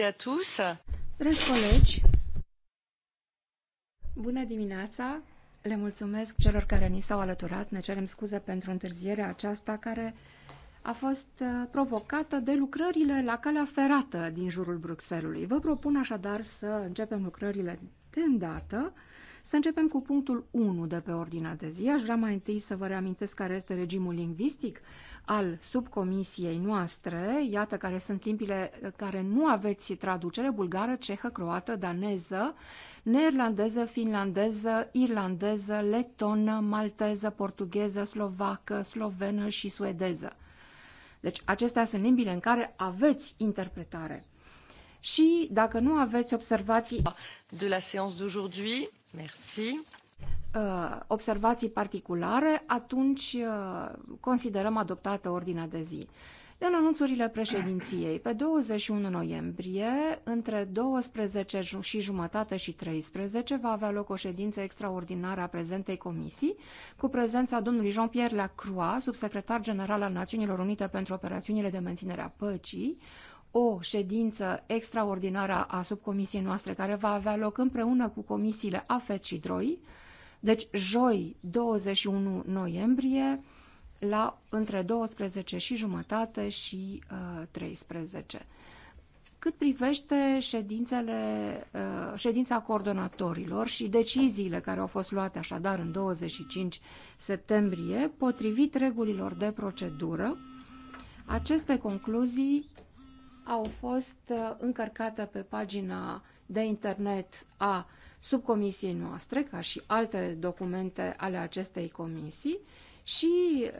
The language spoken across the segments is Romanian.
et à tous. Dragi colegi, bună dimineața! Le mulțumesc celor care ni s-au alăturat. Ne cerem scuze pentru întârzierea aceasta care a fost uh, provocată de lucrările la calea ferată din jurul Bruxelului. Vă propun așadar să începem lucrările de îndată să începem cu punctul 1 de pe ordinea de zi. Aș vrea mai întâi să vă reamintesc care este regimul lingvistic al subcomisiei noastre. Iată care sunt limbile care nu aveți traducere, bulgară, cehă, croată, daneză, neerlandeză, finlandeză, irlandeză, letonă, malteză, portugheză, slovacă, slovenă și suedeză. Deci acestea sunt limbile în care aveți interpretare. Și dacă nu aveți observații de la séance d'aujourd'hui, Merci. Uh, observații particulare, atunci uh, considerăm adoptată ordinea de zi. În anunțurile președinției, pe 21 noiembrie, între 12 și jumătate și 13, va avea loc o ședință extraordinară a prezentei comisii, cu prezența domnului Jean-Pierre Lacroix, subsecretar general al Națiunilor Unite pentru operațiunile de menținere a păcii, o ședință extraordinară a subcomisiei noastre care va avea loc împreună cu comisiile AFET și DROI, deci joi 21 noiembrie la între 12 și jumătate și uh, 13. Cât privește ședințele, uh, ședința coordonatorilor și deciziile care au fost luate așadar în 25 septembrie, potrivit regulilor de procedură, aceste concluzii au fost uh, încărcate pe pagina de internet a subcomisiei noastre, ca și alte documente ale acestei comisii, și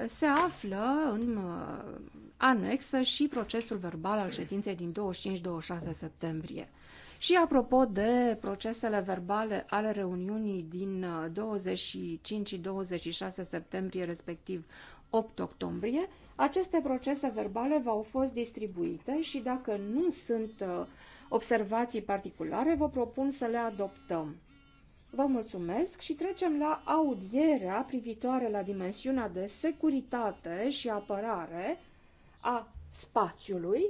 se află în uh, anexă și procesul verbal al ședinței din 25-26 septembrie. Și apropo de procesele verbale ale reuniunii din 25 uh, și 26 septembrie, respectiv 8 octombrie, aceste procese verbale v-au fost distribuite și dacă nu sunt uh, observații particulare, vă propun să le adoptăm. Vă mulțumesc și trecem la audierea privitoare la dimensiunea de securitate și apărare a spațiului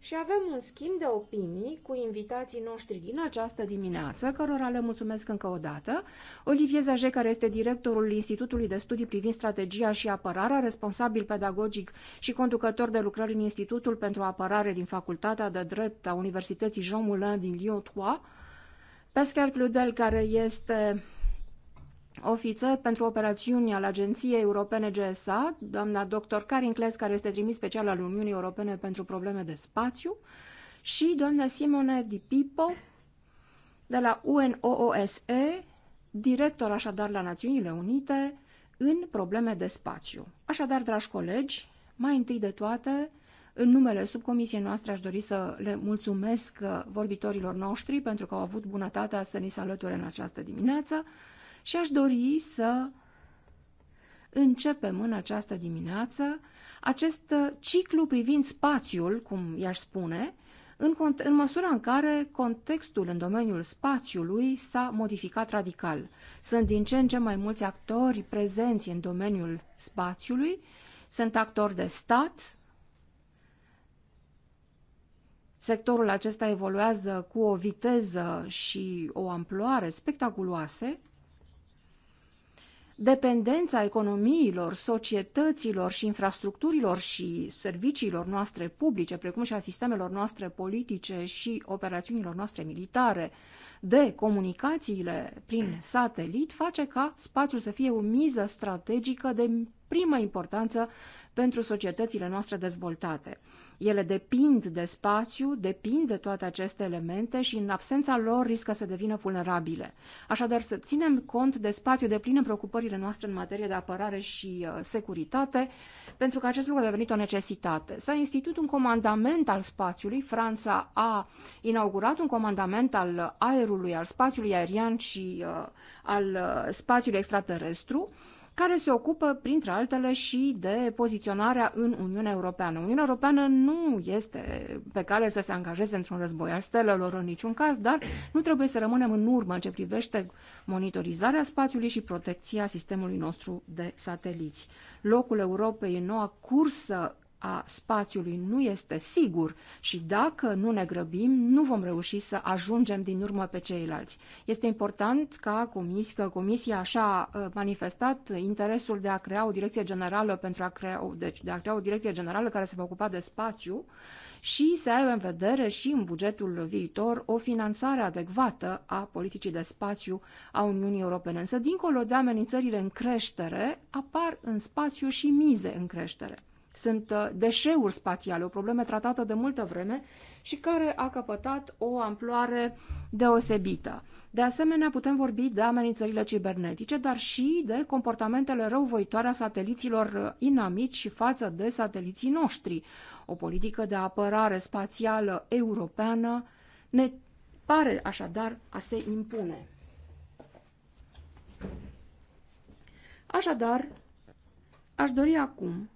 și avem un schimb de opinii cu invitații noștri din această dimineață, cărora le mulțumesc încă o dată. Olivier Zaje, care este directorul Institutului de Studii privind strategia și apărarea, responsabil pedagogic și conducător de lucrări în Institutul pentru Apărare din Facultatea de Drept a Universității Jean Moulin din Lyon 3, Pascal Cludel, care este ofițer pentru operațiuni al Agenției Europene GSA, doamna dr. Karin Kles, care este trimis special al Uniunii Europene pentru probleme de spațiu, și doamna Simone Di Pipo, de la UNOOSE, director așadar la Națiunile Unite, în probleme de spațiu. Așadar, dragi colegi, mai întâi de toate, în numele subcomisiei noastre aș dori să le mulțumesc vorbitorilor noștri pentru că au avut bunătatea să ni se alăture în această dimineață și aș dori să începem în această dimineață acest uh, ciclu privind spațiul, cum i-aș spune, în, în măsura în care contextul în domeniul spațiului s-a modificat radical. Sunt din ce în ce mai mulți actori prezenți în domeniul spațiului, sunt actori de stat, sectorul acesta evoluează cu o viteză și o amploare spectaculoase, dependența economiilor, societăților și infrastructurilor și serviciilor noastre publice, precum și a sistemelor noastre politice și operațiunilor noastre militare, de comunicațiile prin satelit, face ca spațiul să fie o miză strategică de primă importanță pentru societățile noastre dezvoltate. Ele depind de spațiu, depind de toate aceste elemente și în absența lor riscă să devină vulnerabile. Așadar, să ținem cont de spațiu de plină preocupările noastre în materie de apărare și uh, securitate, pentru că acest lucru a devenit o necesitate. S-a instituit un comandament al spațiului, Franța a inaugurat un comandament al aerului, al spațiului aerian și uh, al uh, spațiului extraterestru, care se ocupă, printre altele, și de poziționarea în Uniunea Europeană. Uniunea Europeană nu este pe care să se angajeze într-un război al stelelor în niciun caz, dar nu trebuie să rămânem în urmă în ce privește monitorizarea spațiului și protecția sistemului nostru de sateliți. Locul Europei în noua cursă a spațiului nu este sigur și dacă nu ne grăbim, nu vom reuși să ajungem din urmă pe ceilalți. Este important ca comis, că Comisia așa a uh, manifestat interesul de a crea o direcție generală pentru a crea, deci de a crea o direcție generală care se va ocupa de spațiu și să aibă în vedere și în bugetul viitor o finanțare adecvată a politicii de spațiu a Uniunii Europene. Însă, dincolo de amenințările în creștere, apar în spațiu și mize în creștere sunt uh, deșeuri spațiale, o problemă tratată de multă vreme și care a căpătat o amploare deosebită. De asemenea, putem vorbi de amenințările cibernetice, dar și de comportamentele răuvoitoare a sateliților uh, inamici și față de sateliții noștri. O politică de apărare spațială europeană ne pare așadar a se impune. Așadar, aș dori acum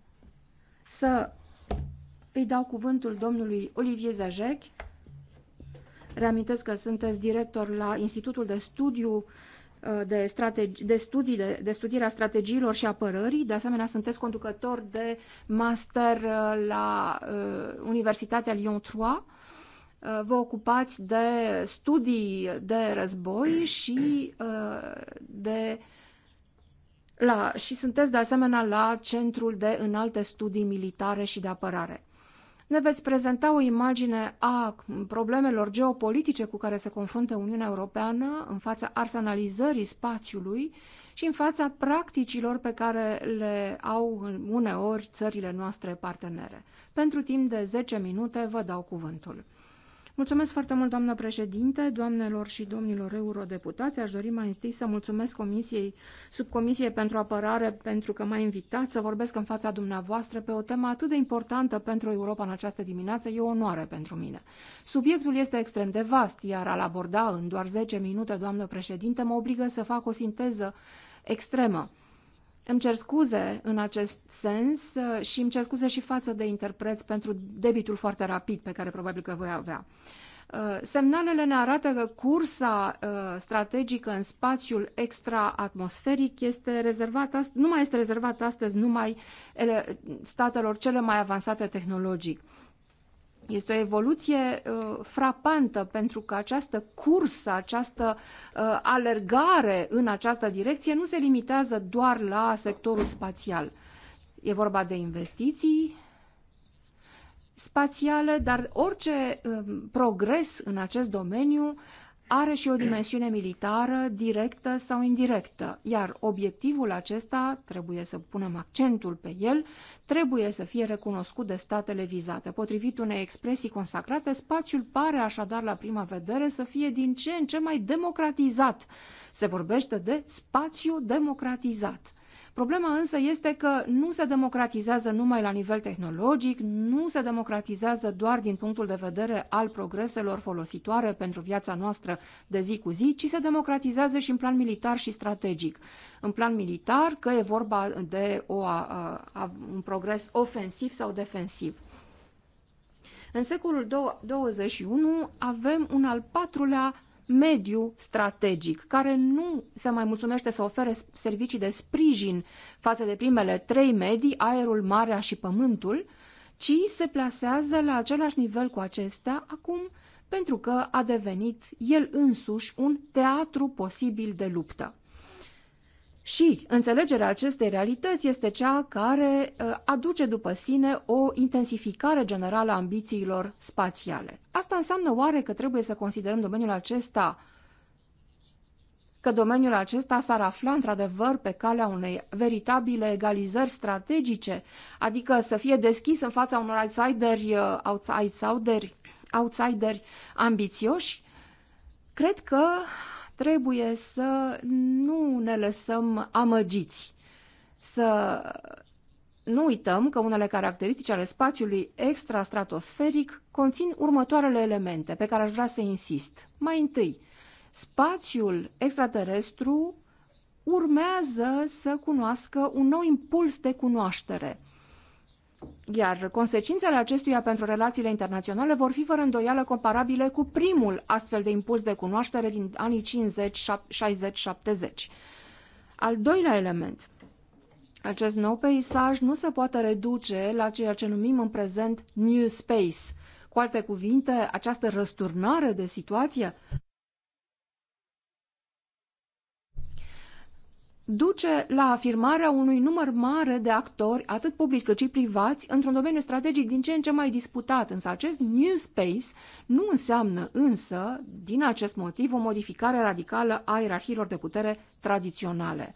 să îi dau cuvântul domnului Olivier Zajec. Reamintesc că sunteți director la Institutul de Studiu uh, de, strategi, de, studii, de, de studierea strategiilor și apărării. De asemenea, sunteți conducător de master uh, la uh, Universitatea Lyon 3. Uh, vă ocupați de studii de război și uh, de uh, la, și sunteți de asemenea la Centrul de Înalte Studii Militare și de Apărare. Ne veți prezenta o imagine a problemelor geopolitice cu care se confruntă Uniunea Europeană în fața arsenalizării spațiului și în fața practicilor pe care le au uneori țările noastre partenere. Pentru timp de 10 minute vă dau cuvântul. Mulțumesc foarte mult, doamnă președinte, doamnelor și domnilor eurodeputați. Aș dori mai întâi să mulțumesc Comisiei, Subcomisiei pentru Apărare, pentru că m-a invitat să vorbesc în fața dumneavoastră pe o temă atât de importantă pentru Europa în această dimineață. E o onoare pentru mine. Subiectul este extrem de vast, iar al aborda în doar 10 minute, doamnă președinte, mă obligă să fac o sinteză extremă. Îmi cer scuze în acest sens uh, și îmi cer scuze și față de interpreți pentru debitul foarte rapid pe care probabil că voi avea. Uh, semnalele ne arată că cursa uh, strategică în spațiul extraatmosferic este rezervată, nu mai este rezervată astăzi numai statelor cele mai avansate tehnologic. Este o evoluție uh, frapantă pentru că această cursă, această uh, alergare în această direcție nu se limitează doar la sectorul spațial. E vorba de investiții spațiale, dar orice uh, progres în acest domeniu are și o dimensiune militară, directă sau indirectă, iar obiectivul acesta, trebuie să punem accentul pe el, trebuie să fie recunoscut de statele vizate. Potrivit unei expresii consacrate, spațiul pare așadar la prima vedere să fie din ce în ce mai democratizat. Se vorbește de spațiu democratizat. Problema însă este că nu se democratizează numai la nivel tehnologic, nu se democratizează doar din punctul de vedere al progreselor folositoare pentru viața noastră de zi cu zi, ci se democratizează și în plan militar și strategic. În plan militar, că e vorba de o, a, a, un progres ofensiv sau defensiv. În secolul 21 avem un al patrulea mediu strategic, care nu se mai mulțumește să ofere servicii de sprijin față de primele trei medii, aerul, marea și pământul, ci se plasează la același nivel cu acestea acum pentru că a devenit el însuși un teatru posibil de luptă. Și înțelegerea acestei realități este cea care uh, aduce după sine o intensificare generală a ambițiilor spațiale. Asta înseamnă oare că trebuie să considerăm domeniul acesta că domeniul acesta s-ar afla într-adevăr pe calea unei veritabile egalizări strategice, adică să fie deschis în fața unor outsideri, uh, outsideri, outsideri ambițioși, cred că trebuie să nu ne lăsăm amăgiți, să nu uităm că unele caracteristici ale spațiului extrastratosferic conțin următoarele elemente pe care aș vrea să insist. Mai întâi, spațiul extraterestru urmează să cunoască un nou impuls de cunoaștere. Iar consecințele acestuia pentru relațiile internaționale vor fi fără îndoială comparabile cu primul astfel de impuls de cunoaștere din anii 50-60-70. Al doilea element. Acest nou peisaj nu se poate reduce la ceea ce numim în prezent New Space. Cu alte cuvinte, această răsturnare de situație duce la afirmarea unui număr mare de actori, atât publici cât și privați, într-un domeniu strategic din ce în ce mai disputat. Însă acest new space nu înseamnă însă, din acest motiv, o modificare radicală a ierarhiilor de putere tradiționale.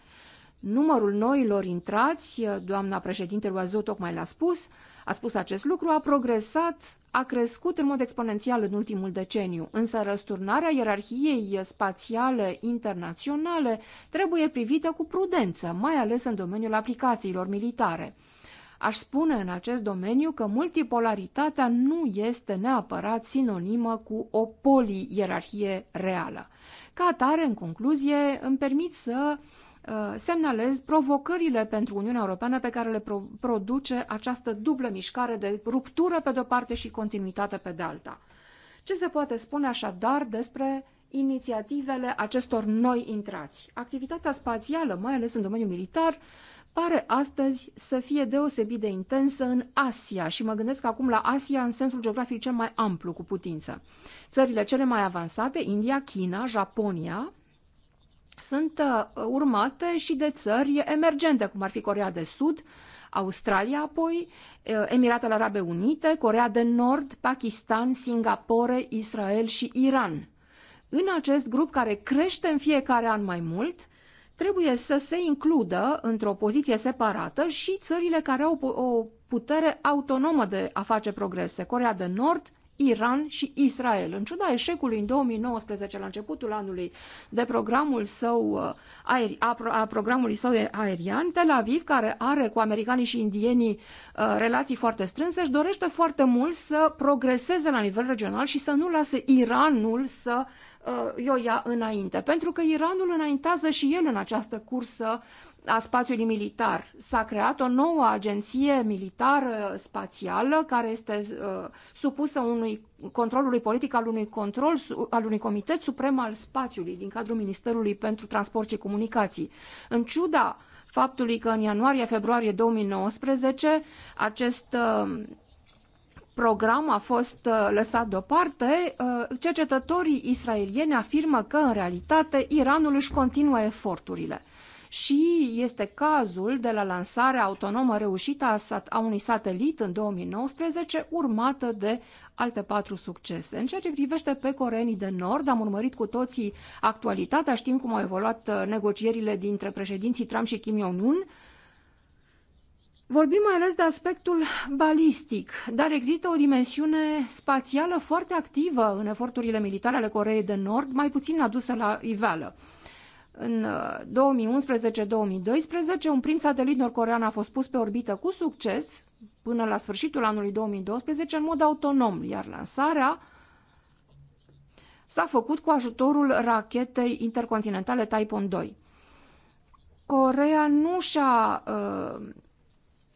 Numărul noilor intrați, doamna președinte Loazou tocmai l-a spus, a spus acest lucru, a progresat, a crescut în mod exponențial în ultimul deceniu, însă răsturnarea ierarhiei spațiale internaționale trebuie privită cu prudență, mai ales în domeniul aplicațiilor militare. Aș spune în acest domeniu că multipolaritatea nu este neapărat sinonimă cu o poli-ierarhie reală. Ca atare, în concluzie, îmi permit să uh, Uh, semnalez provocările pentru Uniunea Europeană pe care le pro produce această dublă mișcare de ruptură pe de-o parte și continuitate pe de alta. Ce se poate spune așadar despre inițiativele acestor noi intrați? Activitatea spațială, mai ales în domeniul militar, pare astăzi să fie deosebit de intensă în Asia și mă gândesc acum la Asia în sensul geografic cel mai amplu cu putință. Țările cele mai avansate, India, China, Japonia, sunt uh, urmate și de țări emergente, cum ar fi Corea de Sud, Australia apoi, uh, Emiratele Arabe Unite, Corea de Nord, Pakistan, Singapore, Israel și Iran. În acest grup care crește în fiecare an mai mult, trebuie să se includă într-o poziție separată și țările care au o putere autonomă de a face progrese, Corea de Nord, Iran și Israel. În ciuda eșecului în 2019, la începutul anului, de programul său, uh, aer, a, a programului său aerian, Tel Aviv, care are cu americanii și indienii uh, relații foarte strânse, își dorește foarte mult să progreseze la nivel regional și să nu lase Iranul să uh, eu ia înainte, pentru că Iranul înaintează și el în această cursă a spațiului militar. S-a creat o nouă agenție militară spațială care este uh, supusă unui controlului politic al unui control al unui comitet suprem al spațiului din cadrul Ministerului pentru Transport și Comunicații. În ciuda faptului că în ianuarie-februarie 2019 acest uh, program a fost uh, lăsat deoparte, uh, cercetătorii israelieni afirmă că, în realitate, Iranul își continuă eforturile și este cazul de la lansarea autonomă reușită a, sat- a unui satelit în 2019, urmată de alte patru succese. În ceea ce privește pe Coreenii de Nord, am urmărit cu toții actualitatea, știm cum au evoluat uh, negocierile dintre președinții Trump și Kim Jong-un, Vorbim mai ales de aspectul balistic, dar există o dimensiune spațială foarte activă în eforturile militare ale Coreei de Nord, mai puțin adusă la iveală. În 2011-2012, uh, un prim satelit norcorean a fost pus pe orbită cu succes până la sfârșitul anului 2012 în mod autonom, iar lansarea s-a făcut cu ajutorul rachetei intercontinentale Taipon 2. Corea nu și-a uh,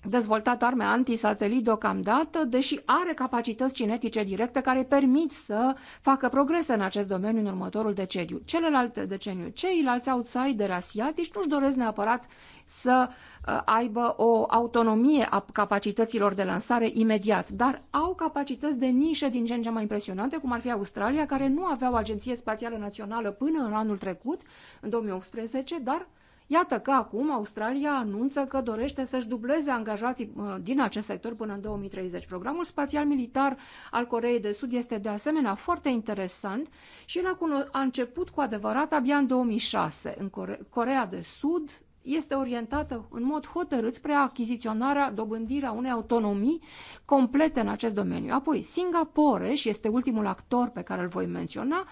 dezvoltat arme antisatelit deocamdată, deși are capacități cinetice directe care permit să facă progrese în acest domeniu în următorul deceniu. Celălalt deceniu, ceilalți outsideri asiatici nu-și doresc neapărat să uh, aibă o autonomie a capacităților de lansare imediat, dar au capacități de nișe din ce în ce mai impresionante, cum ar fi Australia, care nu avea o agenție spațială națională până în anul trecut, în 2018, dar Iată că acum Australia anunță că dorește să-și dubleze angajații uh, din acest sector până în 2030. Programul spațial militar al Coreei de Sud este de asemenea foarte interesant și la a început cu adevărat abia în 2006. În Core Corea de Sud este orientată în mod hotărât spre achiziționarea, dobândirea unei autonomii complete în acest domeniu. Apoi, Singapore, și este ultimul actor pe care îl voi menționa,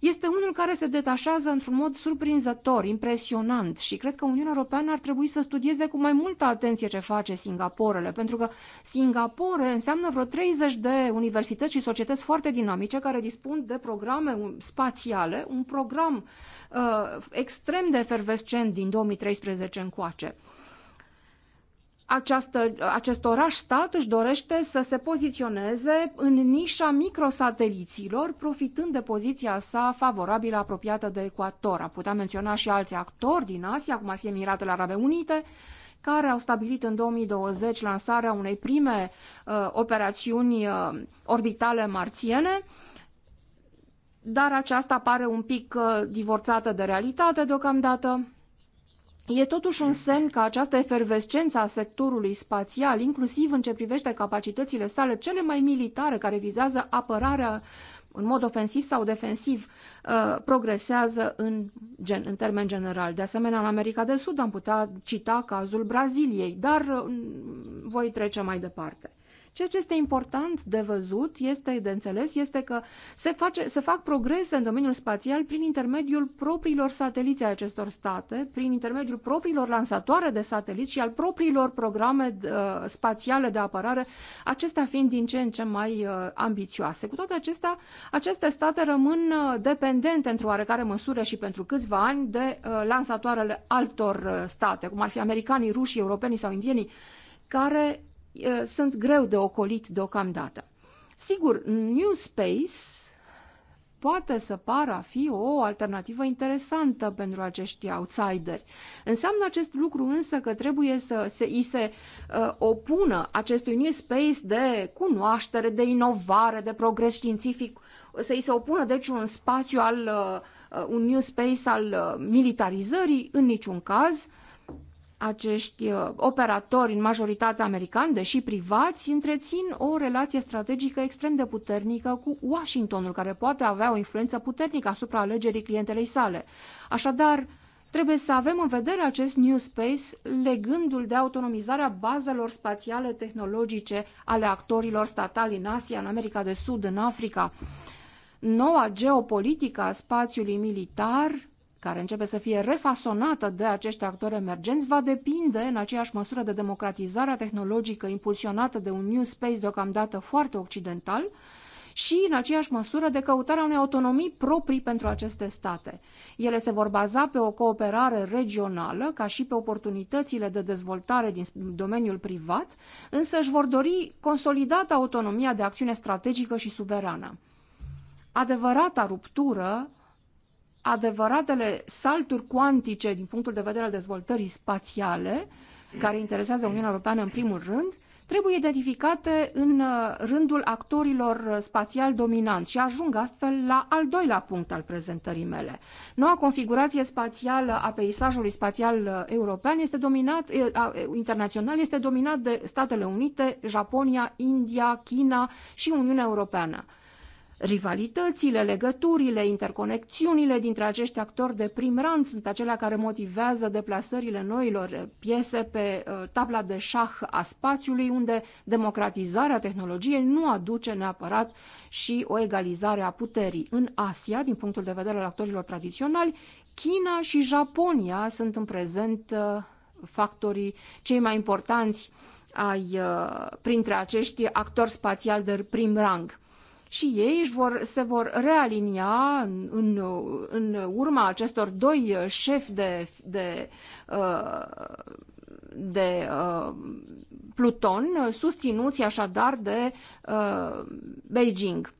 este unul care se detașează într-un mod surprinzător, impresionant și cred că Uniunea Europeană ar trebui să studieze cu mai multă atenție ce face Singaporele, pentru că Singapore înseamnă vreo 30 de universități și societăți foarte dinamice care dispun de programe spațiale, un program uh, extrem de efervescent din 2013 încoace această, acest oraș-stat își dorește să se poziționeze în nișa microsateliților, profitând de poziția sa favorabilă apropiată de ecuator. Am putea menționa și alți actori din Asia, cum ar fi Emiratele Arabe Unite, care au stabilit în 2020 lansarea unei prime uh, operațiuni uh, orbitale marțiene, dar aceasta pare un pic uh, divorțată de realitate deocamdată. E totuși un semn că această efervescență a sectorului spațial, inclusiv în ce privește capacitățile sale cele mai militare, care vizează apărarea în mod ofensiv sau defensiv, uh, progresează în, gen, în termen general. De asemenea, în America de Sud am putea cita cazul Braziliei, dar uh, voi trece mai departe. Ceea ce este important de văzut, este de înțeles, este că se, face, se fac progrese în domeniul spațial prin intermediul propriilor sateliți ai acestor state, prin intermediul propriilor lansatoare de sateliți și al propriilor programe uh, spațiale de apărare, acestea fiind din ce în ce mai uh, ambițioase. Cu toate acestea, aceste state rămân uh, dependente într-o oarecare măsură și pentru câțiva ani de uh, lansatoarele altor uh, state, cum ar fi americanii, rușii, europenii sau indienii, care sunt greu de ocolit deocamdată. Sigur, New Space poate să pară a fi o alternativă interesantă pentru acești outsideri. Înseamnă acest lucru însă că trebuie să se, îi se uh, opună acestui new space de cunoaștere, de inovare, de progres științific, să îi se opună deci un spațiu al, uh, un new space al uh, militarizării în niciun caz, uh, acești uh, operatori, în majoritate americani, deși privați, întrețin o relație strategică extrem de puternică cu Washingtonul, care poate avea o influență puternică asupra alegerii clientelei sale. Așadar, trebuie să avem în vedere acest new space legându-l de autonomizarea bazelor spațiale tehnologice ale actorilor statali în Asia, în America de Sud, în Africa. Noua geopolitică a spațiului militar care începe să fie refasonată de acești actori emergenți, va depinde în aceeași măsură de democratizarea tehnologică impulsionată de un new space deocamdată foarte occidental și în aceeași măsură de căutarea unei autonomii proprii pentru aceste state. Ele se vor baza pe o cooperare regională, ca și pe oportunitățile de dezvoltare din domeniul privat, însă își vor dori consolidată autonomia de acțiune strategică și suverană. Adevărata ruptură adevăratele salturi cuantice din punctul de vedere al dezvoltării spațiale, care interesează Uniunea Europeană în primul rând, trebuie identificate în uh, rândul actorilor uh, spațial dominanți și ajung astfel la al doilea punct al prezentării mele. Noua configurație spațială a peisajului spațial uh, european este dominat, internațional este dominat de Statele Unite, Japonia, India, China și Uniunea Europeană. Rivalitățile, legăturile, interconexiunile dintre acești actori de prim rang sunt acelea care motivează deplasările noilor piese pe uh, tabla de șah a spațiului, unde democratizarea tehnologiei nu aduce neapărat și o egalizare a puterii. În Asia, din punctul de vedere al actorilor tradiționali, China și Japonia sunt în prezent uh, factorii cei mai importanți ai, uh, printre acești actori spațiali de prim rang și ei își vor, se vor realinia în, în, în urma acestor doi uh, șefi de, de, uh, de uh, Pluton, susținuți așadar de Beijing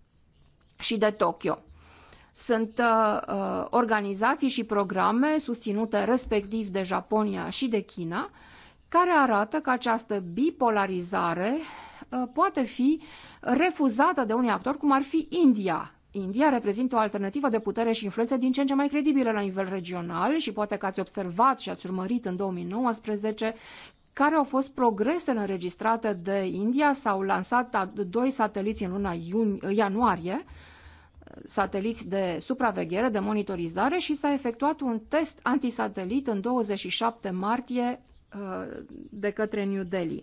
și de Tokyo. Sunt uh, organizații și programe susținute respectiv de Japonia și de China, care arată că această bipolarizare Uh, poate fi refuzată de unii actori, cum ar fi India. India reprezintă o alternativă de putere și influență din ce în ce mai credibilă la nivel regional și poate că ați observat și ați urmărit în 2019 care au fost progresele înregistrate de India. S-au lansat doi sateliți în luna ianuarie, sateliți de supraveghere, de monitorizare și s-a efectuat un test antisatelit în 27 martie uh, de către New Delhi.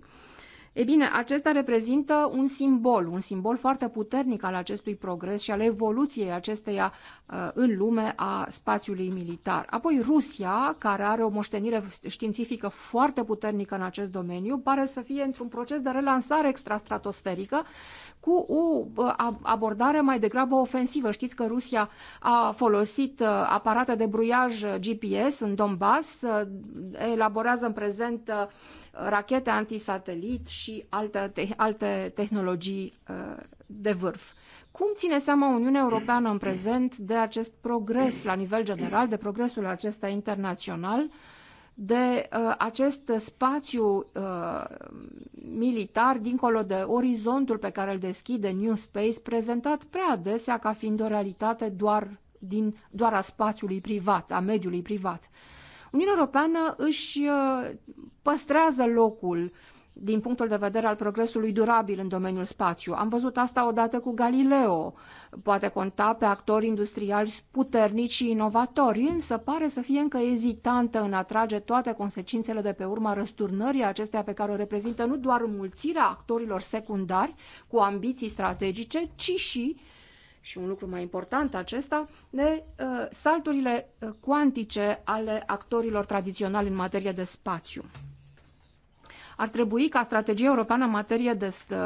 E bine, acesta reprezintă un simbol, un simbol foarte puternic al acestui progres și al evoluției acesteia uh, în lume a spațiului militar. Apoi Rusia, care are o moștenire științifică foarte puternică în acest domeniu, pare să fie într-un proces de relansare extrastratosferică cu o uh, abordare mai degrabă ofensivă. Știți că Rusia a folosit uh, aparate de bruiaj GPS în Donbass, elaborează în prezent rachete antisatelit și alte, te- alte tehnologii uh, de vârf. Cum ține seama Uniunea Europeană în prezent de acest progres la nivel general, de progresul acesta internațional, de uh, acest spațiu uh, militar dincolo de orizontul pe care îl deschide New Space, prezentat prea adesea ca fiind o realitate doar, din, doar a spațiului privat, a mediului privat? Uh, Uniunea Europeană își uh, păstrează locul din punctul de vedere al progresului durabil în domeniul spațiu. Am văzut asta odată cu Galileo. Poate conta pe actori industriali puternici și inovatori, însă pare să fie încă ezitantă în a trage toate consecințele de pe urma răsturnării acesteia pe care o reprezintă nu doar mulțirea actorilor secundari cu ambiții strategice, ci și și un lucru mai important acesta, de uh, salturile uh, cuantice ale actorilor tradiționali în materie de spațiu. Ar trebui ca strategia europeană în materie de uh,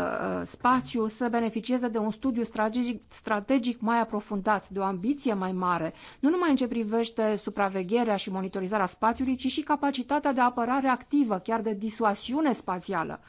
spațiu să beneficieze de un studiu strategic, strategic mai aprofundat, de o ambiție mai mare, nu numai în ce privește supravegherea și monitorizarea spațiului, ci și capacitatea de apărare activă, chiar de disuasiune spațială.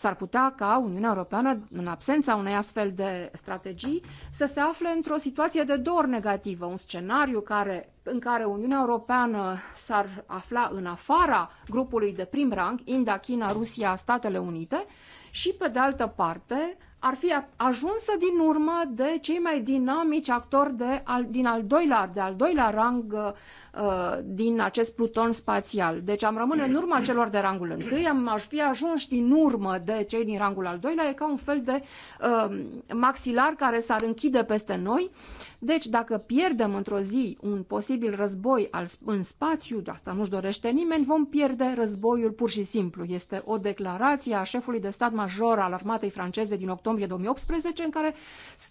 S-ar putea ca Uniunea Europeană, în absența unei astfel de strategii, să se afle într-o situație de dor negativă, un scenariu care, în care Uniunea Europeană s-ar afla în afara grupului de prim rang, India, China, Rusia, Statele Unite, și, pe de altă parte, ar fi ajunsă din urmă de cei mai dinamici actori de al, din al doilea, de al doilea rang Uh, din acest pluton spațial. Deci am rămâne în urma celor de rangul întâi, am aș fi ajuns din urmă de cei din rangul al doilea, e ca un fel de uh, maxilar care s-ar închide peste noi. Deci dacă pierdem într-o zi un posibil război al, în spațiu, asta nu-și dorește nimeni, vom pierde războiul pur și simplu. Este o declarație a șefului de stat major al armatei franceze din octombrie 2018 în care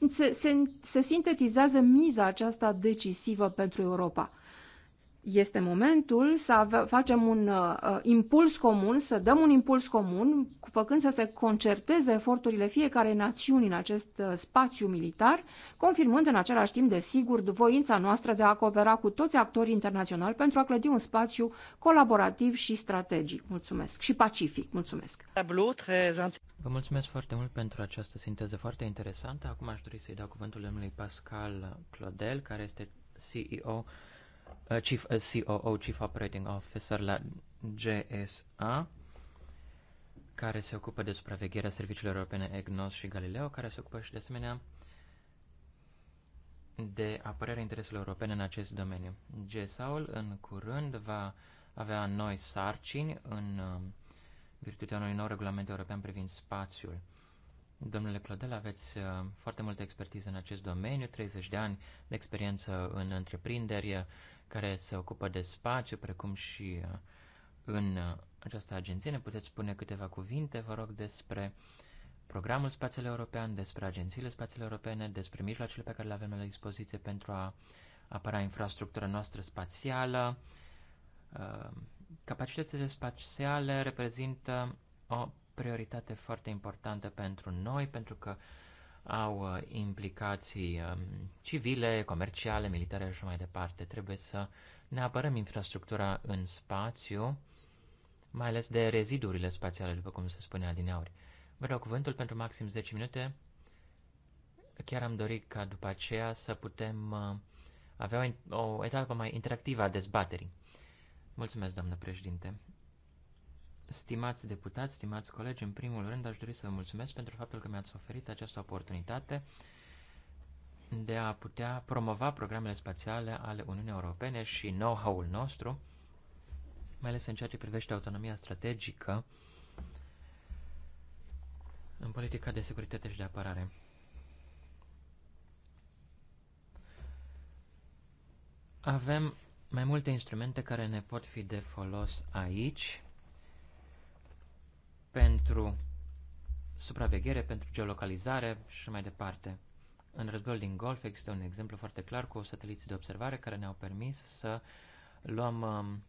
se, se, se sintetizează miza aceasta decisivă pentru Europa este momentul să facem un uh, uh, impuls comun, să dăm un impuls comun, făcând să se concerteze eforturile fiecare națiuni în acest uh, spațiu militar, confirmând în același timp, desigur, voința noastră de a coopera cu toți actorii internaționali pentru a clădi un spațiu colaborativ și strategic. Mulțumesc. Și pacific. Mulțumesc. Vă mulțumesc foarte mult pentru această sinteză foarte interesantă. Acum aș dori să-i dau cuvântul domnului Pascal Clodel, care este CEO Uh, Chief uh, COO, Chief Operating Officer la GSA, care se ocupă de supravegherea serviciilor europene EGNOS și Galileo, care se ocupă și de asemenea de apărarea intereselor europene în acest domeniu. GSA-ul în curând va avea noi sarcini în uh, virtutea unui nou regulament european privind spațiul. Domnule Clodel, aveți foarte multă expertiză în acest domeniu, 30 de ani de experiență în întreprinderi, care se ocupă de spațiu, precum și uh, în uh, această agenție. Ne puteți spune câteva cuvinte, vă rog, despre programul spațial european, despre agențiile spațiale europene, despre mijloacele pe care le avem la dispoziție pentru a apăra infrastructura noastră spațială. Uh, capacitățile spațiale reprezintă o prioritate foarte importantă pentru noi, pentru că uh, au uh, implicații um, civile, comerciale, militare și așa mai departe. Trebuie să ne apărăm infrastructura în spațiu, mai ales de rezidurile spațiale, după cum se spunea din auri. Vă dau cuvântul pentru maxim 10 minute. Chiar am dorit ca după aceea să putem uh, avea o, o etapă mai interactivă a dezbaterii. Mulțumesc, doamnă președinte. Stimați deputați, stimați colegi, în primul rând aș dori să vă mulțumesc pentru faptul că mi-ați oferit această oportunitate de a putea promova programele spațiale ale Uniunii Europene și know-how-ul nostru, mai ales în ceea ce privește autonomia strategică în politica de securitate și de apărare. Avem mai multe instrumente care ne pot fi de folos aici pentru supraveghere, pentru geolocalizare și mai departe. În războiul din Golf există un exemplu foarte clar cu sateliții de observare care ne-au permis să luăm um,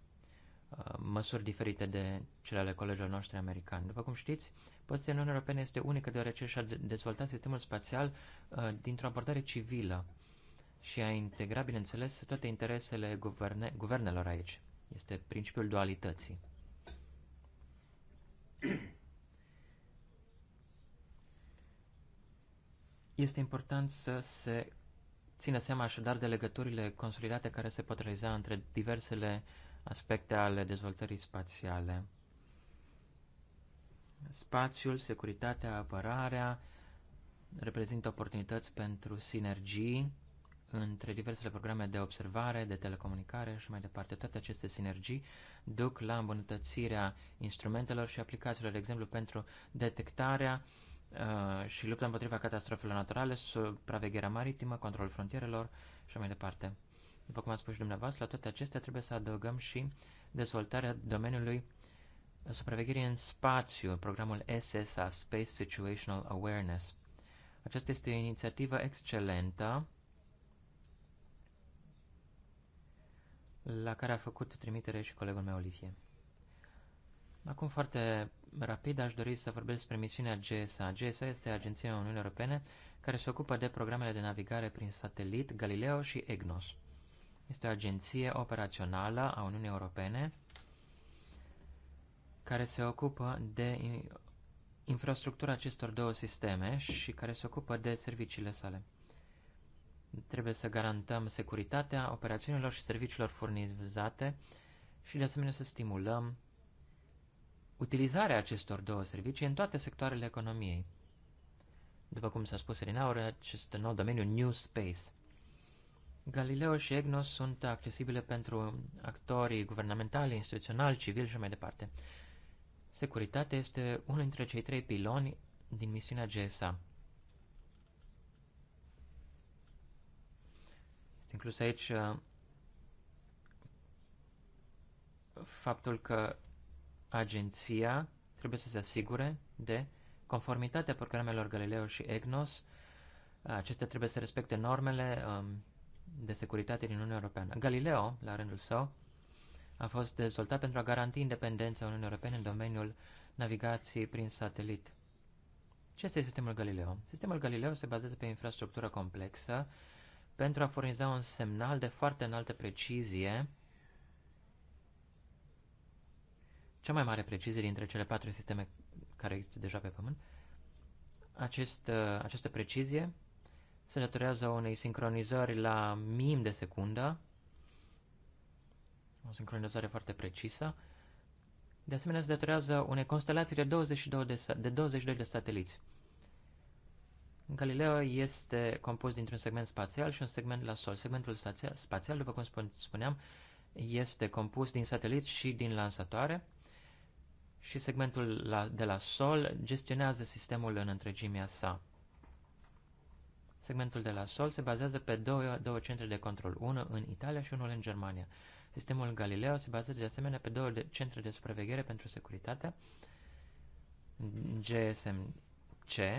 uh, măsuri diferite de cele ale colegilor noștri americani. După cum știți, poziția Uniunii Europene este unică deoarece și-a dezvoltat sistemul spațial uh, dintr-o abordare civilă și a integrat, bineînțeles, toate interesele guverne- guvernelor aici. Este principiul dualității. Este important să se țină seama așadar de legăturile consolidate care se pot realiza între diversele aspecte ale dezvoltării spațiale. Spațiul, securitatea, apărarea reprezintă oportunități pentru sinergii între diversele programe de observare, de telecomunicare și mai departe. Toate aceste sinergii duc la îmbunătățirea instrumentelor și aplicațiilor, de exemplu, pentru detectarea uh, Uh, și lupta împotriva catastrofelor naturale, supravegherea maritimă, controlul frontierelor și mai departe. După cum a spus și dumneavoastră, la toate acestea trebuie să adăugăm și dezvoltarea domeniului supravegherii în spațiu, programul SSA, Space Situational Awareness. Aceasta este o inițiativă excelentă la care a făcut trimitere și colegul meu Olivier. Acum foarte rapid aș dori să vorbesc despre misiunea GSA. GSA este Agenția Uniunii Europene care se ocupă de programele de navigare prin satelit Galileo și EGNOS. Este o agenție operațională a Uniunii Europene care se ocupă de infrastructura acestor două sisteme și care se ocupă de serviciile sale. Trebuie să garantăm securitatea operațiunilor și serviciilor furnizate și de asemenea să stimulăm utilizarea acestor două servicii în toate sectoarele economiei. După cum s-a spus Rinaur, acest nou domeniu New Space. Galileo și EGNOS sunt accesibile pentru actorii guvernamentali, instituționali, civili și mai departe. Securitatea este unul dintre cei trei piloni din misiunea GSA. Este inclus aici uh, faptul că agenția trebuie să se asigure de conformitatea programelor Galileo și EGNOS. Acestea trebuie să respecte normele um, de securitate din Uniunea Europeană. Galileo, la rândul său, a fost dezvoltat pentru a garanti independența Uniunii Europene în domeniul navigației prin satelit. Ce este sistemul Galileo? Sistemul Galileo se bazează pe infrastructură complexă pentru a furniza un semnal de foarte înaltă precizie cea mai mare precizie dintre cele patru sisteme care există deja pe Pământ. Acest, uh, această precizie se datorează unei sincronizări la mim de secundă, o sincronizare foarte precisă. De asemenea, se datorează unei constelații de 22 de, de 22 de sateliți. Galileo este compus dintr-un segment spațial și un segment la Sol. Segmentul spațial, după cum spuneam, este compus din sateliți și din lansatoare și segmentul la, de la sol gestionează sistemul în întregimea sa. Segmentul de la sol se bazează pe două, două centre de control, unul în Italia și unul în Germania. Sistemul Galileo se bazează de asemenea pe două de, centre de supraveghere pentru securitate, GSMC.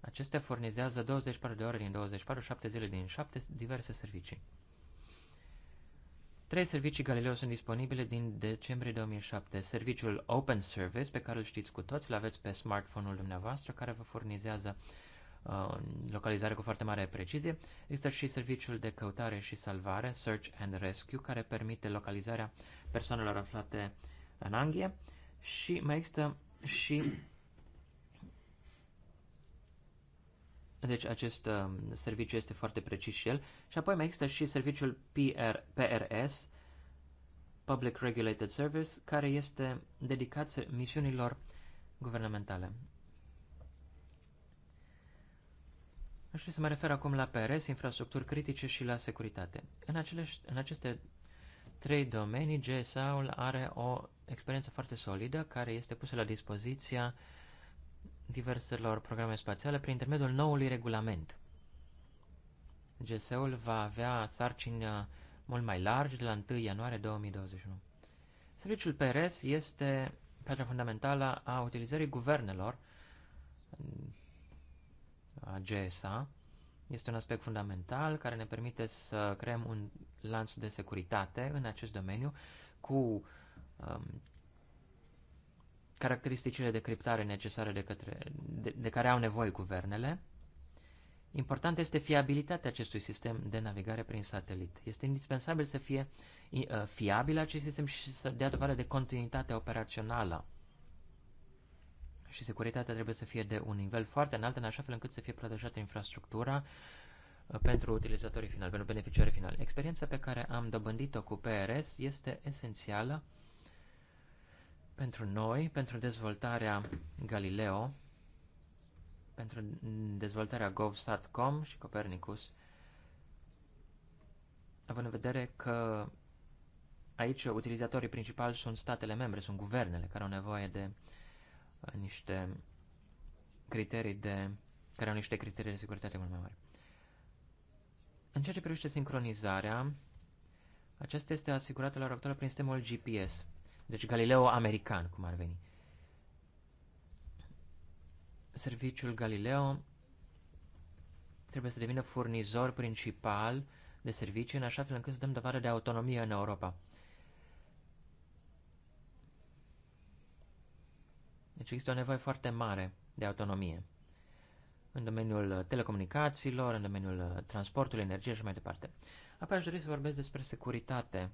Acestea furnizează 24 de ore din 24, 7 zile din 7 diverse servicii. Trei servicii Galileo sunt disponibile din decembrie 2007. Serviciul Open Service, pe care îl știți cu toți, îl aveți pe smartphone-ul dumneavoastră, care vă furnizează uh, localizare cu foarte mare precizie. Există și serviciul de căutare și salvare, Search and Rescue, care permite localizarea persoanelor aflate în anghie. Și mai există și Deci acest uh, serviciu este foarte precis și el. Și apoi mai există și serviciul PR, PRS, Public Regulated Service, care este dedicat misiunilor guvernamentale. Aș vrea să mă refer acum la PRS, infrastructuri critice și la securitate. În, aceleși, în aceste trei domenii, GSA-ul are o experiență foarte solidă care este pusă la dispoziția uh, diverselor programe spațiale prin intermediul noului regulament. GSE-ul va avea sarcini uh, mult mai largi de la 1 ianuarie 2021. Serviciul PRS este piatra fundamentală a utilizării guvernelor uh, a GSA. Este un aspect fundamental care ne permite să creăm un lanț de securitate în acest domeniu cu um, caracteristicile de criptare necesare de, către, de, de care au nevoie guvernele. Important este fiabilitatea acestui sistem de navigare prin satelit. Este indispensabil să fie uh, fiabil acest sistem și să dea dovadă de continuitate operațională. Și securitatea trebuie să fie de un nivel foarte înalt, în așa fel încât să fie protejată infrastructura uh, pentru utilizatorii finali, pentru beneficiarii finali. Experiența pe care am dobândit-o cu PRS este esențială pentru noi, pentru dezvoltarea Galileo, pentru dezvoltarea GovSat.com și Copernicus, având în vedere că aici utilizatorii principali sunt statele membre, sunt guvernele care au nevoie de uh, niște criterii de care au niște criterii de securitate mult mai mari. În ceea ce privește sincronizarea, aceasta este asigurată la ora actuală prin sistemul GPS. Deci Galileo american, cum ar veni. Serviciul Galileo trebuie să devină furnizor principal de servicii, în așa fel încât să dăm dovadă de autonomie în Europa. Deci există o nevoie foarte mare de autonomie în domeniul telecomunicațiilor, în domeniul transportului, energie, și mai departe. Apoi aș dori să vorbesc despre securitate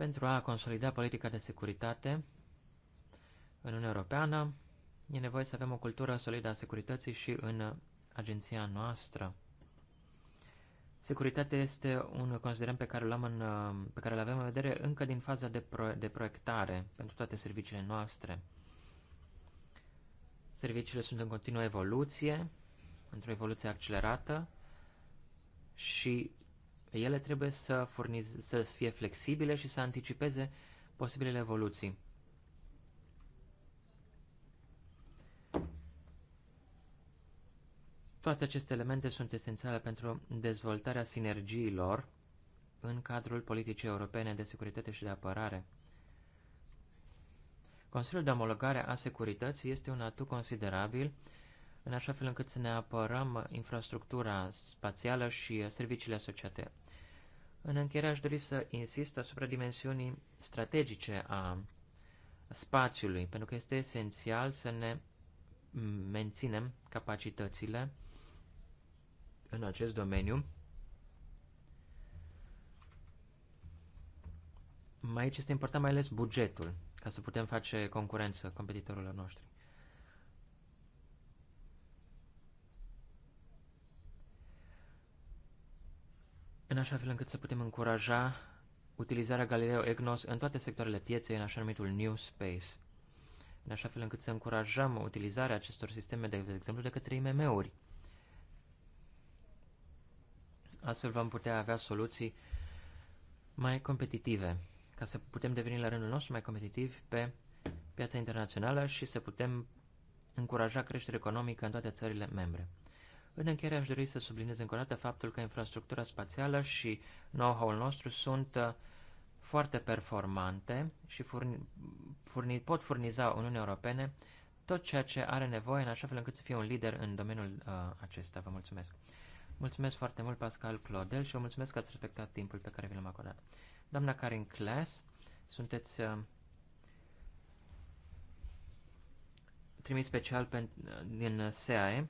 pentru a consolida politica de securitate în Uniunea Europeană, e nevoie să avem o cultură solidă a securității și în agenția noastră. Securitatea este un considerent pe care, l-am în, pe care îl avem în vedere încă din faza de, pro, de proiectare pentru toate serviciile noastre. Serviciile sunt în continuă evoluție, într-o evoluție accelerată și ele trebuie să, furnize, să fie flexibile și să anticipeze posibilele evoluții. Toate aceste elemente sunt esențiale pentru dezvoltarea sinergiilor în cadrul politicii europene de securitate și de apărare. Consiliul de omologare a securității este un atu considerabil în așa fel încât să ne apărăm infrastructura spațială și serviciile asociate. În încheiere aș dori să insist asupra dimensiunii strategice a spațiului, pentru că este esențial să ne menținem capacitățile în acest domeniu. Mai aici este important mai ales bugetul, ca să putem face concurență competitorilor noștri. în așa fel încât să putem încuraja utilizarea Galileo EGNOS în toate sectoarele pieței, în așa numitul New Space, în așa fel încât să încurajăm utilizarea acestor sisteme, de, de exemplu, de către IMM-uri. Astfel vom putea avea soluții mai competitive, ca să putem deveni la rândul nostru mai competitivi pe piața internațională și să putem încuraja creșterea economică în toate țările membre. În încheiere aș dori să subliniez încă o dată faptul că infrastructura spațială și know-how-ul nostru sunt uh, foarte performante și furni, furni, pot furniza Uniunii Europene tot ceea ce are nevoie în așa fel încât să fie un lider în domeniul uh, acesta. Vă mulțumesc! Mulțumesc foarte mult, Pascal Clodel, și vă mulțumesc că ați respectat timpul pe care vi l-am acordat. Doamna Karin Kles, sunteți uh, trimis special pe, uh, din SAE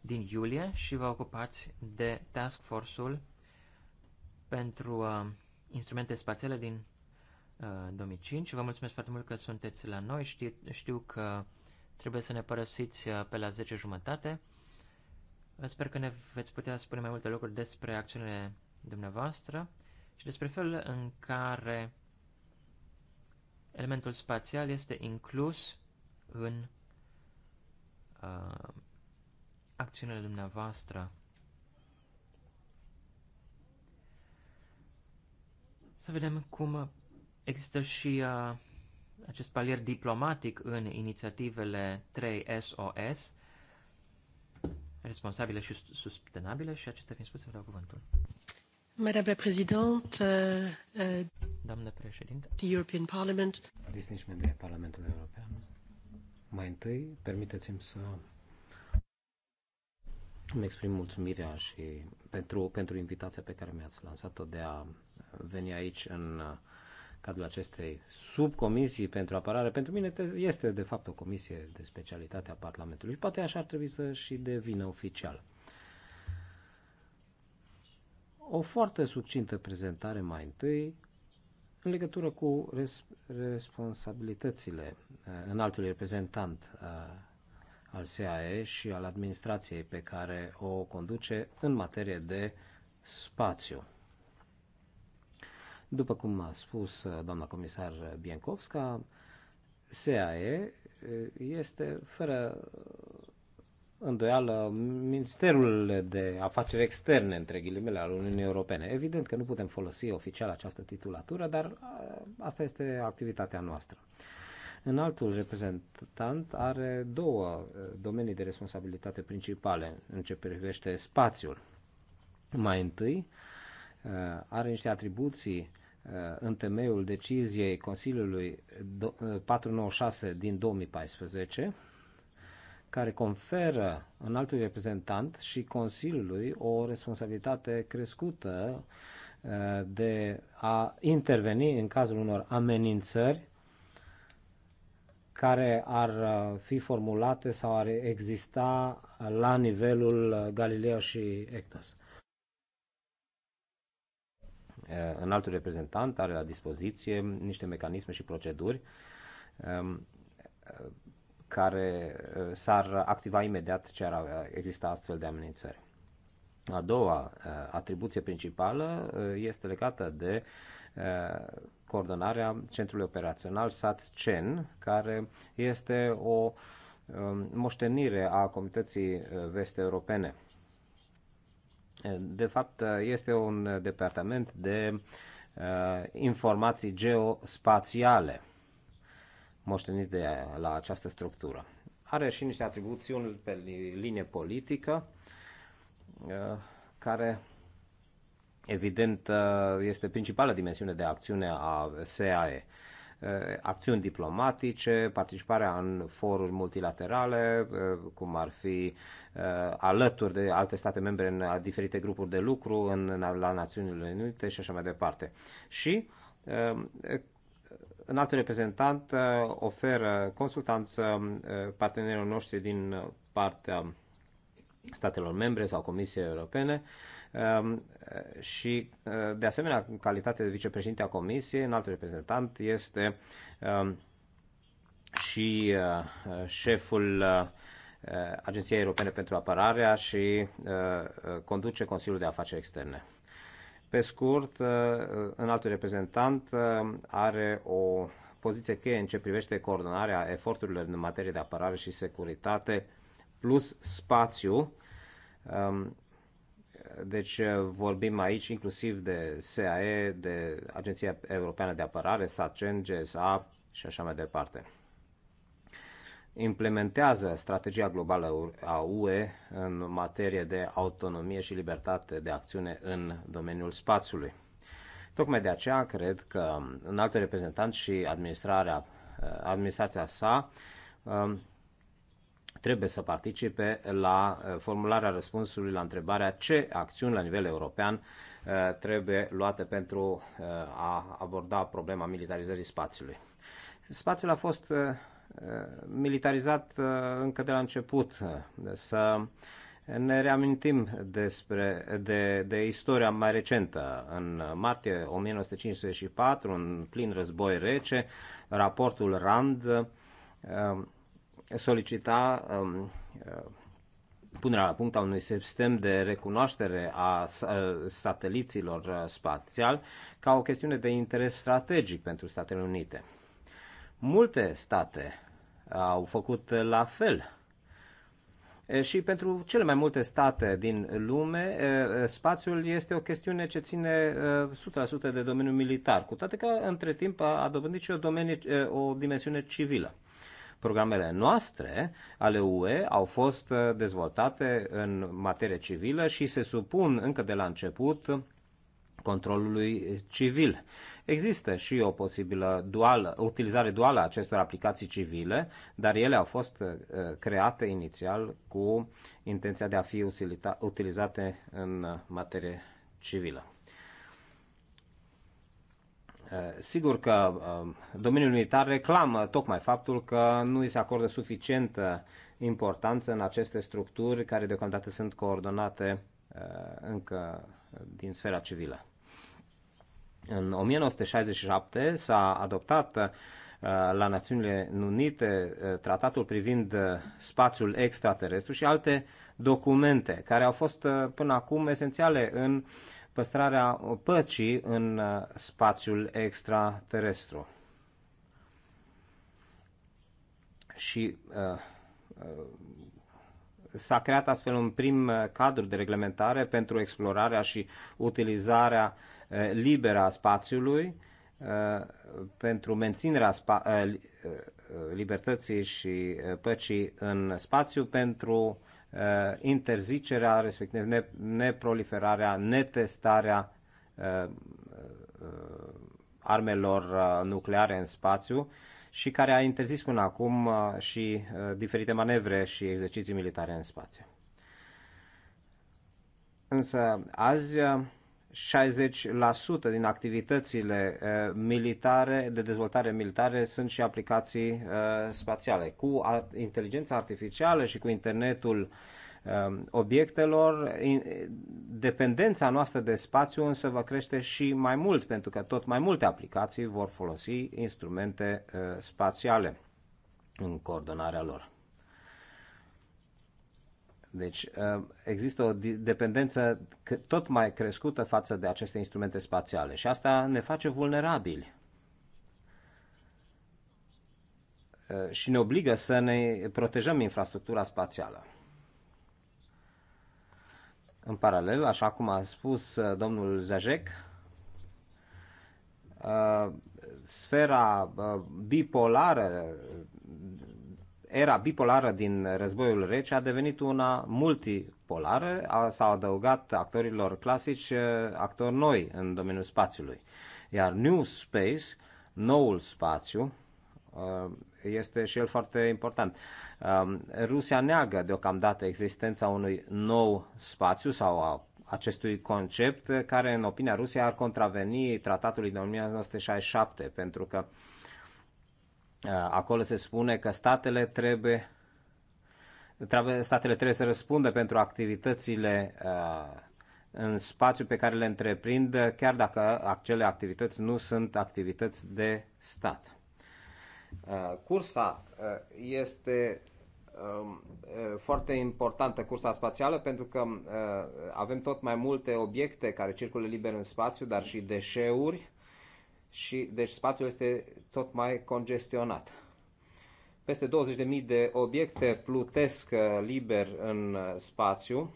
din iulie și vă ocupați de task force-ul pentru uh, instrumente spațiale din uh, 2005. Vă mulțumesc foarte mult că sunteți la noi. Știu, știu că trebuie să ne părăsiți uh, pe la 10 jumătate. Sper că ne veți putea spune mai multe lucruri despre acțiunile dumneavoastră și despre felul în care elementul spațial este inclus în uh, acțiunile dumneavoastră. Să vedem cum există și uh, acest palier diplomatic în inițiativele 3 SOS, responsabile și sustenabile și acestea fiind spuse, vreau cuvântul. Madame la Présidente, uh, uh președinte, the European Parliament. Distinși membri ai Parlamentului European, mai întâi, permiteți-mi să îmi exprim mulțumirea și pentru, pentru invitația pe care mi-ați lansat-o de a veni aici în cadrul acestei subcomisii pentru apărare. Pentru mine este de fapt o comisie de specialitate a Parlamentului și poate așa ar trebui să și devină oficial. O foarte succintă prezentare mai întâi în legătură cu res- responsabilitățile uh, înaltului reprezentant uh, al SAE și al administrației pe care o conduce în materie de spațiu. După cum a spus uh, doamna comisar Biencovska, SAE uh, este fără uh, îndoială Ministerul de Afaceri Externe, între ghilimele, al Uniunii Europene. Evident că nu putem folosi oficial această titulatură, dar asta este activitatea noastră. Înaltul reprezentant are două eh, domenii de responsabilitate principale în ce privește spațiul. Mai întâi, eh, are niște atribuții eh, în temeiul deciziei Consiliului 496 din 2014, care conferă în altul reprezentant și Consiliului o responsabilitate crescută de a interveni în cazul unor amenințări care ar uh, fi formulate sau ar exista la nivelul uh, Galileo și ECTAS. Uh, în altul reprezentant are la dispoziție niște mecanisme și proceduri um, care s-ar activa imediat ce ar exista astfel de amenințări. A doua atribuție principală este legată de coordonarea Centrului Operațional SAT-CEN, care este o um, moștenire a Comității uh, Veste Europene. De fapt, uh, este un departament de uh, informații geospațiale moștenit de la această structură. Are și niște atribuțiuni pe linie politică care evident, uh, este principala dimensiune de acțiune a SAE. Uh, acțiuni diplomatice, participarea în foruri multilaterale, uh, cum ar fi alături de alte state membre în diferite grupuri de lucru, în, la Națiunile Unite și așa mai departe. Și un alt reprezentant oferă consultanță partenerilor noștri din partea statelor membre sau Comisiei Europene Ehm, și, eh, de asemenea, în calitate de vicepreședinte a Comisiei, în alt reprezentant este ehm, și eh, șeful eh, Agenției Europene pentru Apărarea și conduce Consiliul de Afaceri Externe. Pe scurt, în altul reprezentant are o poziție cheie în ce privește coordonarea eforturilor în materie de apărare și securitate plus spațiu ehm, deci eh, vorbim aici inclusiv de SAE, de Agenția Europeană de Apărare, SACEN, GSA și așa mai departe. Implementează strategia globală a UE în materie de autonomie și libertate de acțiune în domeniul spațiului. Tocmai de aceea cred că un alt reprezentant și administrarea, eh, administrația sa eh, trebuie să participe la eh, formularea răspunsului la întrebarea ce acțiuni la nivel european eh, trebuie luate pentru eh, a aborda problema militarizării spațiului. Spațiul a fost militarizat încă de la început. Să ne reamintim despre, de, de istoria mai recentă. În martie 1954, în plin război rece, raportul RAND solicita um, uh, punerea la punct a unui sistem de recunoaștere a uh, sateliților uh, spațial ca o chestiune de interes strategic pentru Statele Unite. Multe state au făcut la fel. Și pentru cele mai multe state din lume, spațiul este o chestiune ce ține 100% de domeniul militar, cu toate că între timp a dobândit și o, domeni, o dimensiune civilă. Programele noastre ale UE au fost uh, dezvoltate în materie civilă și se supun încă de la început controlului civil. Există și o posibilă duală, utilizare duală a acestor aplicații civile, dar ele au fost uh, create inițial cu intenția de a fi utilizate în uh, materie civilă. Eh, sigur că eh, domeniul militar reclamă tocmai faptul că nu îi se acordă suficientă importanță în aceste structuri care deocamdată sunt coordonate eh, încă din sfera civilă. În 1967 s-a adoptat la Națiunile Unite tratatul privind spațiul extraterestru și alte documente care au fost până acum esențiale în uh, păstrarea păcii în uh, spațiul extraterestru. Și uh, uh, s-a creat astfel un prim uh, cadru de reglementare pentru explorarea și utilizarea liberă a spațiului, pentru menținerea libertății și păcii în spațiu, pentru Uh, interzicerea, respectiv neproliferarea, netestarea uh, uh, armelor nucleare în spațiu și care a interzis până acum și diferite manevre și exerciții militare în spațiu. Însă azi 60% din activitățile eh, militare, de dezvoltare militare sunt și aplicații eh, spațiale. Cu inteligența artificială și cu internetul eh, obiectelor, dependența noastră de spațiu însă va crește și mai mult, pentru că tot mai multe aplicații vor folosi instrumente spațiale în coordonarea lor. Deci uh, există o dependență tot mai crescută față de aceste instrumente spațiale și asta ne face vulnerabili uh, și ne obligă să ne protejăm infrastructura spațială. În paralel, așa cum a spus uh, domnul Zajec, sfera bipolară era bipolară din războiul rece a devenit una multipolară, s-au adăugat actorilor clasici actori noi în domeniul spațiului. Iar New Space, noul spațiu, este și el foarte important. Rusia neagă deocamdată existența unui nou spațiu sau a acestui concept care, în opinia Rusiei, ar contraveni tratatului din 1967, pentru că uh, Eh, acolo se spune că statele trebuie, trebuie, statele trebuie să răspundă pentru activitățile eh, în spațiu pe care le întreprind, chiar dacă acele activități nu sunt activități de stat. Eh, cursa este ehm, foarte importantă, cursa spațială, pentru că avem tot mai multe obiecte care circulă liber în spațiu, dar și deșeuri și deci spațiul este tot mai congestionat. Peste 20.000 de obiecte plutesc uh, liber în uh, spațiu.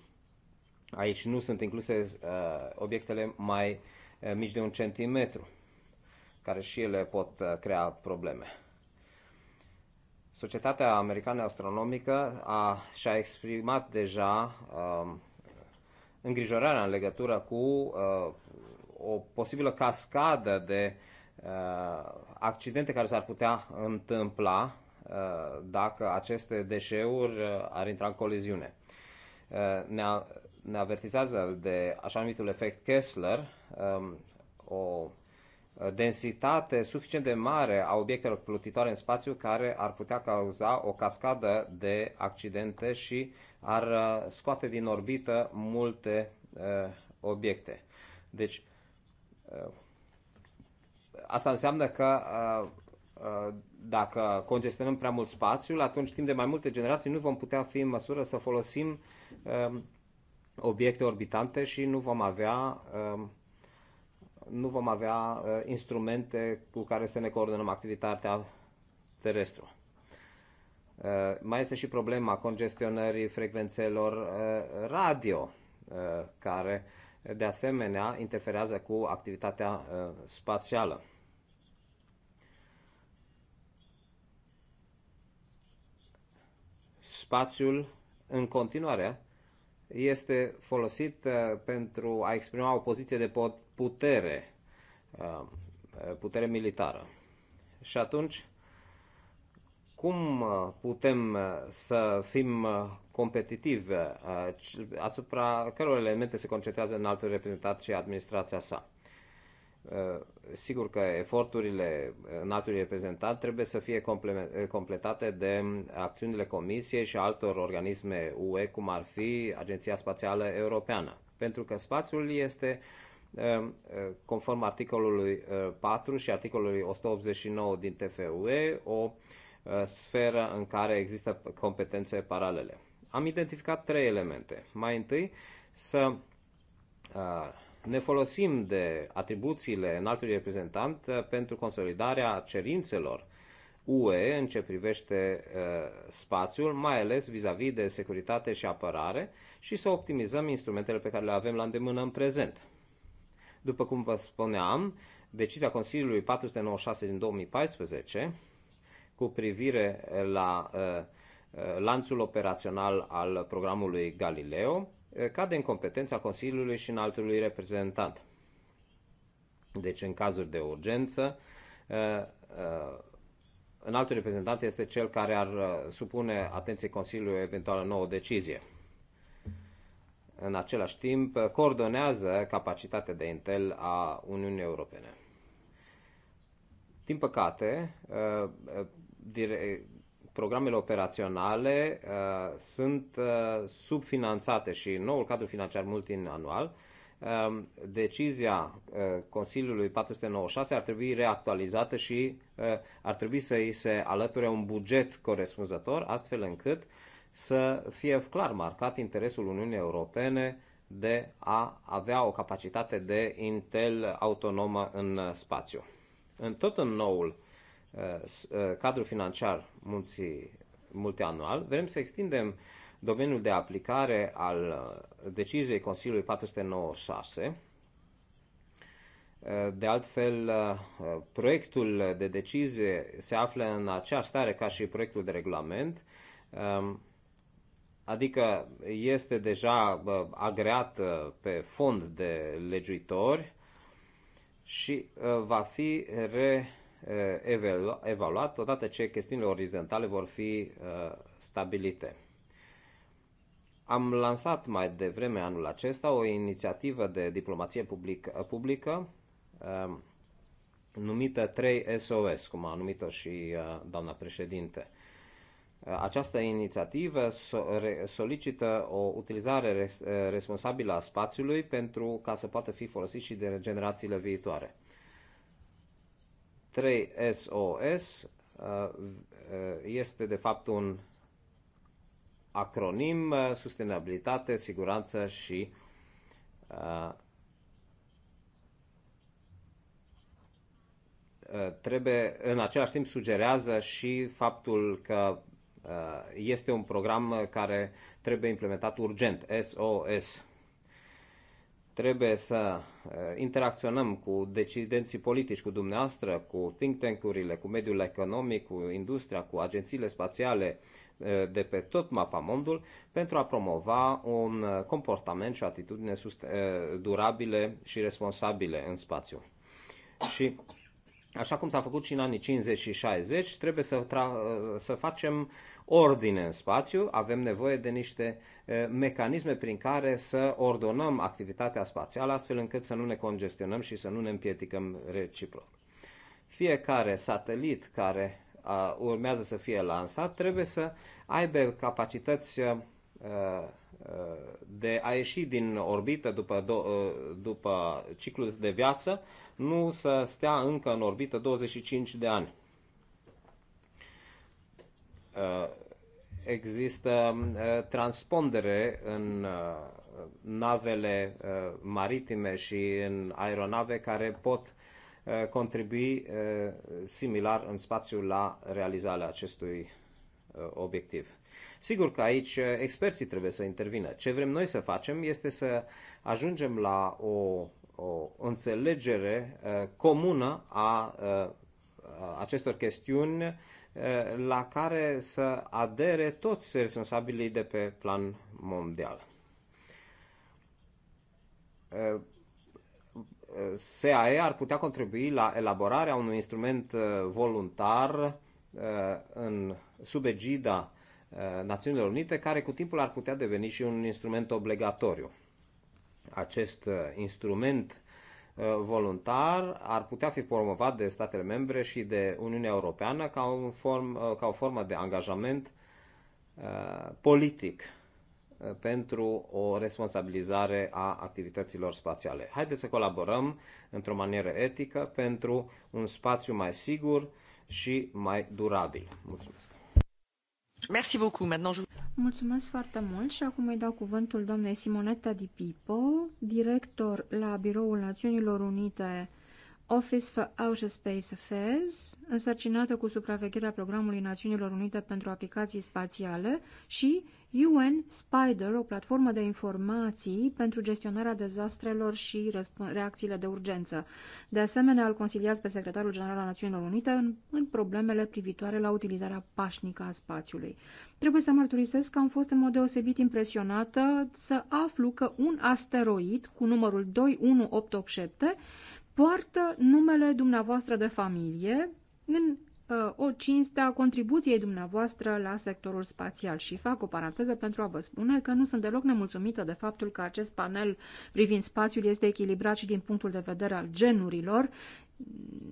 Aici nu sunt incluse uh, obiectele mai uh, mici de un centimetru, care și ele pot crea probleme. Societatea Americană Astronomică a, și-a exprimat deja uh, îngrijorarea în legătură cu uh, o posibilă cascadă de uh, accidente care s-ar putea întâmpla uh, dacă aceste deșeuri uh, ar intra în coliziune. Ne, ne avertizează de așa numitul efect Kessler, um, o densitate suficient de mare a obiectelor plutitoare în spațiu care ar putea cauza o cascadă de accidente și ar scoate din orbită multe obiecte. Deci, Uh, asta înseamnă că uh, uh, dacă congestionăm prea mult spațiul, atunci timp de mai multe generații nu vom putea fi în măsură să folosim um, obiecte orbitante și nu vom avea um, nu vom avea instrumente cu care să ne coordonăm activitatea terestră. Mai este și problema congestionării frecvențelor radio, care de asemenea interferează cu activitatea uh, spațială. Spațiul în continuare este folosit uh, pentru a exprima o poziție de putere, uh, putere militară. Și atunci cum uh, putem uh, să fim uh, competitivi asupra căror elemente se concentrează în altul reprezentat și administrația sa. Sigur că eforturile altul reprezentat trebuie să fie completate de acțiunile Comisiei și altor organisme UE, cum ar fi Agenția Spațială Europeană, pentru că spațiul este conform articolului 4 și articolului 189 din TFUE, o Uh, sferă în care există competențe paralele. Am identificat trei elemente. Mai întâi, să uh, ne folosim de atribuțiile înaltului reprezentant uh, pentru consolidarea cerințelor UE în ce privește spațiul, mai ales vis-a-vis -vis de securitate și apărare, și să optimizăm instrumentele pe care le avem la îndemână în prezent. După cum vă spuneam, decizia Consiliului 496 din 2014 cu privire la uh, uh, lanțul operațional al programului Galileo uh, cade în competența Consiliului și în altului reprezentant. Deci, în cazuri de urgență, în altul reprezentant este cel care ar supune atenție Consiliului eventuală nouă decizie. În același timp, coordonează capacitatea de Intel a Uniunii Europene. Din păcate, dire- programele operaționale uh, sunt uh, subfinanțate și în noul cadru financiar multianual, uh, decizia uh, Consiliului 496 ar trebui reactualizată și uh, ar trebui să îi se alăture un buget corespunzător, astfel încât să fie clar marcat interesul Uniunii Europene de a avea o capacitate de Intel autonomă în spațiu. În tot în noul uh, Uh, cadrul financiar multianual, vrem să extindem domeniul de aplicare al uh, deciziei Consiliului 496. Uh, de altfel, proiectul de decizie se află în aceeași stare ca și proiectul de regulament, um, adică este deja agreat pe fond de legiuitori și va fi re, Eh, evaluat odată ce chestiunile orizontale vor fi eh, stabilite. Am lansat mai devreme anul acesta o inițiativă de diplomație publică, publică eh, numită 3 SOS, cum a numit-o și doamna președinte. Această inițiativă solicită o utilizare responsabilă a spațiului pentru ca să poată fi folosit și de generațiile viitoare. 3SOS uh, este de fapt un acronim uh, sustenabilitate, siguranță și uh, trebuie, în același timp sugerează și faptul că este un program care trebuie implementat urgent, SOS. Trebuie să eh, interacționăm cu decidenții politici, cu dumneavoastră, cu think tank-urile, cu mediul economic, cu industria, cu agențiile spațiale eh, de pe tot mapa mondul, pentru a promova un eh, comportament și o atitudine durabile și responsabile în spațiu. Și așa cum s-a făcut și în anii 50 și 60, trebuie să, să facem ordine în spațiu, avem nevoie de niște mecanisme prin care să ordonăm activitatea spațială, astfel încât să nu ne congestionăm și să nu ne împieticăm reciproc. Fiecare satelit care urmează să fie lansat trebuie să aibă capacități de a ieși din orbită după, după ciclul de viață nu să stea încă în orbită 25 de ani. Uh, există uh, transpondere în uh, navele maritime și în aeronave care pot contribui similar în spațiu la realizarea acestui obiectiv. Sigur că aici experții trebuie să intervină. Ce vrem noi să facem este să ajungem la o o înțelegere uh, comună uh, a acestor chestiuni uh, la care să adere toți responsabilii de pe plan mondial. SAE ar putea contribui la elaborarea unui instrument voluntar în sub egida Națiunilor Unite, care cu timpul ar putea deveni și un instrument obligatoriu. Acest uh, instrument uh, voluntar ar putea fi promovat de statele membre și de Uniunea Europeană ca, un form, uh, ca o formă de angajament politic pentru o responsabilizare a activităților spațiale. Haideți să colaborăm într-o manieră etică pentru un spațiu mai sigur și mai durabil. Mulțumesc! Merci beaucoup. Maintenant, je... Mulțumesc foarte mult și acum îi dau cuvântul doamnei Simoneta Di Pipo, director la Biroul Națiunilor Unite Office for Outer Space Affairs, însărcinată cu supravegherea Programului Națiunilor Unite pentru Aplicații Spațiale și UN Spider, o platformă de informații pentru gestionarea dezastrelor și reacțiile de urgență. De asemenea, îl consiliați pe secretarul general al Națiunilor Unite în, în problemele privitoare la utilizarea pașnică a spațiului. Trebuie să mărturisesc că am fost în mod deosebit impresionată să aflu că un asteroid cu numărul 21887 poartă numele dumneavoastră de familie în Uh, o cinstea contribuției dumneavoastră la sectorul spațial și fac o paranteză pentru a vă spune că nu sunt deloc nemulțumită de faptul că acest panel privind spațiul este echilibrat și din punctul de vedere al genurilor.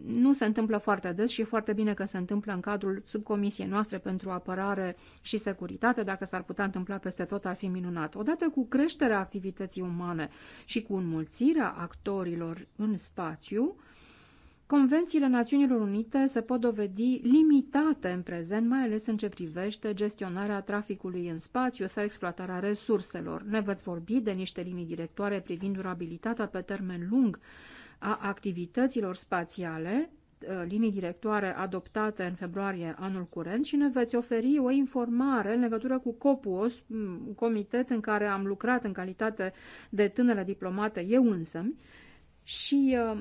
Nu se întâmplă foarte des și e foarte bine că se întâmplă în cadrul subcomisiei noastre pentru apărare și securitate. Dacă s-ar putea întâmpla peste tot, ar fi minunat. Odată cu creșterea activității umane și cu înmulțirea actorilor în spațiu, Convențiile Națiunilor Unite se pot dovedi limitate în prezent, mai ales în ce privește gestionarea traficului în spațiu sau exploatarea resurselor. Ne veți vorbi de niște linii directoare privind durabilitatea pe termen lung a activităților spațiale, ă, linii directoare adoptate în februarie anul curent și ne veți oferi o informare în legătură cu COPUOS, un comitet în care am lucrat în calitate de tânără diplomată eu însămi și ă,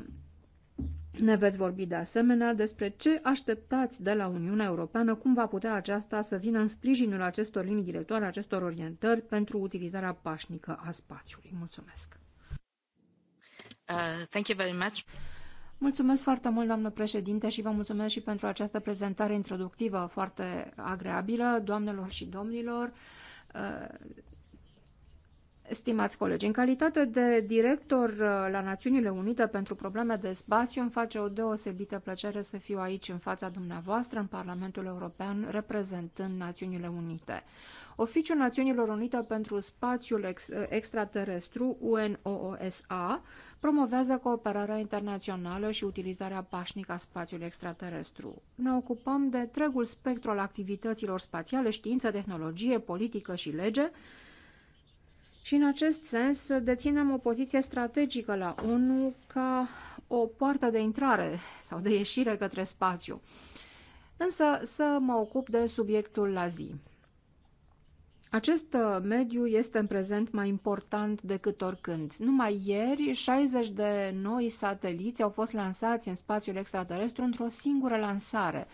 ne veți vorbi de asemenea despre ce așteptați de la Uniunea Europeană, cum va putea aceasta să vină în sprijinul acestor linii directoare, acestor orientări pentru utilizarea pașnică a spațiului. Mulțumesc! Uh, thank you very much. Mulțumesc foarte mult, doamnă președinte, și vă mulțumesc și pentru această prezentare introductivă foarte agreabilă, doamnelor și domnilor. Uh, Stimați colegi, în calitate de director uh, la Națiunile Unite pentru probleme de spațiu, îmi face o deosebită plăcere să fiu aici în fața dumneavoastră, în Parlamentul European, reprezentând Națiunile Unite. Oficiul Națiunilor Unite pentru Spațiul ex uh, Extraterestru, UNOOSA, promovează cooperarea internațională și utilizarea pașnică a spațiului extraterestru. Ne ocupăm de întregul spectru al activităților spațiale, știință, tehnologie, politică și lege, și în acest sens deținem o poziție strategică la ONU ca o poartă de intrare sau de ieșire către spațiu. Însă să mă ocup de subiectul la zi. Acest uh, mediu este în prezent mai important decât oricând. Numai ieri, 60 de noi sateliți au fost lansați în spațiul extraterestru într-o singură lansare,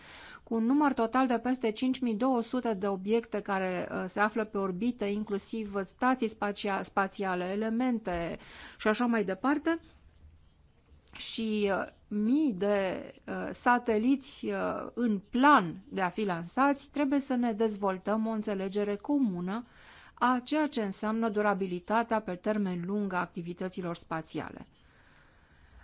cu un număr total de peste 5200 de obiecte care uh, se află pe orbită, inclusiv stații spațiale, elemente și așa mai departe, și uh, mii de uh, sateliți în plan de a fi lansați, trebuie să ne dezvoltăm o înțelegere comună a ceea ce înseamnă durabilitatea pe termen lung a activităților spațiale.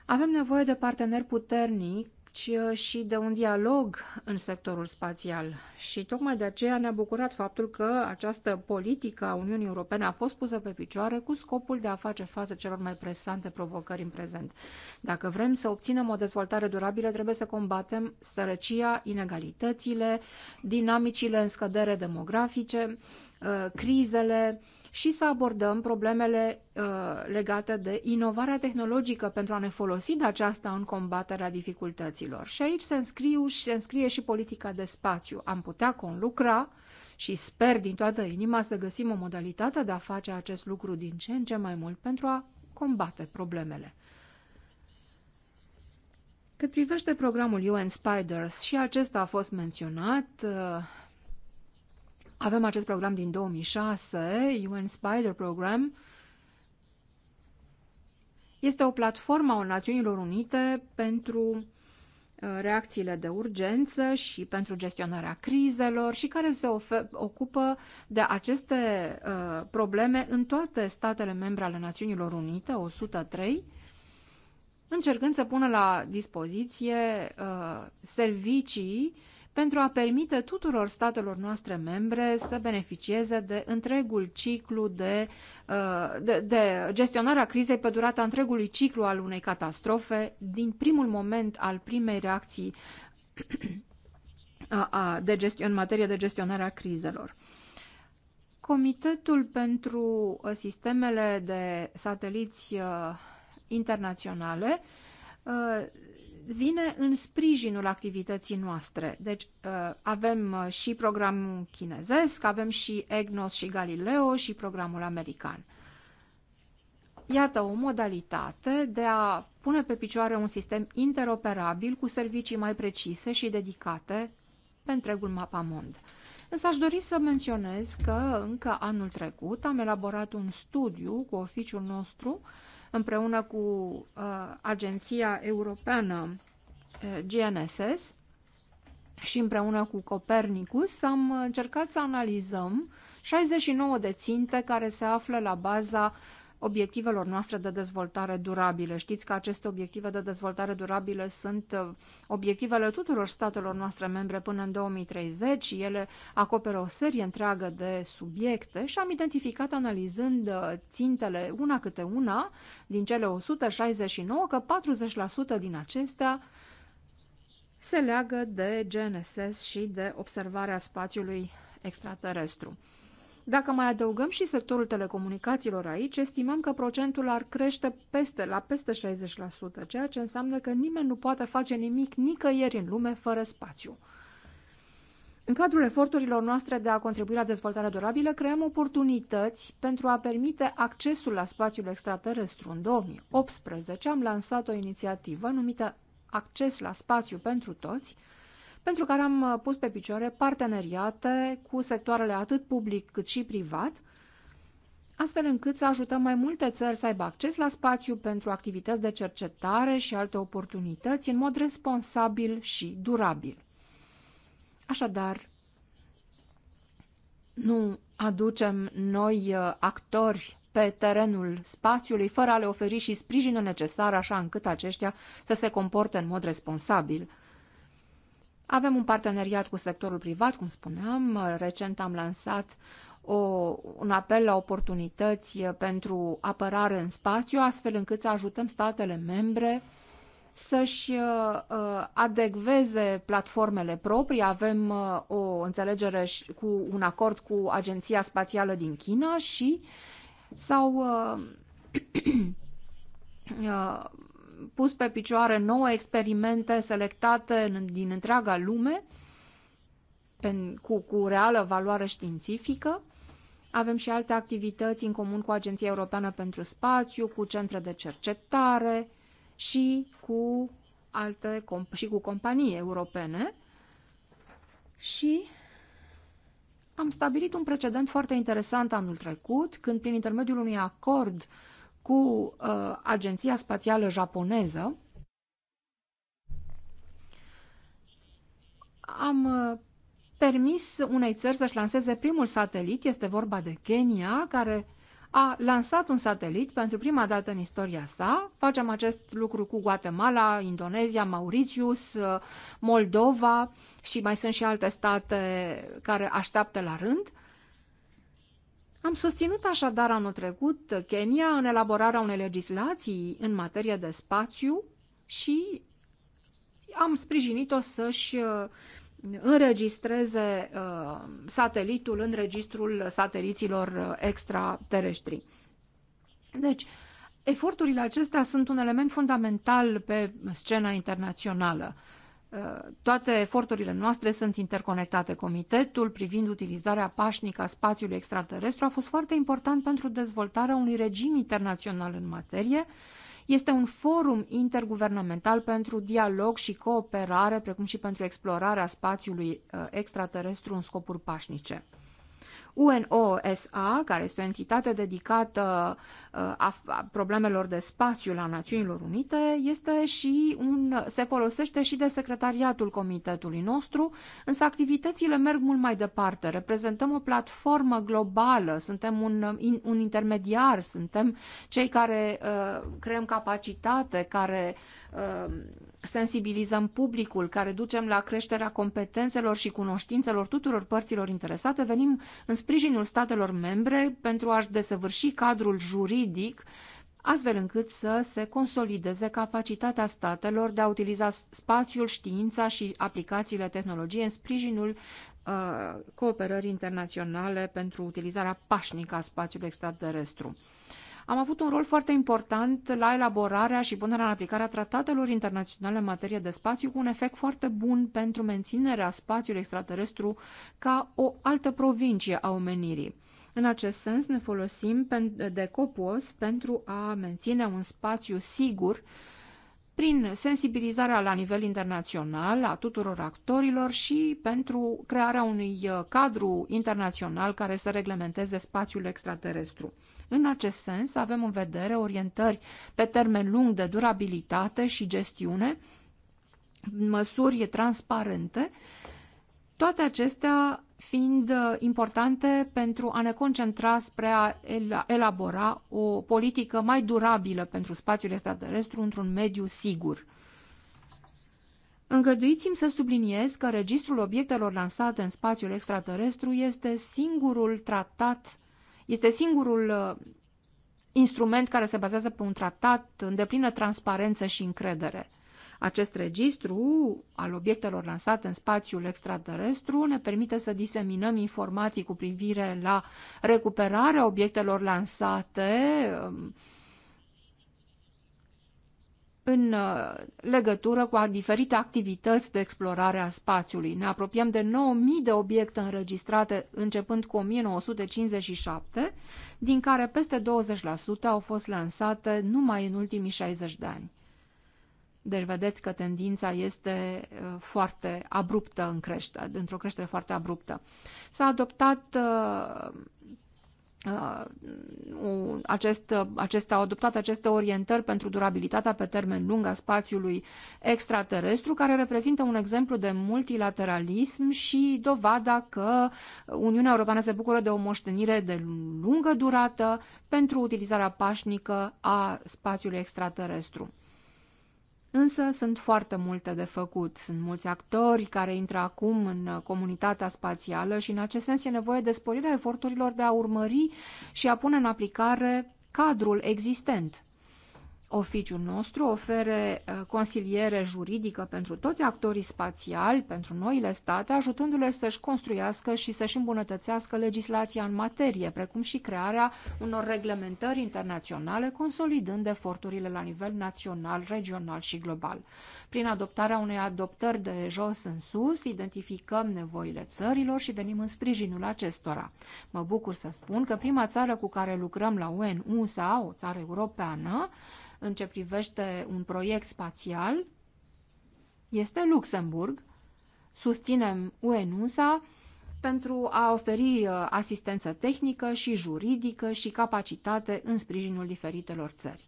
Avem nevoie de parteneri puternici ci și de un dialog în sectorul spațial. Și tocmai de aceea ne-a bucurat faptul că această politică a Uniunii Europene a fost pusă pe picioare cu scopul de a face față celor mai presante provocări în prezent. Dacă vrem să obținem o dezvoltare durabilă, trebuie să combatem sărăcia, inegalitățile, dinamicile în scădere demografice, uh, crizele, și să abordăm problemele uh, legate de inovarea tehnologică pentru a ne folosi de aceasta în combaterea dificultăților. Și aici se, înscriu, se înscrie și politica de spațiu. Am putea conlucra și sper din toată inima să găsim o modalitate de a face acest lucru din ce în ce mai mult pentru a combate problemele. Cât privește programul UN Spiders, și acesta a fost menționat, uh, avem acest program din 2006, UN Spider Program. Este o platformă a Națiunilor Unite pentru uh, reacțiile de urgență și pentru gestionarea crizelor și care se ocupă de aceste uh, probleme în toate statele membre ale Națiunilor Unite, 103, încercând să pună la dispoziție uh, servicii pentru a permite tuturor statelor noastre membre să beneficieze de întregul ciclu de, uh, de, de gestionarea crizei pe durata întregului ciclu al unei catastrofe, din primul moment al primei reacții de gestion, în materie de gestionare a crizelor. Comitetul pentru uh, sistemele de sateliți uh, internaționale vine în sprijinul activității noastre. Deci uh, avem uh, și programul chinezesc, avem și EGNOS și Galileo și programul american. Iată o modalitate de a pune pe picioare un sistem interoperabil cu servicii mai precise și dedicate pe întregul mapamond. Însă aș dori să menționez că încă anul trecut am elaborat un studiu cu oficiul nostru uh, împreună cu uh, Agenția Europeană uh, GNSS și împreună cu Copernicus am încercat să analizăm 69 de ținte care se află la baza uh, obiectivelor noastre de dezvoltare durabilă. Știți că aceste obiective de dezvoltare durabilă sunt uh, obiectivele tuturor statelor noastre membre până în 2030. Ele acoperă o serie întreagă de subiecte și am identificat analizând uh, țintele una câte una din cele 169 că 40% din acestea se leagă de GNSS și de observarea spațiului extraterestru. Dacă mai adăugăm și sectorul telecomunicațiilor aici, estimăm că procentul ar crește peste, la peste 60%, ceea ce înseamnă că nimeni nu poate face nimic nicăieri în lume fără spațiu. În cadrul eforturilor noastre de a contribui la dezvoltarea durabilă, creăm oportunități pentru a permite accesul la spațiul extraterestru. În 2018 am lansat o inițiativă numită Acces la spațiu pentru toți, pentru care am uh, pus pe picioare parteneriate cu sectoarele atât public cât și privat, astfel încât să ajutăm mai multe țări să aibă acces la spațiu pentru activități de cercetare și alte oportunități în mod responsabil și durabil. Așadar, nu aducem noi uh, actori pe terenul spațiului fără a le oferi și sprijinul necesar așa încât aceștia să se comporte în mod responsabil. Avem un parteneriat cu sectorul privat, cum spuneam. Recent am lansat o, un apel la oportunități pentru apărare în spațiu, astfel încât să ajutăm statele membre să-și uh, adecveze platformele proprii. Avem uh, o înțelegere cu un acord cu Agenția Spațială din China și sau. Uh, pus pe picioare nouă experimente selectate din întreaga lume, cu, cu reală valoare științifică. Avem și alte activități în comun cu Agenția Europeană pentru Spațiu, cu centre de cercetare și cu alte și cu companii europene. Și am stabilit un precedent foarte interesant anul trecut, când prin intermediul unui acord uh, cu uh, Agenția Spațială Japoneză, am uh, permis unei țări să-și lanseze primul satelit, este vorba de Kenya, care a lansat un satelit pentru prima dată în istoria sa. Facem acest lucru cu Guatemala, Indonezia, Mauritius, uh, Moldova și mai sunt și alte state care așteaptă la rând. Am susținut așadar anul trecut Kenya în elaborarea unei legislații în materie de spațiu și am sprijinit-o să-și uh, înregistreze uh, satelitul în registrul sateliților extraterestri. Deci, eforturile acestea sunt un element fundamental pe scena internațională toate eforturile noastre sunt interconectate. Comitetul privind utilizarea pașnică a spațiului extraterestru a fost foarte important pentru dezvoltarea unui regim internațional în materie. Este un forum interguvernamental pentru dialog și cooperare, precum și pentru explorarea spațiului uh, extraterestru în scopuri pașnice. UNOSA, care este o entitate dedicată a problemelor de spațiu la Națiunilor Unite este și un, se folosește și de secretariatul comitetului nostru, însă activitățile merg mult mai departe. Reprezentăm o platformă globală, suntem un, un intermediar, suntem cei care uh, creăm capacitate, care uh, sensibilizăm publicul, care ducem la creșterea competențelor și cunoștințelor tuturor părților interesate, venim în sprijinul statelor membre pentru a-și desăvârși cadrul juridic juridic, astfel încât să se consolideze capacitatea statelor de a utiliza spațiul, știința și aplicațiile tehnologiei în sprijinul uh, cooperării internaționale pentru utilizarea pașnică a spațiului extraterestru. Am avut un rol foarte important la elaborarea și punerea în aplicare a tratatelor internaționale în materie de spațiu, cu un efect foarte bun pentru menținerea spațiului extraterestru ca o altă provincie a omenirii. În acest sens ne folosim de COPOS pentru a menține un spațiu sigur prin sensibilizarea la nivel internațional a tuturor actorilor și pentru crearea unui uh, cadru internațional care să reglementeze spațiul extraterestru. În acest sens, avem în vedere orientări pe termen lung de durabilitate și gestiune, măsuri transparente toate acestea fiind uh, importante pentru a ne concentra spre a elabora o politică mai durabilă pentru spațiul extraterestru într-un mediu sigur. Îngăduiți-mi să subliniez că registrul obiectelor lansate în spațiul extraterestru este singurul tratat, este singurul uh, instrument care se bazează pe un tratat în deplină transparență și încredere – acest registru al obiectelor lansate în spațiul extraterestru ne permite să diseminăm informații cu privire la recuperarea obiectelor lansate um, în uh, legătură cu diferite activități de explorare a spațiului. Ne apropiem de 9.000 de obiecte înregistrate începând cu 1957, din care peste 20% au fost lansate numai în ultimii 60 de ani. Deci vedeți că tendința este uh, foarte abruptă în creștere, într-o creștere foarte abruptă. S-a adoptat uh, uh acest, acesta au adoptat aceste orientări pentru durabilitatea pe termen lung a spațiului extraterestru, care reprezintă un exemplu de multilateralism și dovada că Uniunea Europeană se bucură de o moștenire de lungă durată pentru utilizarea pașnică a spațiului extraterestru. Însă sunt foarte multe de făcut. Sunt mulți actori care intră acum în comunitatea spațială și în acest sens e nevoie de sporirea eforturilor de a urmări și a pune în aplicare cadrul existent oficiul nostru ofere uh, consiliere juridică pentru toți actorii spațiali, pentru noile state, ajutându-le să-și construiască și să-și îmbunătățească legislația în materie, precum și crearea unor reglementări internaționale, consolidând eforturile la nivel național, regional și global. Prin adoptarea unei adoptări de jos în sus, identificăm nevoile țărilor și venim în sprijinul acestora. Mă bucur să spun că prima țară cu care lucrăm la UN, USA, o țară europeană, în ce privește un proiect spațial este Luxemburg. Susținem UNUSA pentru a oferi uh, asistență tehnică și juridică și capacitate în sprijinul diferitelor țări.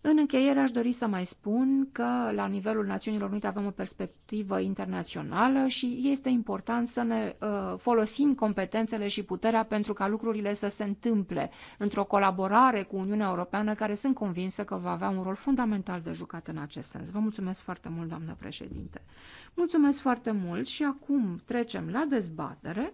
În încheiere aș dori să mai spun că la nivelul Națiunilor Unite avem o perspectivă internațională și este important să ne uh, folosim competențele și puterea pentru ca lucrurile să se întâmple într-o colaborare cu Uniunea Europeană care sunt convinsă că va avea un rol fundamental de jucat în acest sens. Vă mulțumesc foarte mult, doamnă președinte. Mulțumesc foarte mult și acum trecem la dezbatere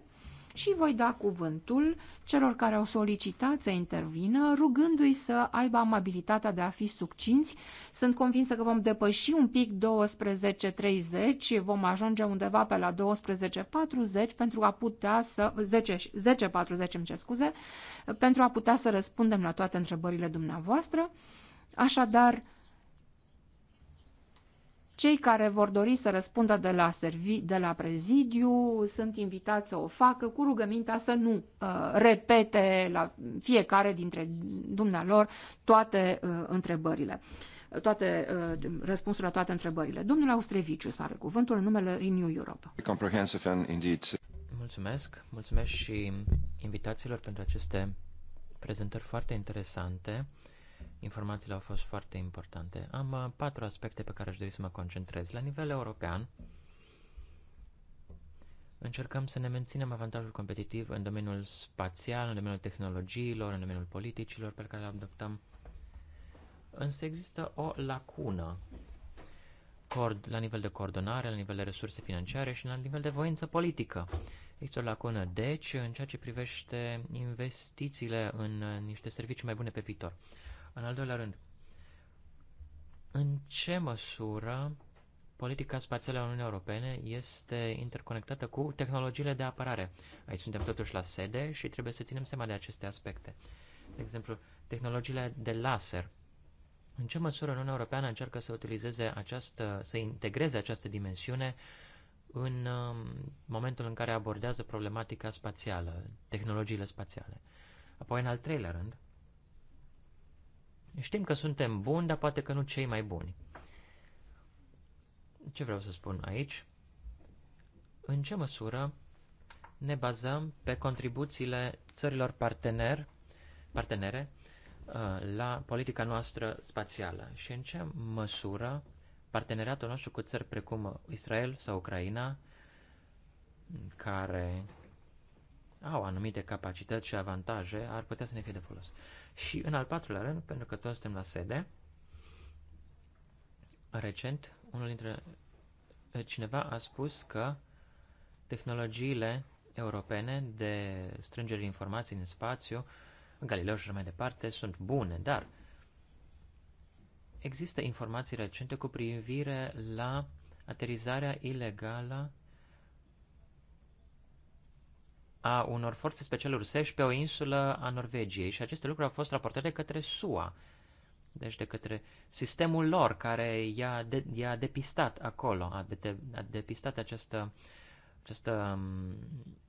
și voi da cuvântul celor care au solicitat să intervină, rugându-i să aibă amabilitatea de a fi succinți. Sunt convinsă că vom depăși un pic 12.30, vom ajunge undeva pe la 12.40 pentru a putea să... 10, îmi ce scuze, pentru a putea să răspundem la toate întrebările dumneavoastră. Așadar, cei care vor dori să răspundă de la, servi, de la prezidiu sunt invitați să o facă cu rugămintea să nu uh, repete la fiecare dintre dumnealor toate uh, întrebările, toate uh, răspunsurile la toate întrebările. Domnul Austreviciu, îți pare cuvântul în numele Renew Europe. Comprehensive and indeed. Mulțumesc, mulțumesc și invitațiilor pentru aceste prezentări foarte interesante. Informațiile au fost foarte importante. Am uh, patru aspecte pe care aș dori să mă concentrez. La nivel european, încercăm să ne menținem avantajul competitiv în domeniul spațial, în domeniul tehnologiilor, în domeniul politicilor pe care le adoptăm. Însă există o lacună cord, la nivel de coordonare, la nivel de resurse financiare și la nivel de voință politică. Există o lacună, deci, în ceea ce privește investițiile în uh, niște servicii mai bune pe viitor. În al doilea rând, în ce măsură politica spațială a Uniunii Europene este interconectată cu tehnologiile de apărare? Aici suntem totuși la sede și trebuie să ținem seama de aceste aspecte. De exemplu, tehnologiile de laser. În ce măsură Uniunea Europeană încearcă să utilizeze această, să integreze această dimensiune în um, momentul în care abordează problematica spațială, tehnologiile spațiale? Apoi, în al treilea rând, Știm că suntem buni, dar poate că nu cei mai buni. Ce vreau să spun aici? În ce măsură ne bazăm pe contribuțiile țărilor partener, partenere uh, la politica noastră spațială și în ce măsură parteneriatul nostru cu țări precum Israel sau Ucraina, care au anumite capacități și avantaje, ar putea să ne fie de folos. Și în al patrulea rând, pentru că toți suntem la sede, recent, unul dintre eh, cineva a spus că tehnologiile europene de strângere de informații în spațiu, Galileo și mai departe, sunt bune, dar există informații recente cu privire la aterizarea ilegală a unor forțe speciale rusești pe o insulă a Norvegiei și aceste lucruri au fost raportate către SUA, deci de către sistemul lor care i-a, de, i-a depistat acolo, a, de, a depistat această, această mm,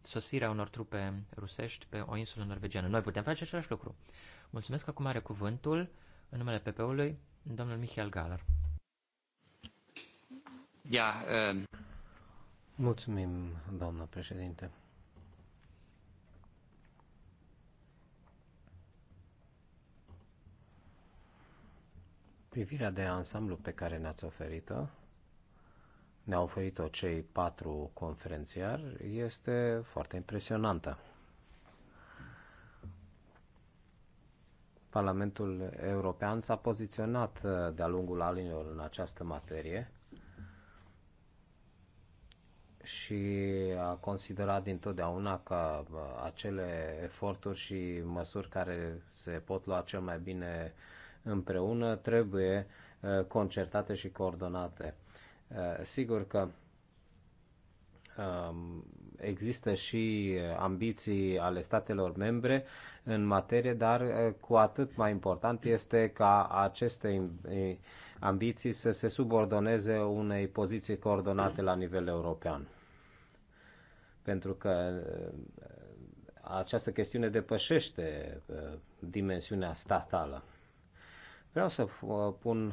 sosire a unor trupe rusești pe o insulă norvegiană. Noi putem face același lucru. Mulțumesc că acum are cuvântul în numele PP-ului domnul Michael Galar. yeah, um... Mulțumim, doamnă președinte. privirea de ansamblu pe care ne-ați oferit-o, ne-au oferit-o cei patru conferențiari, este foarte impresionantă. Parlamentul European s-a poziționat uh, de-a lungul anilor în această materie și a considerat dintotdeauna că uh, acele eforturi și măsuri care se pot lua cel mai bine uh, împreună trebuie uh, concertate și coordonate. Uh, sigur că um, există și ambiții ale statelor membre în materie, dar uh, cu atât mai important este ca aceste ambiții să se subordoneze unei poziții coordonate la nivel european. Pentru că această chestiune depășește dimensiunea statală. Vreau să uh, pun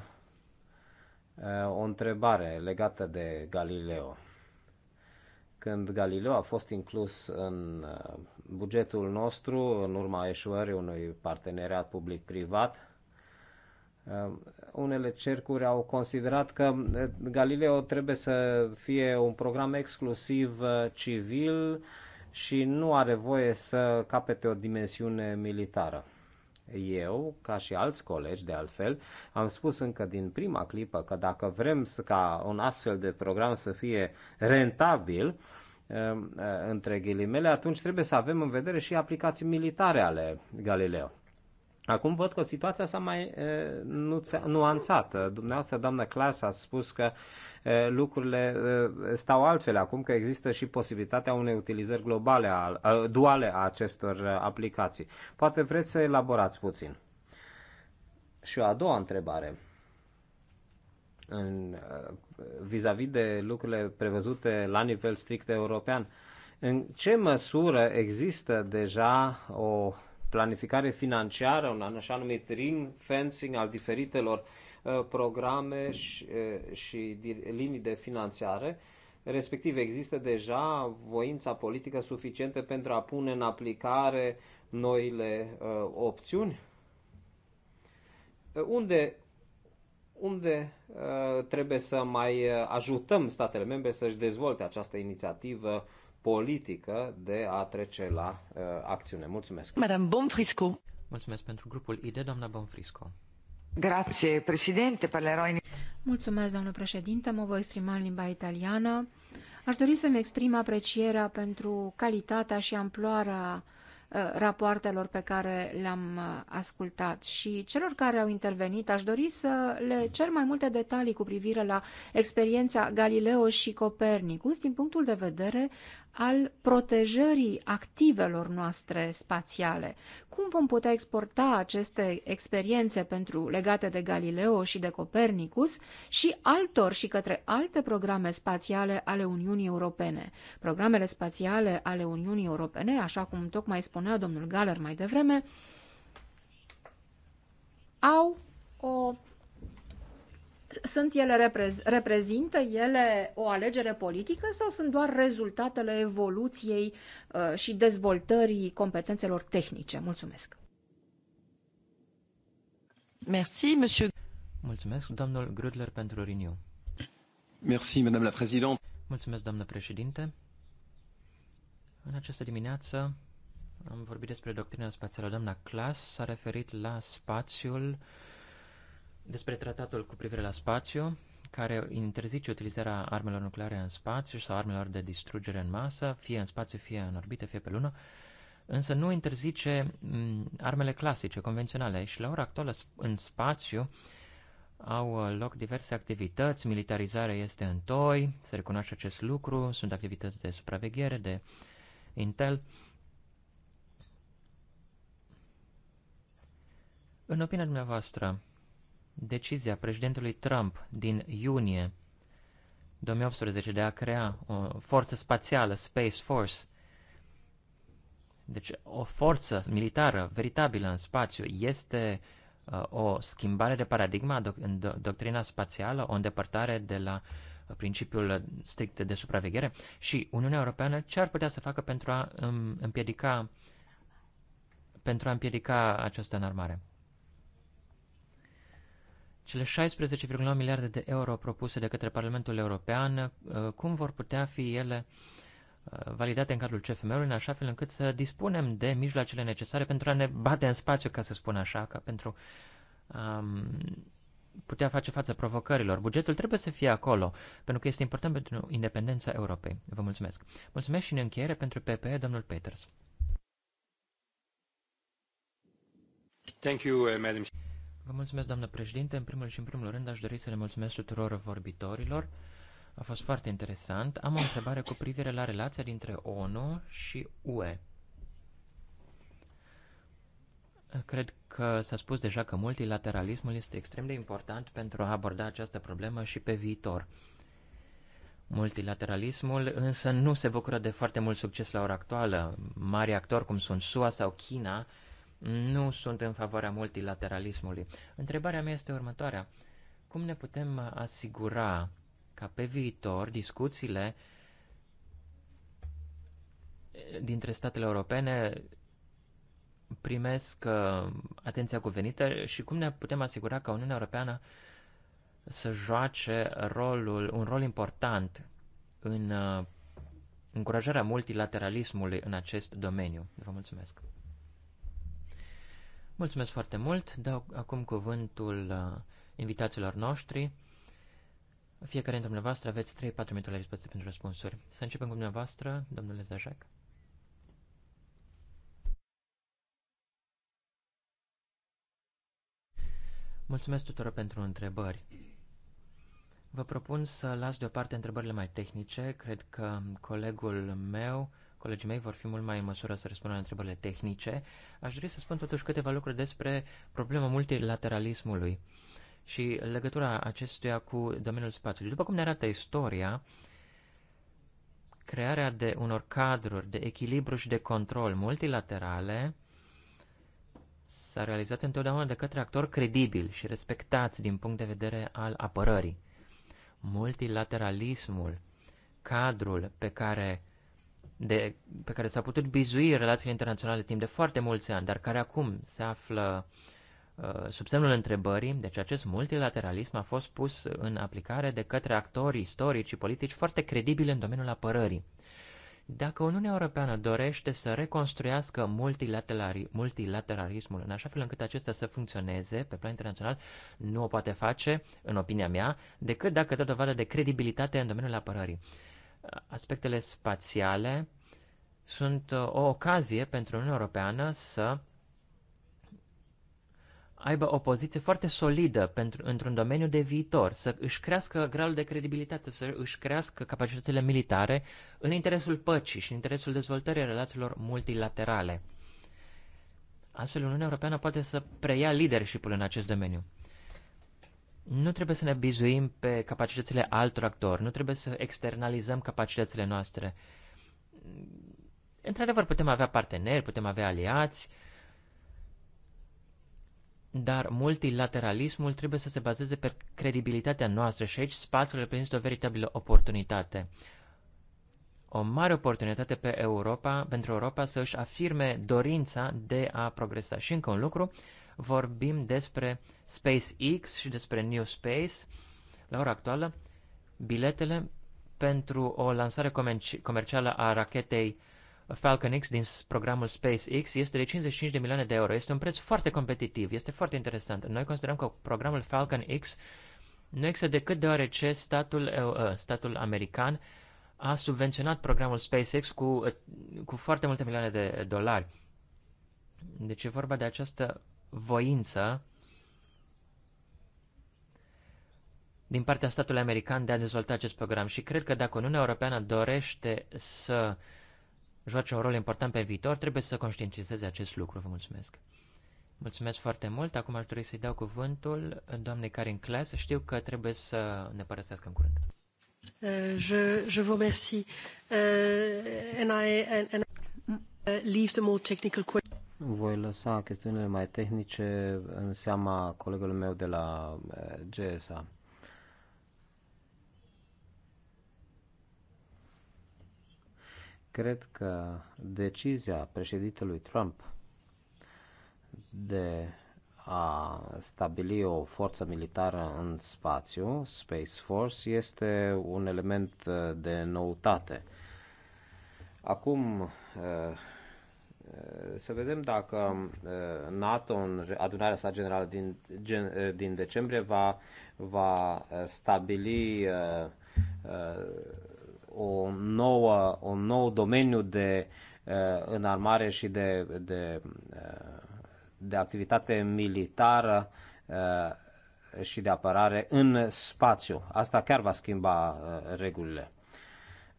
uh, o întrebare legată de Galileo. Când Galileo a fost inclus în uh, bugetul nostru, în urma eșuării unui parteneriat public-privat, unele cercuri au considerat că Galileo trebuie să fie un program exclusiv civil și nu are voie să capete o dimensiune militară. Eu, ca și alți colegi de altfel, am spus încă din prima clipă că dacă vrem ca un astfel de program să fie rentabil, um, uh, între ghilimele, atunci trebuie să avem în vedere și aplicații militare ale Galileo. Acum văd că situația s-a mai e, nuanțată. Dumneavoastră, doamnă Clas, ați spus că e, lucrurile e, stau altfel acum, că există și posibilitatea unei utilizări globale, a, a, duale a acestor aplicații. Poate vreți să elaborați puțin. Și o a doua întrebare în, vis-a-vis -vis de lucrurile prevăzute la nivel strict european, în ce măsură există deja o planificare financiară, un așa numit ring fencing al diferitelor uh, programe și, uh, și linii de finanțare, respectiv există deja voința politică suficientă pentru a pune în aplicare noile uh, opțiuni? Uh, unde, unde uh, trebuie să mai ajutăm statele membre să-și dezvolte această inițiativă uh, politică de a trece la uh, acțiune. Mulțumesc. Madame Bonfrisco. Mulțumesc pentru grupul ID, doamna Bonfrisco. Grazie, președinte, parlerò in... Mulțumesc, doamnă președinte, mă voi exprima în limba italiană. Aș dori să-mi exprim aprecierea pentru calitatea și amploarea uh, rapoartelor pe care le-am uh, ascultat și celor care au intervenit, aș dori să le cer mai multe detalii cu privire la experiența Galileo și Copernicus din punctul de vedere al protejării activelor noastre spațiale. Cum vom putea exporta aceste experiențe pentru legate de Galileo și de Copernicus și altor și către alte programe spațiale ale Uniunii Europene? Programele spațiale ale Uniunii Europene, așa cum tocmai spunea domnul Galer mai devreme, au o sunt ele reprez, reprezintă ele o alegere politică sau sunt doar rezultatele evoluției uh, și dezvoltării competențelor tehnice? Mulțumesc. Merci, monsieur. Mulțumesc, domnul Grudler, pentru Renew. Merci, madame la présidente. Mulțumesc, doamnă președinte. În această dimineață am vorbit despre doctrina spațială. Doamna Clas s-a referit la spațiul uh, despre tratatul cu privire la spațiu, care interzice utilizarea armelor nucleare în spațiu sau armelor de distrugere în masă, fie în spațiu, fie în orbită, fie pe lună, însă nu interzice mm, armele clasice, convenționale. Și la ora actuală, în spațiu, au uh, loc diverse activități, militarizarea este în toi, se recunoaște acest lucru, sunt activități de supraveghere, de intel. În opinia dumneavoastră, Decizia președintelui Trump din iunie 2018 de a crea o forță spațială, Space Force, deci o forță militară veritabilă în spațiu este uh, o schimbare de paradigma doc- în do- doctrina spațială, o îndepărtare de la principiul strict de supraveghere și Uniunea Europeană ce ar putea să facă pentru a um, împiedica pentru a împiedica această înarmare? Cele 16,9 miliarde de euro propuse de către Parlamentul European, uh, cum vor putea fi ele uh, validate în cadrul CFM-ului, în așa fel încât să dispunem de mijloacele necesare pentru a ne bate în spațiu, ca să spun așa, ca pentru a um, putea face față provocărilor. Bugetul trebuie să fie acolo, pentru că este important pentru independența Europei. Vă mulțumesc. Mulțumesc și în încheiere pentru PPE, domnul Peters. Thank you, uh, madam. Vă mulțumesc, doamnă președinte. În primul și în primul rând aș dori să le mulțumesc tuturor vorbitorilor. A fost foarte interesant. Am o întrebare cu privire la relația dintre ONU și UE. Cred că s-a spus deja că multilateralismul este extrem de important pentru a aborda această problemă și pe viitor. Multilateralismul însă nu se bucură de foarte mult succes la ora actuală. Mari actori cum sunt SUA sau China nu sunt în favoarea multilateralismului. Întrebarea mea este următoarea. Cum ne putem asigura ca pe viitor discuțiile dintre statele europene primesc uh, atenția cuvenită și cum ne putem asigura că Uniunea Europeană să joace rolul, un rol important în uh, încurajarea multilateralismului în acest domeniu. Vă mulțumesc! Mulțumesc foarte mult. Dau acum cuvântul uh, invitațiilor noștri. Fiecare dintre dumneavoastră aveți 3-4 minute la dispoziție pentru răspunsuri. Să începem cu dumneavoastră, domnule Zajac. Mulțumesc tuturor pentru întrebări. Vă propun să las deoparte întrebările mai tehnice. Cred că colegul meu Colegii mei vor fi mult mai în măsură să răspundă la întrebările tehnice. Aș dori să spun totuși câteva lucruri despre problema multilateralismului și legătura acestuia cu domeniul spațiului. După cum ne arată istoria, crearea de unor cadruri de echilibru și de control multilaterale s-a realizat întotdeauna de către actori credibili și respectați din punct de vedere al apărării. Multilateralismul, cadrul pe care de, pe care s-a putut bizui relațiile internaționale timp de foarte mulți ani, dar care acum se află uh, sub semnul întrebării, deci acest multilateralism a fost pus în aplicare de către actori istorici și politici foarte credibili în domeniul apărării. Dacă Uniunea Europeană dorește să reconstruiască multilateralismul în așa fel încât acesta să funcționeze pe plan internațional, nu o poate face, în opinia mea, decât dacă dă dovadă de credibilitate în domeniul apărării aspectele spațiale sunt uh, o ocazie pentru Uniunea Europeană să aibă o poziție foarte solidă pentru, într-un domeniu de viitor, să își crească gradul de credibilitate, să își crească capacitățile militare în interesul păcii și în interesul dezvoltării relațiilor multilaterale. Astfel, Uniunea Europeană poate să preia leadership în acest domeniu. Nu trebuie să ne bizuim pe capacitățile altor actori, nu trebuie să externalizăm capacitățile noastre. Într-adevăr, putem avea parteneri, putem avea aliați, dar multilateralismul trebuie să se bazeze pe credibilitatea noastră și aici spațiul reprezintă o veritabilă oportunitate. O mare oportunitate pe Europa, pentru Europa să își afirme dorința de a progresa. Și încă un lucru, vorbim despre SpaceX și despre New Space. La ora actuală, biletele pentru o lansare comercială a rachetei Falcon X din programul SpaceX este de 55 de milioane de euro. Este un preț foarte competitiv, este foarte interesant. Noi considerăm că programul Falcon X nu există decât deoarece statul, ă, statul american a subvenționat programul SpaceX cu, ă, cu foarte multe milioane de dolari. Deci e vorba de această voință din partea statului american de a dezvolta acest program și cred că dacă Uniunea Europeană dorește să joace un rol important pe viitor, trebuie să conștientizeze acest lucru. Vă mulțumesc! Mulțumesc foarte mult. Acum aș dori să-i dau cuvântul doamnei Karin Kles. Știu că trebuie să ne părăsească în curând. Eh, je, je vous remercie. Uh, and I, and, and I eh, leave the more technical questions. Voi lăsa chestiunile mai tehnice în seama colegului meu de la eh, GSA. Cred că decizia președintelui Trump de a stabili o forță militară în spațiu, Space Force, este un element eh, de noutate. Acum eh, să vedem dacă NATO în adunarea sa generală din, gen, din decembrie va, va stabili o nouă, un nou domeniu de înarmare și de, de, de activitate militară și de apărare în spațiu. Asta chiar va schimba regulile.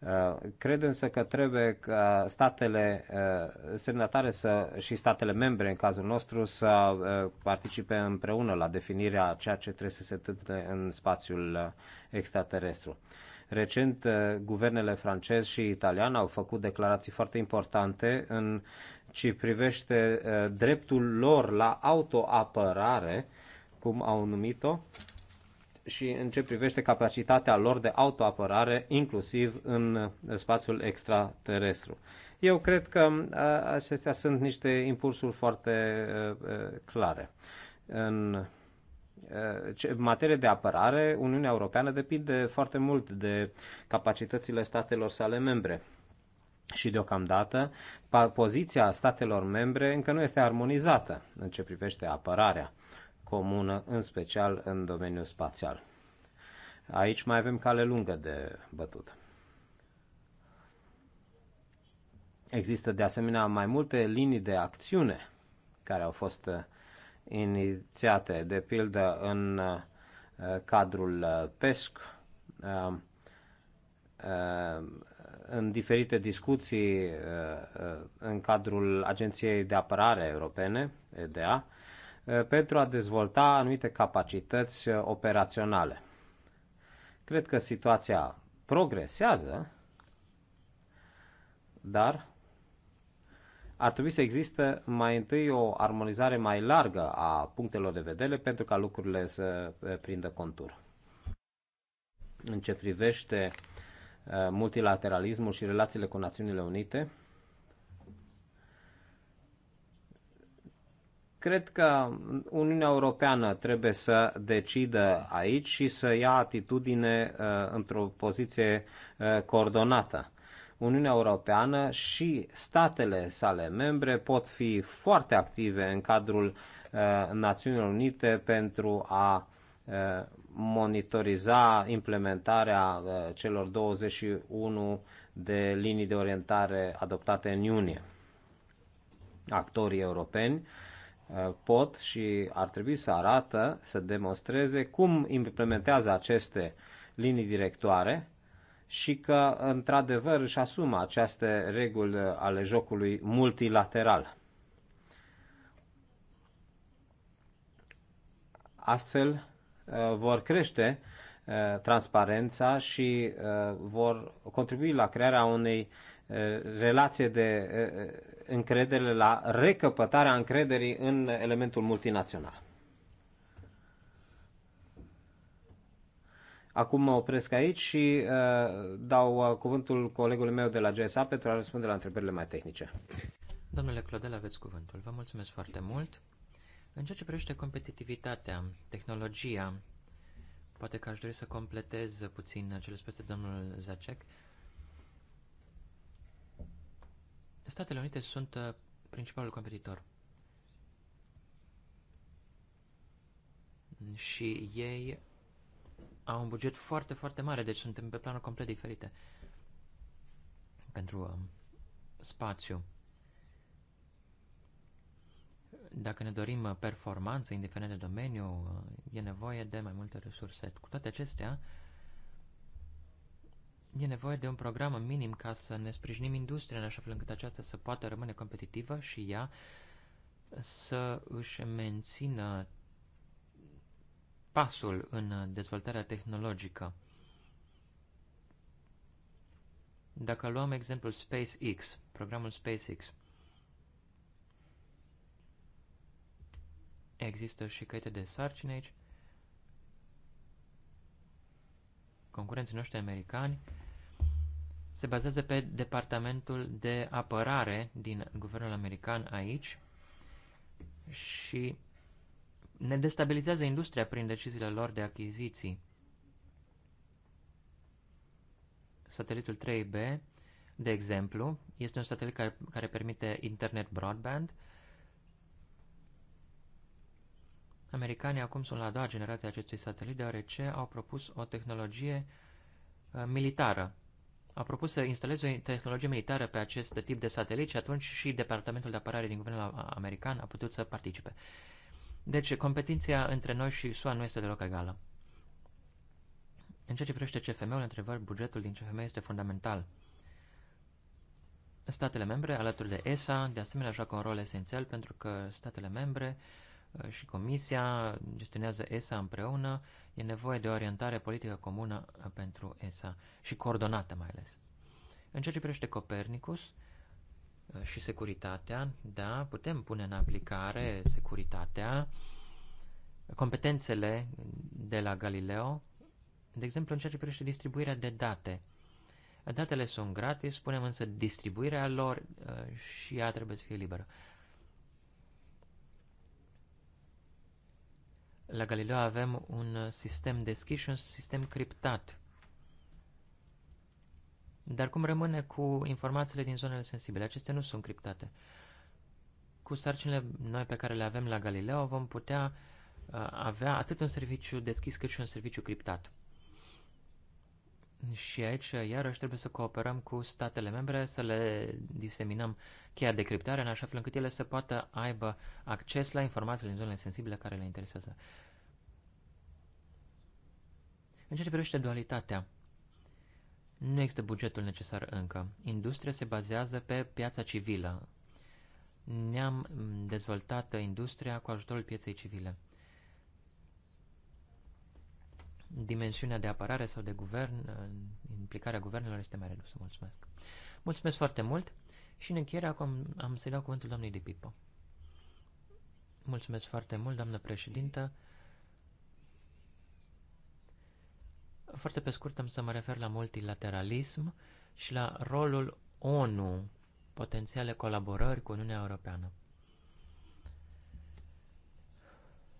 Uh, cred însă că trebuie ca statele uh, semnatare să, și statele membre, în cazul nostru, să uh, participe împreună la definirea ceea ce trebuie să se întâmple în spațiul extraterestru. Recent, guvernele francez și italian au făcut declarații foarte importante în ce privește dreptul lor la autoapărare, cum au numit-o, și în ce privește capacitatea lor de autoapărare, inclusiv în spațiul extraterestru. Eu cred că uh, acestea sunt niște impulsuri foarte uh, uh, clare. În materie de apărare, Uniunea Europeană depinde foarte mult de capacitățile statelor sale membre. Și deocamdată, poziția statelor membre încă nu este armonizată în ce privește apărarea comună, în special în domeniul spațial. Aici mai avem cale lungă de bătut. Există de asemenea mai multe linii de acțiune care au fost uh, inițiate, de pildă în uh, cadrul uh, PESC, în diferite discuții în cadrul Agenției de Apărare Europene, EDA, Eh, pentru a dezvolta anumite capacități eh, operaționale. Cred că situația progresează, dar ar trebui să existe mai întâi o armonizare mai largă a punctelor de vedere pentru ca lucrurile să eh, prindă contur. În ce privește multilateralismul și relațiile cu Națiunile Unite, Cred că Uniunea Europeană trebuie să decidă aici și să ia atitudine uh, într-o poziție uh, coordonată. Uniunea Europeană și statele sale membre pot fi foarte active în cadrul uh, Națiunilor Unite pentru a monitoriza implementarea celor 21 de linii de orientare adoptate în iunie. Actorii europeni Uh, pot și ar trebui să arată, să demonstreze cum implementează aceste linii directoare și că, într-adevăr, își asumă aceste reguli ale jocului multilateral. Astfel, uh, vor crește uh, transparența și vor contribui la crearea unei relație de încredere la recăpătarea încrederii în elementul multinațional. Acum mă opresc aici și uh, dau uh, cuvântul colegului meu de la GSA pentru a răspunde la întrebările mai tehnice. Domnule Clodel, aveți cuvântul. Vă mulțumesc foarte mult. În ceea ce privește competitivitatea, tehnologia, poate că aș dori să completez puțin cele spuse de domnul Zacek. Uh, Statele Unite sunt uh, principalul competitor. Și ei au un buget foarte, foarte mare, deci suntem pe planuri complet diferite pentru um, spațiu. Dacă ne dorim uh, performanță, indiferent de domeniu, uh, e nevoie de mai multe resurse. Cu toate acestea, uh, E nevoie de un program minim ca să ne sprijinim industria în așa fel încât aceasta să poată rămâne competitivă și ea să își mențină pasul în dezvoltarea tehnologică. Dacă luăm exemplul SpaceX, programul SpaceX, există și căte de sarcini aici. Concurenții noștri americani se bazează pe Departamentul de Apărare din guvernul american aici și ne destabilizează industria prin deciziile lor de achiziții. Satelitul 3B, de exemplu, este un satelit care, care permite internet broadband. Americanii acum sunt la a doua generație a acestui satelit, deoarece au propus o tehnologie uh, militară a propus să instaleze o tehnologie militară pe acest tip de satelit și atunci și Departamentul de Apărare din Guvernul American a putut să participe. Deci, competiția între noi și SUA nu este deloc egală. În ceea ce privește CFM-ul, întrebări, bugetul din CFM este fundamental. Statele membre, alături de ESA, de asemenea joacă un rol esențial pentru că statele membre uh, Uh, și Comisia gestionează ESA împreună, e nevoie de o orientare politică comună uh, pentru ESA și coordonată mai ales. În ceea ce privește Copernicus uh, și securitatea, da, putem pune în aplicare securitatea, competențele de la Galileo, de exemplu în ceea ce privește distribuirea de date. Datele sunt gratis, spunem însă distribuirea lor și ea trebuie să fie liberă. la Galileo avem un sistem deschis și un sistem criptat. Dar cum rămâne cu informațiile din zonele sensibile? Acestea nu sunt criptate. Cu sarcinile noi pe care le avem la Galileo vom putea uh, avea atât un serviciu deschis cât și un serviciu criptat. Și aici, iarăși, trebuie să cooperăm cu statele membre, să le diseminăm cheia de criptare, în așa fel încât ele să poată aibă acces la informațiile în zonele sensibile care le interesează. În ceea ce privește dualitatea, nu există bugetul necesar încă. Industria se bazează pe piața civilă. Ne-am dezvoltat industria cu ajutorul pieței civile. dimensiunea de apărare sau de guvern, implicarea guvernelor este mai redusă. Mulțumesc. Mulțumesc foarte mult și în încheiere acum am să-i dau cuvântul doamnei de Pipo. Mulțumesc foarte mult, doamnă președintă. Foarte pe scurt am să mă refer la multilateralism și la rolul ONU, potențiale colaborări cu Uniunea Europeană.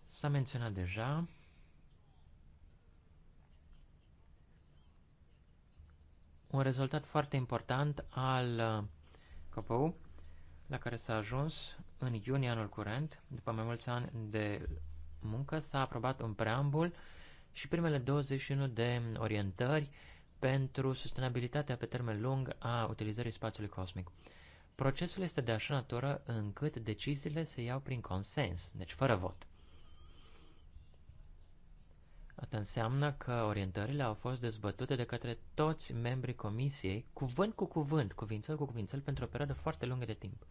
S-a menționat deja un rezultat foarte important al uh, COPOU, la care s-a ajuns în iunie anul curent, după mai mulți ani de muncă, s-a aprobat un preambul și primele 21 de orientări pentru sustenabilitatea pe termen lung a utilizării spațiului cosmic. Procesul este de așa natură încât deciziile se iau prin consens, deci fără vot. Asta înseamnă că orientările au fost dezbătute de către toți membrii comisiei, cuvânt cu cuvânt, cuvințel cu cuvințel, pentru o perioadă foarte lungă de timp.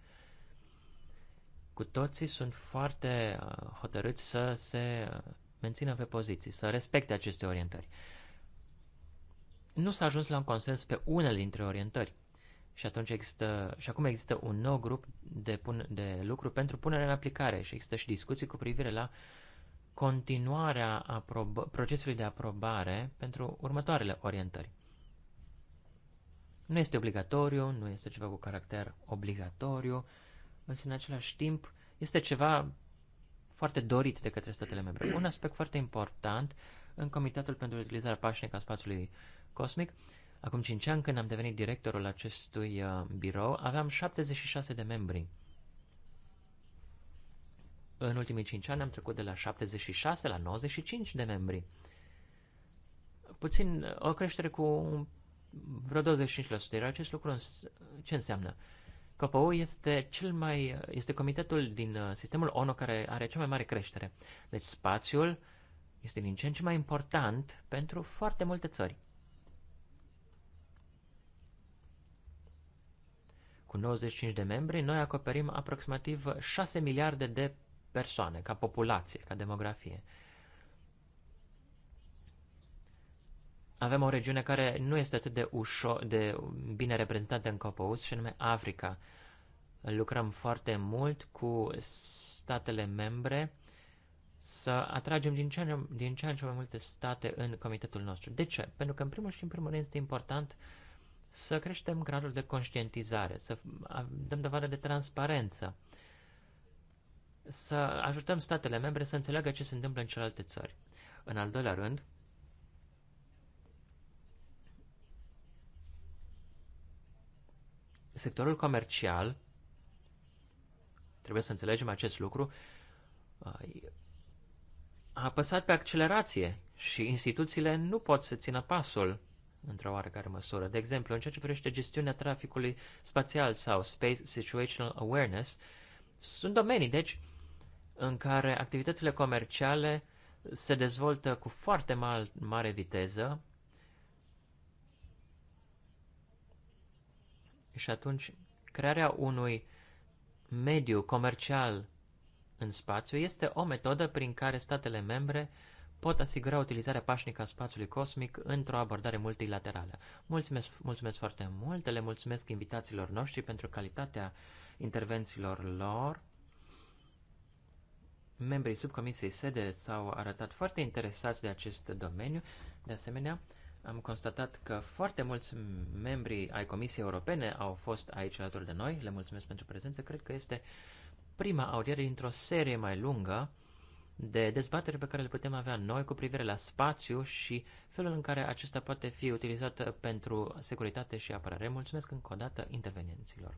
Cu toții sunt foarte uh, hotărâți să se uh, mențină pe poziții, să respecte aceste orientări. Nu s-a ajuns la un consens pe unele dintre orientări. Și atunci există, și acum există un nou grup de, pun, de lucru pentru punerea în aplicare și există și discuții cu privire la uh, continuarea procesului de aprobare pentru următoarele orientări. Nu este obligatoriu, nu este ceva cu caracter obligatoriu, însă în același timp este ceva foarte dorit de către statele membre. Un aspect foarte important în Comitetul pentru Utilizarea Pașnică a Spațiului Cosmic, acum 5 ani când am devenit directorul acestui uh, birou, aveam 76 de membri. În ultimii 5 ani am trecut de la 76 la 95 de membri. Puțin, o creștere cu vreo 25%, iar acest lucru ce înseamnă? KPU este cel mai este comitetul din uh, sistemul ONU care are cea mai mare creștere. Deci spațiul este din ce în ce mai important pentru foarte multe țări. Cu 95 de membri, noi acoperim aproximativ 6 miliarde de persoane, ca populație, ca demografie. Avem o regiune care nu este atât de, ușor, de bine reprezentată în COPOUS, și anume Africa. Lucrăm foarte mult cu statele membre să atragem din ce, în, din ce în ce mai multe state în comitetul nostru. De ce? Pentru că, în primul și în primul rând, este important să creștem gradul de conștientizare, să dăm dovadă de transparență să ajutăm statele membre să înțeleagă ce se întâmplă în celelalte țări. În al doilea rând, sectorul comercial, trebuie să înțelegem acest lucru, a apăsat pe accelerație și instituțiile nu pot să țină pasul într-o oarecare măsură. De exemplu, în ceea ce privește gestiunea traficului spațial sau Space Situational Awareness, sunt domenii, deci, în care activitățile comerciale se dezvoltă cu foarte mal, mare viteză și atunci crearea unui mediu comercial în spațiu este o metodă prin care statele membre pot asigura utilizarea pașnică a spațiului cosmic într-o abordare multilaterală. Mulțumesc, mulțumesc foarte mult, le mulțumesc invitațiilor noștri pentru calitatea intervențiilor lor. Membrii subcomisiei sede s-au arătat foarte interesați de acest domeniu. De asemenea, am constatat că foarte mulți membri ai Comisiei Europene au fost aici alături de noi. Le mulțumesc pentru prezență. Cred că este prima audiere dintr-o serie mai lungă de dezbateri pe care le putem avea noi cu privire la spațiu și felul în care acesta poate fi utilizat pentru securitate și apărare. Mulțumesc încă o dată intervenienților.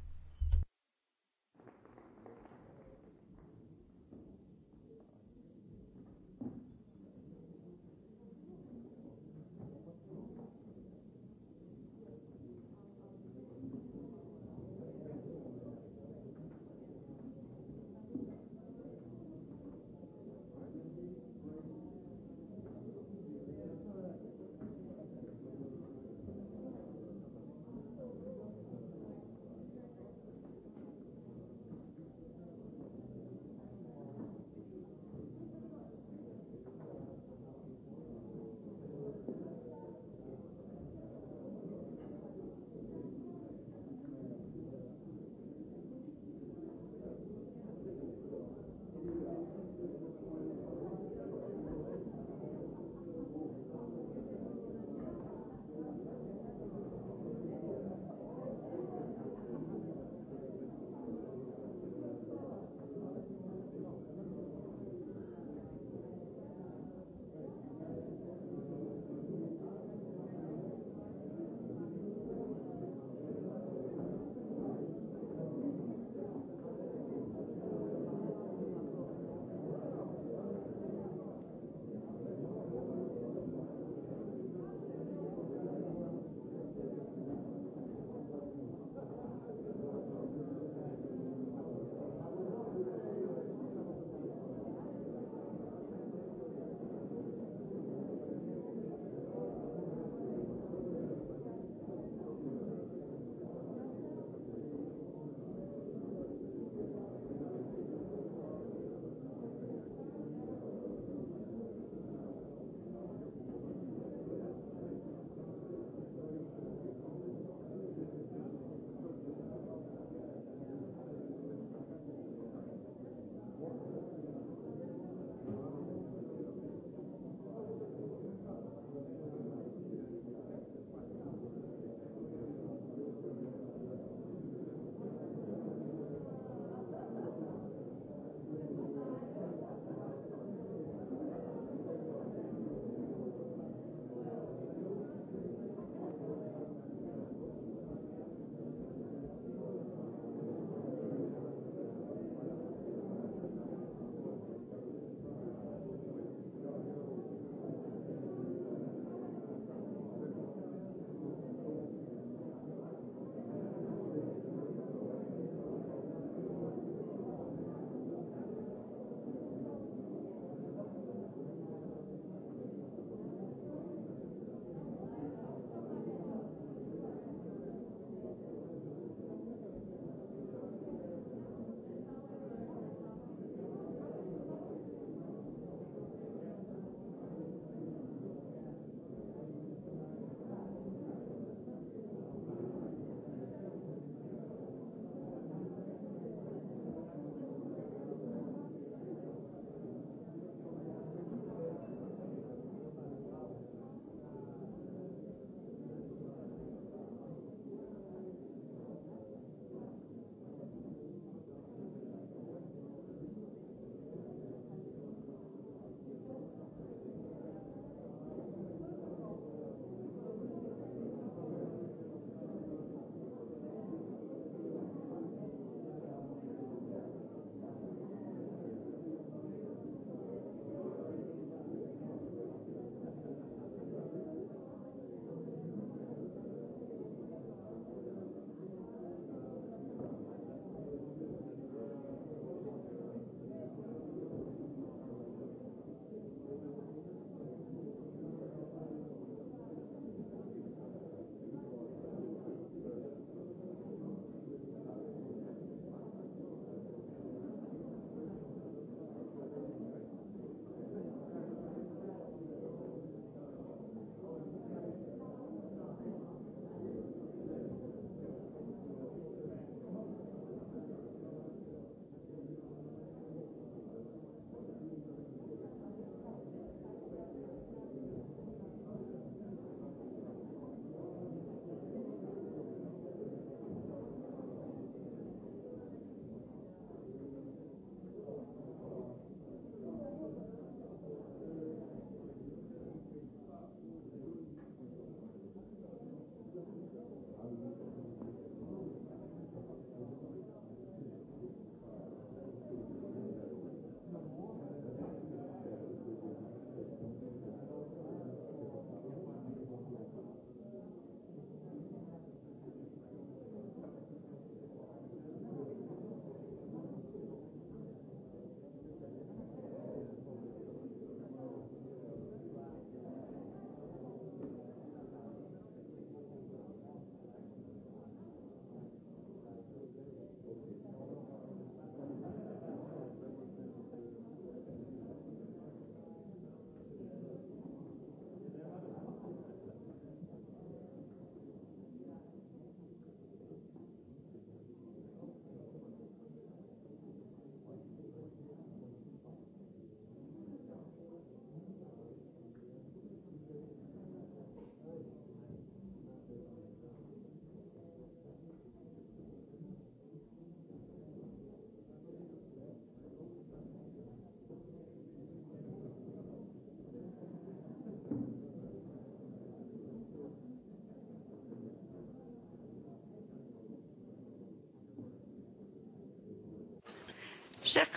Euh,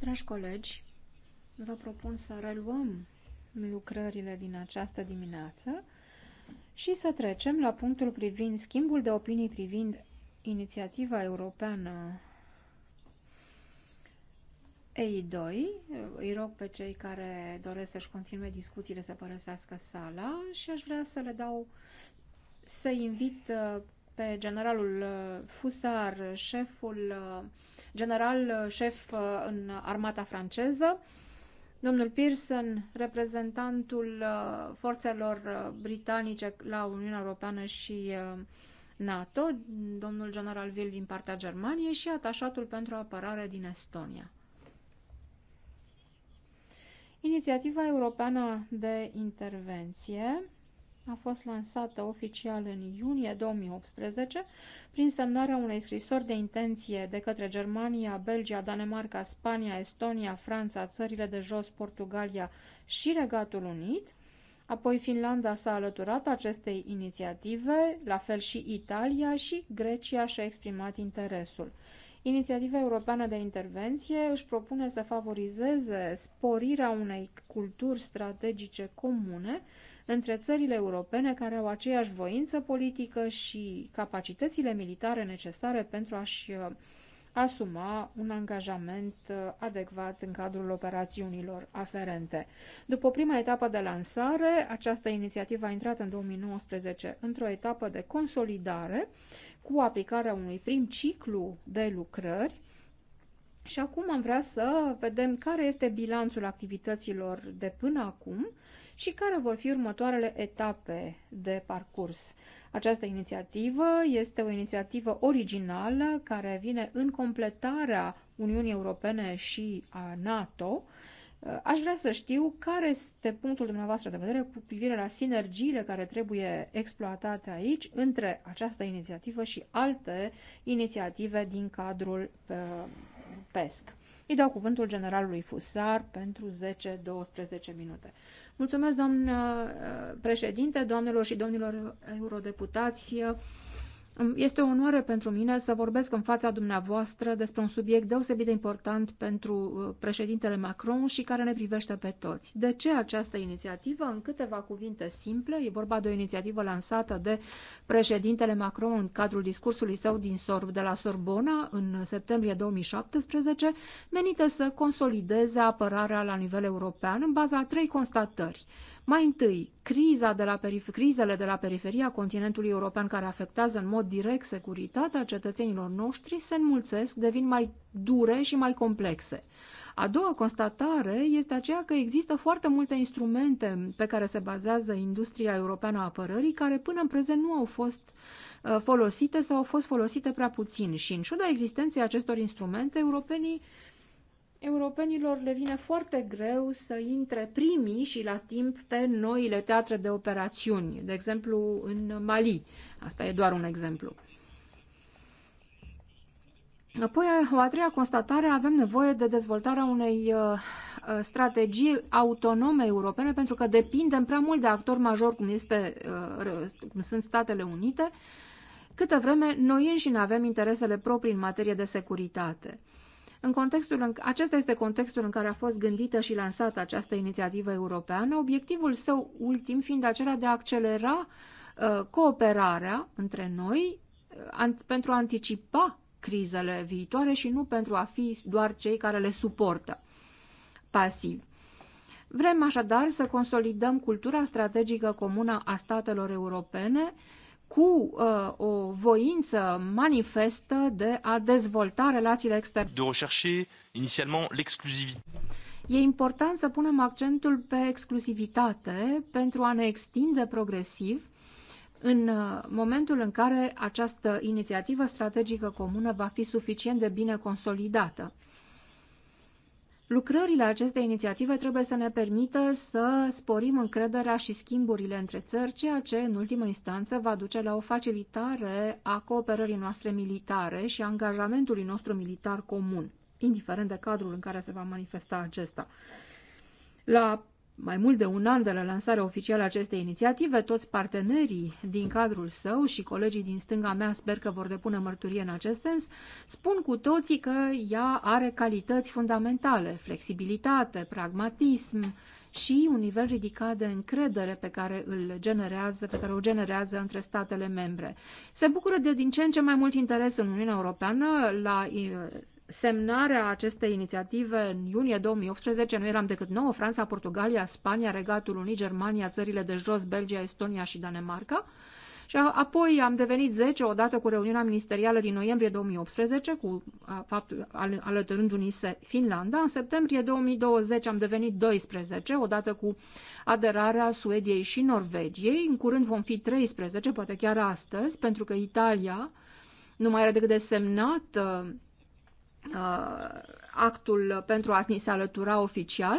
Dragi colegi, vă propun să reluăm lucrările din această dimineață și să trecem la punctul privind schimbul de opinii privind inițiativa europeană EI2. Îi rog pe cei care doresc să-și continue discuțiile să părăsească sala și aș vrea să le dau, să invit uh, pe generalul uh, Fusar, șeful uh, general uh, șef în armata franceză, domnul Pearson, reprezentantul forțelor britanice la Uniunea Europeană și NATO, domnul general Vil din partea Germaniei și atașatul pentru apărare din Estonia. Inițiativa Europeană de Intervenție a fost lansată oficial în iunie 2018 prin semnarea unei scrisori de intenție de către Germania, Belgia, Danemarca, Spania, Estonia, Franța, țările de jos, Portugalia și Regatul Unit. Apoi Finlanda s-a alăturat acestei inițiative, la fel și Italia și Grecia și-a exprimat interesul. Inițiativa Europeană de Intervenție își propune să favorizeze sporirea unei culturi strategice comune între țările europene care au aceeași voință politică și capacitățile militare necesare pentru a-și uh, asuma un angajament uh, adecvat în cadrul operațiunilor aferente. După prima etapă de lansare, această inițiativă a intrat în 2019 într-o etapă de consolidare cu aplicarea unui prim ciclu de lucrări și acum am vrea să vedem care este bilanțul activităților de până acum și care vor fi următoarele etape de parcurs. Această inițiativă este o inițiativă originală care vine în completarea Uniunii Europene și a NATO. Aș vrea să știu care este punctul dumneavoastră de vedere cu privire la sinergiile care trebuie exploatate aici între această inițiativă și alte inițiative din cadrul PESC. Îi dau cuvântul generalului Fusar pentru 10-12 minute. Mulțumesc, domn uh, președinte, doamnelor și domnilor eurodeputați. Este o onoare pentru mine să vorbesc în fața dumneavoastră despre un subiect deosebit de important pentru uh, președintele Macron și care ne privește pe toți. De ce această inițiativă? În câteva cuvinte simple, e vorba de o inițiativă lansată de președintele Macron în cadrul discursului său din Sorb de la Sorbona în septembrie 2017, menită să consolideze apărarea la nivel european în baza a trei constatări mai întâi, criza de la crizele de la periferia continentului european care afectează în mod direct securitatea cetățenilor noștri se înmulțesc, devin mai dure și mai complexe. A doua constatare este aceea că există foarte multe instrumente pe care se bazează industria europeană a apărării, care până în prezent nu au fost uh, folosite sau au fost folosite prea puțin. Și în ciuda existenței acestor instrumente, europenii europenilor le vine foarte greu să intre primii și la timp pe noile teatre de operațiuni, de exemplu în Mali. Asta e doar un exemplu. Apoi, o a treia constatare, avem nevoie de dezvoltarea unei uh, uh, strategii autonome europene, pentru că depindem prea mult de actor major, cum, este, uh, cum sunt Statele Unite, câtă vreme noi înșine avem interesele proprii în materie de securitate. În contextul în, acesta este contextul în care a fost gândită și lansată această inițiativă europeană, obiectivul său ultim fiind acela de a accelera uh, cooperarea între noi uh, pentru a anticipa crizele viitoare și nu pentru a fi doar cei care le suportă pasiv. Vrem așadar să consolidăm cultura strategică comună a statelor europene cu uh, o voință manifestă de a dezvolta relațiile externe. De rechercher initialement l'exclusivité. E important să punem accentul pe exclusivitate pentru a ne extinde progresiv în uh, momentul în care această inițiativă strategică comună va fi suficient de bine consolidată. Lucrările acestei inițiative trebuie să ne permită să sporim încrederea și schimburile între țări, ceea ce, în ultimă instanță, va duce la o facilitare a cooperării noastre militare și a angajamentului nostru militar comun, indiferent de cadrul în care se va manifesta acesta. La mai mult de un an de la lansarea oficială a acestei inițiative, toți partenerii din cadrul său și colegii din stânga mea sper că vor depune mărturie în acest sens, spun cu toții că ea are calități fundamentale, flexibilitate, pragmatism și un nivel ridicat de încredere pe care îl generează, pe care o generează între statele membre. Se bucură de din ce în ce mai mult interes în Uniunea Europeană la semnarea acestei inițiative în iunie 2018 nu eram decât nouă, Franța, Portugalia, Spania, Regatul Unii, Germania, țările de jos, Belgia, Estonia și Danemarca. Și apoi am devenit 10 odată cu reuniunea ministerială din noiembrie 2018, cu faptul, al, alătărând unise Finlanda. În septembrie 2020 am devenit 12, odată cu aderarea Suediei și Norvegiei. În curând vom fi 13, poate chiar astăzi, pentru că Italia nu mai era decât desemnată uh, uh, actul pentru a ni se alătura oficial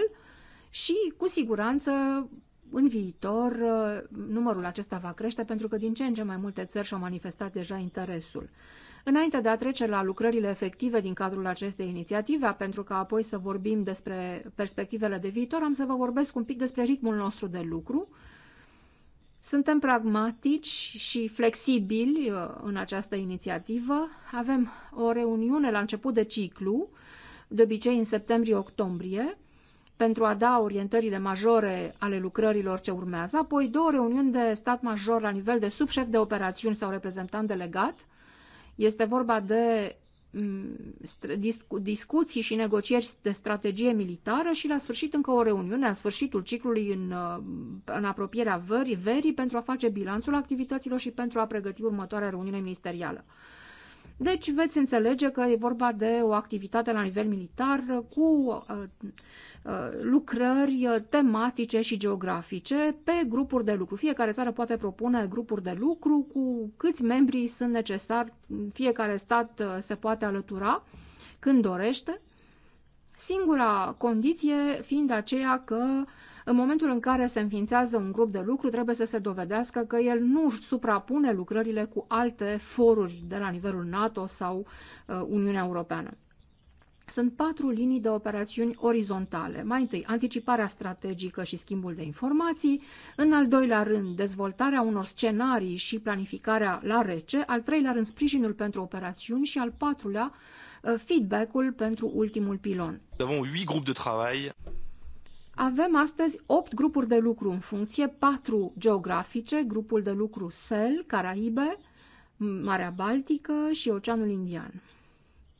și, cu siguranță, în viitor uh, numărul acesta va crește pentru că din ce în ce mai multe țări și-au manifestat deja interesul. Înainte de a trece la lucrările efective din cadrul acestei inițiative, pentru că apoi să vorbim despre perspectivele de viitor, am să vă vorbesc un pic despre ritmul nostru de lucru, suntem pragmatici și flexibili uh, în această inițiativă. Avem o reuniune la început de ciclu, de obicei în septembrie-octombrie, pentru a da orientările majore ale lucrărilor ce urmează, apoi două reuniuni de stat major la nivel de subșef de operațiuni sau reprezentant delegat. Este vorba de Mm, discu discuții și negocieri de strategie militară și la sfârșit încă o reuniune, a sfârșitul ciclului în, uh, în apropierea verii, verii pentru a face bilanțul activităților și pentru a pregăti următoarea reuniune ministerială. Deci veți înțelege că e vorba de o activitate la nivel militar cu uh, uh, lucrări uh, tematice și geografice pe grupuri de lucru. Fiecare țară poate propune grupuri de lucru cu câți membri sunt necesari, fiecare stat se poate alătura când dorește. Singura condiție fiind aceea că în momentul în care se înființează un grup de lucru, trebuie să se dovedească că el nu suprapune lucrările cu alte foruri de la nivelul NATO sau uh, Uniunea Europeană. Sunt patru linii de operațiuni orizontale. Mai întâi, anticiparea strategică și schimbul de informații. În al doilea rând, dezvoltarea unor scenarii și planificarea la rece. Al treilea rând, sprijinul pentru operațiuni și al patrulea, uh, feedback-ul pentru ultimul pilon. Avem 8 grupuri de travail. Avem astăzi 8 grupuri de lucru în funcție, 4 geografice, grupul de lucru SEL, Caraibe, Marea Baltică și Oceanul Indian.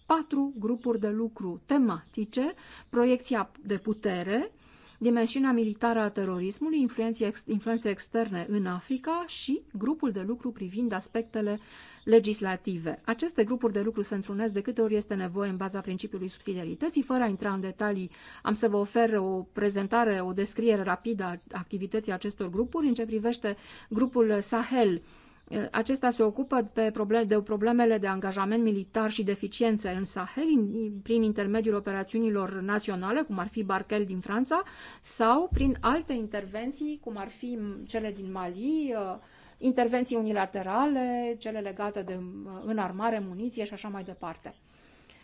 4 grupuri de lucru tematice, proiecția de putere, dimensiunea militară a terorismului, influențe, externe în Africa și grupul de lucru privind aspectele legislative. Aceste grupuri de lucru se întrunesc de câte ori este nevoie în baza principiului subsidiarității. Fără a intra în detalii, am să vă ofer o prezentare, o descriere rapidă a activității acestor grupuri. În ce privește grupul Sahel, acesta se ocupă de, probleme, de problemele de angajament militar și deficiențe în Sahel prin intermediul operațiunilor naționale, cum ar fi Barkel din Franța, sau prin alte intervenții, cum ar fi cele din Mali, uh, intervenții unilaterale, cele legate de uh, înarmare, muniție și așa mai departe.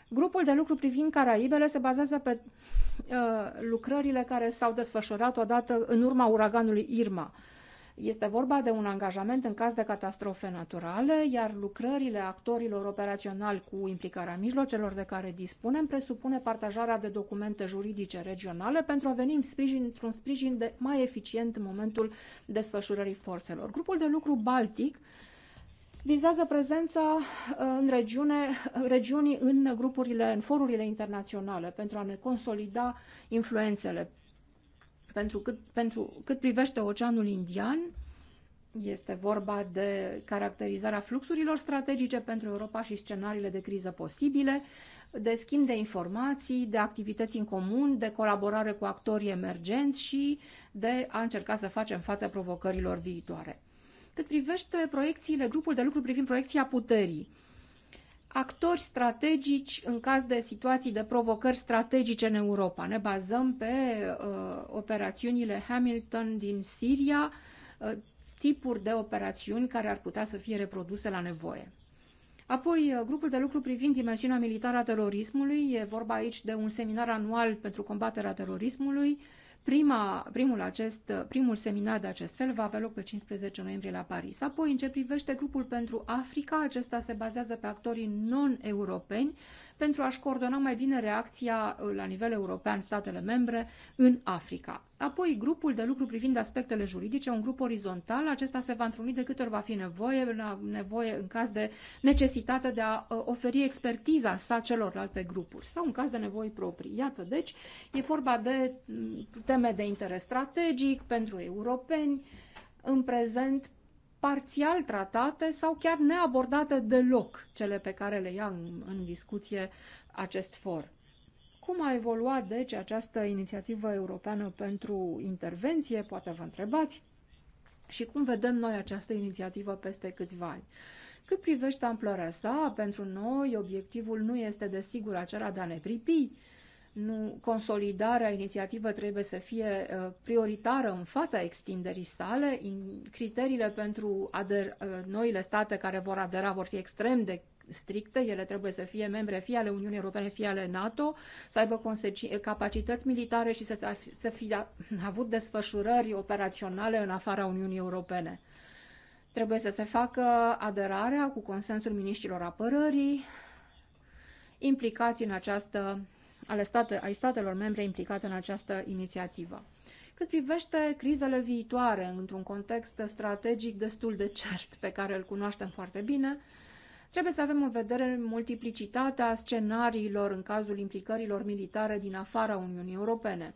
Grupul de lucru privind Caraibele se bazează pe uh, lucrările care s-au desfășurat odată în urma uraganului Irma. Uh, este vorba de un angajament în caz de catastrofe naturale, iar lucrările actorilor operaționali cu implicarea mijlocelor de care dispunem presupune partajarea de documente juridice regionale pentru a veni sprijin, într-un sprijin de mai eficient în momentul desfășurării forțelor. Grupul de lucru Baltic vizează prezența uh, în regiune, regiunii în grupurile, în forurile internaționale pentru a ne consolida influențele pentru cât, pentru cât privește Oceanul Indian, este vorba de caracterizarea fluxurilor strategice pentru Europa și scenariile de criză posibile, de schimb de informații, de activități în comun, de colaborare cu actorii emergenți și de a încerca să facem față provocărilor viitoare. Cât privește proiecțiile, grupul de lucru privind proiecția puterii, actori strategici în caz de situații de provocări strategice în Europa. Ne bazăm pe uh, operațiunile Hamilton din Siria, uh, tipuri de operațiuni care ar putea să fie reproduse la nevoie. Apoi, uh, grupul de lucru privind dimensiunea militară a terorismului, e vorba aici de un seminar anual pentru combaterea terorismului, uh, Prima, primul, acest, primul seminar de acest fel va avea loc pe 15 noiembrie la Paris. Apoi, în ce privește grupul pentru Africa, acesta se bazează pe actorii non-europeni pentru a-și coordona mai bine reacția uh, la nivel european statele membre în Africa. Apoi, grupul de lucru privind aspectele juridice, un grup orizontal, acesta se va întruni de câte ori va fi nevoie, nevoie în caz de necesitate de a uh, oferi expertiza sa celorlalte grupuri sau în caz de nevoi proprii. Iată, deci, e vorba de mm, teme de interes strategic pentru europeni, în prezent parțial tratate sau chiar neabordate deloc cele pe care le ia în, în discuție acest for. Cum a evoluat, deci, această inițiativă europeană pentru intervenție, poate vă întrebați, și cum vedem noi această inițiativă peste câțiva ani. Cât privește amplarea sa, pentru noi obiectivul nu este desigur acela de a ne pripi, nu, consolidarea inițiativă trebuie să fie uh, prioritară în fața extinderii sale, criteriile pentru ader, uh, noile state care vor adera vor fi extrem de stricte, ele trebuie să fie membre fie ale Uniunii Europene, fie ale NATO, să aibă uh, capacități militare și să, să fie avut desfășurări operaționale în afara Uniunii Europene. Trebuie să se facă aderarea cu consensul ministrilor apărării, implicați în această ale state, ai statelor membre implicate în această inițiativă. Cât privește crizele viitoare, într-un context strategic destul de cert, pe care îl cunoaștem foarte bine, trebuie să avem în vedere multiplicitatea scenariilor în cazul implicărilor militare din afara Uniunii Europene.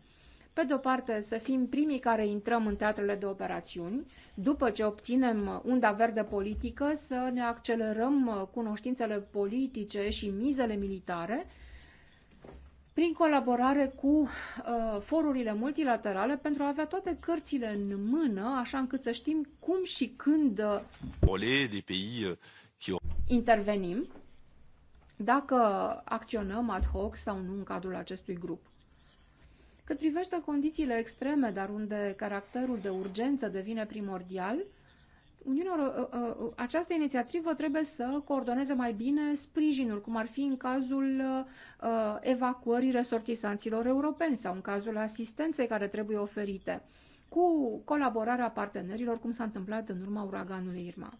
Pe de-o parte, să fim primii care intrăm în teatrele de operațiuni, după ce obținem unda verde politică, să ne accelerăm cunoștințele politice și mizele militare, prin colaborare cu uh, forurile multilaterale pentru a avea toate cărțile în mână, așa încât să știm cum și când uh, uh, intervenim, dacă acționăm ad hoc sau nu în cadrul acestui grup. Cât privește condițiile extreme, dar unde caracterul de urgență devine primordial, Uniunea, ă, ă, ă, această inițiativă trebuie să coordoneze mai bine sprijinul, cum ar fi în cazul evacuării resortisanților europeni sau în cazul asistenței care trebuie oferite, cu colaborarea partenerilor, cum s-a întâmplat în urma uraganului Irma.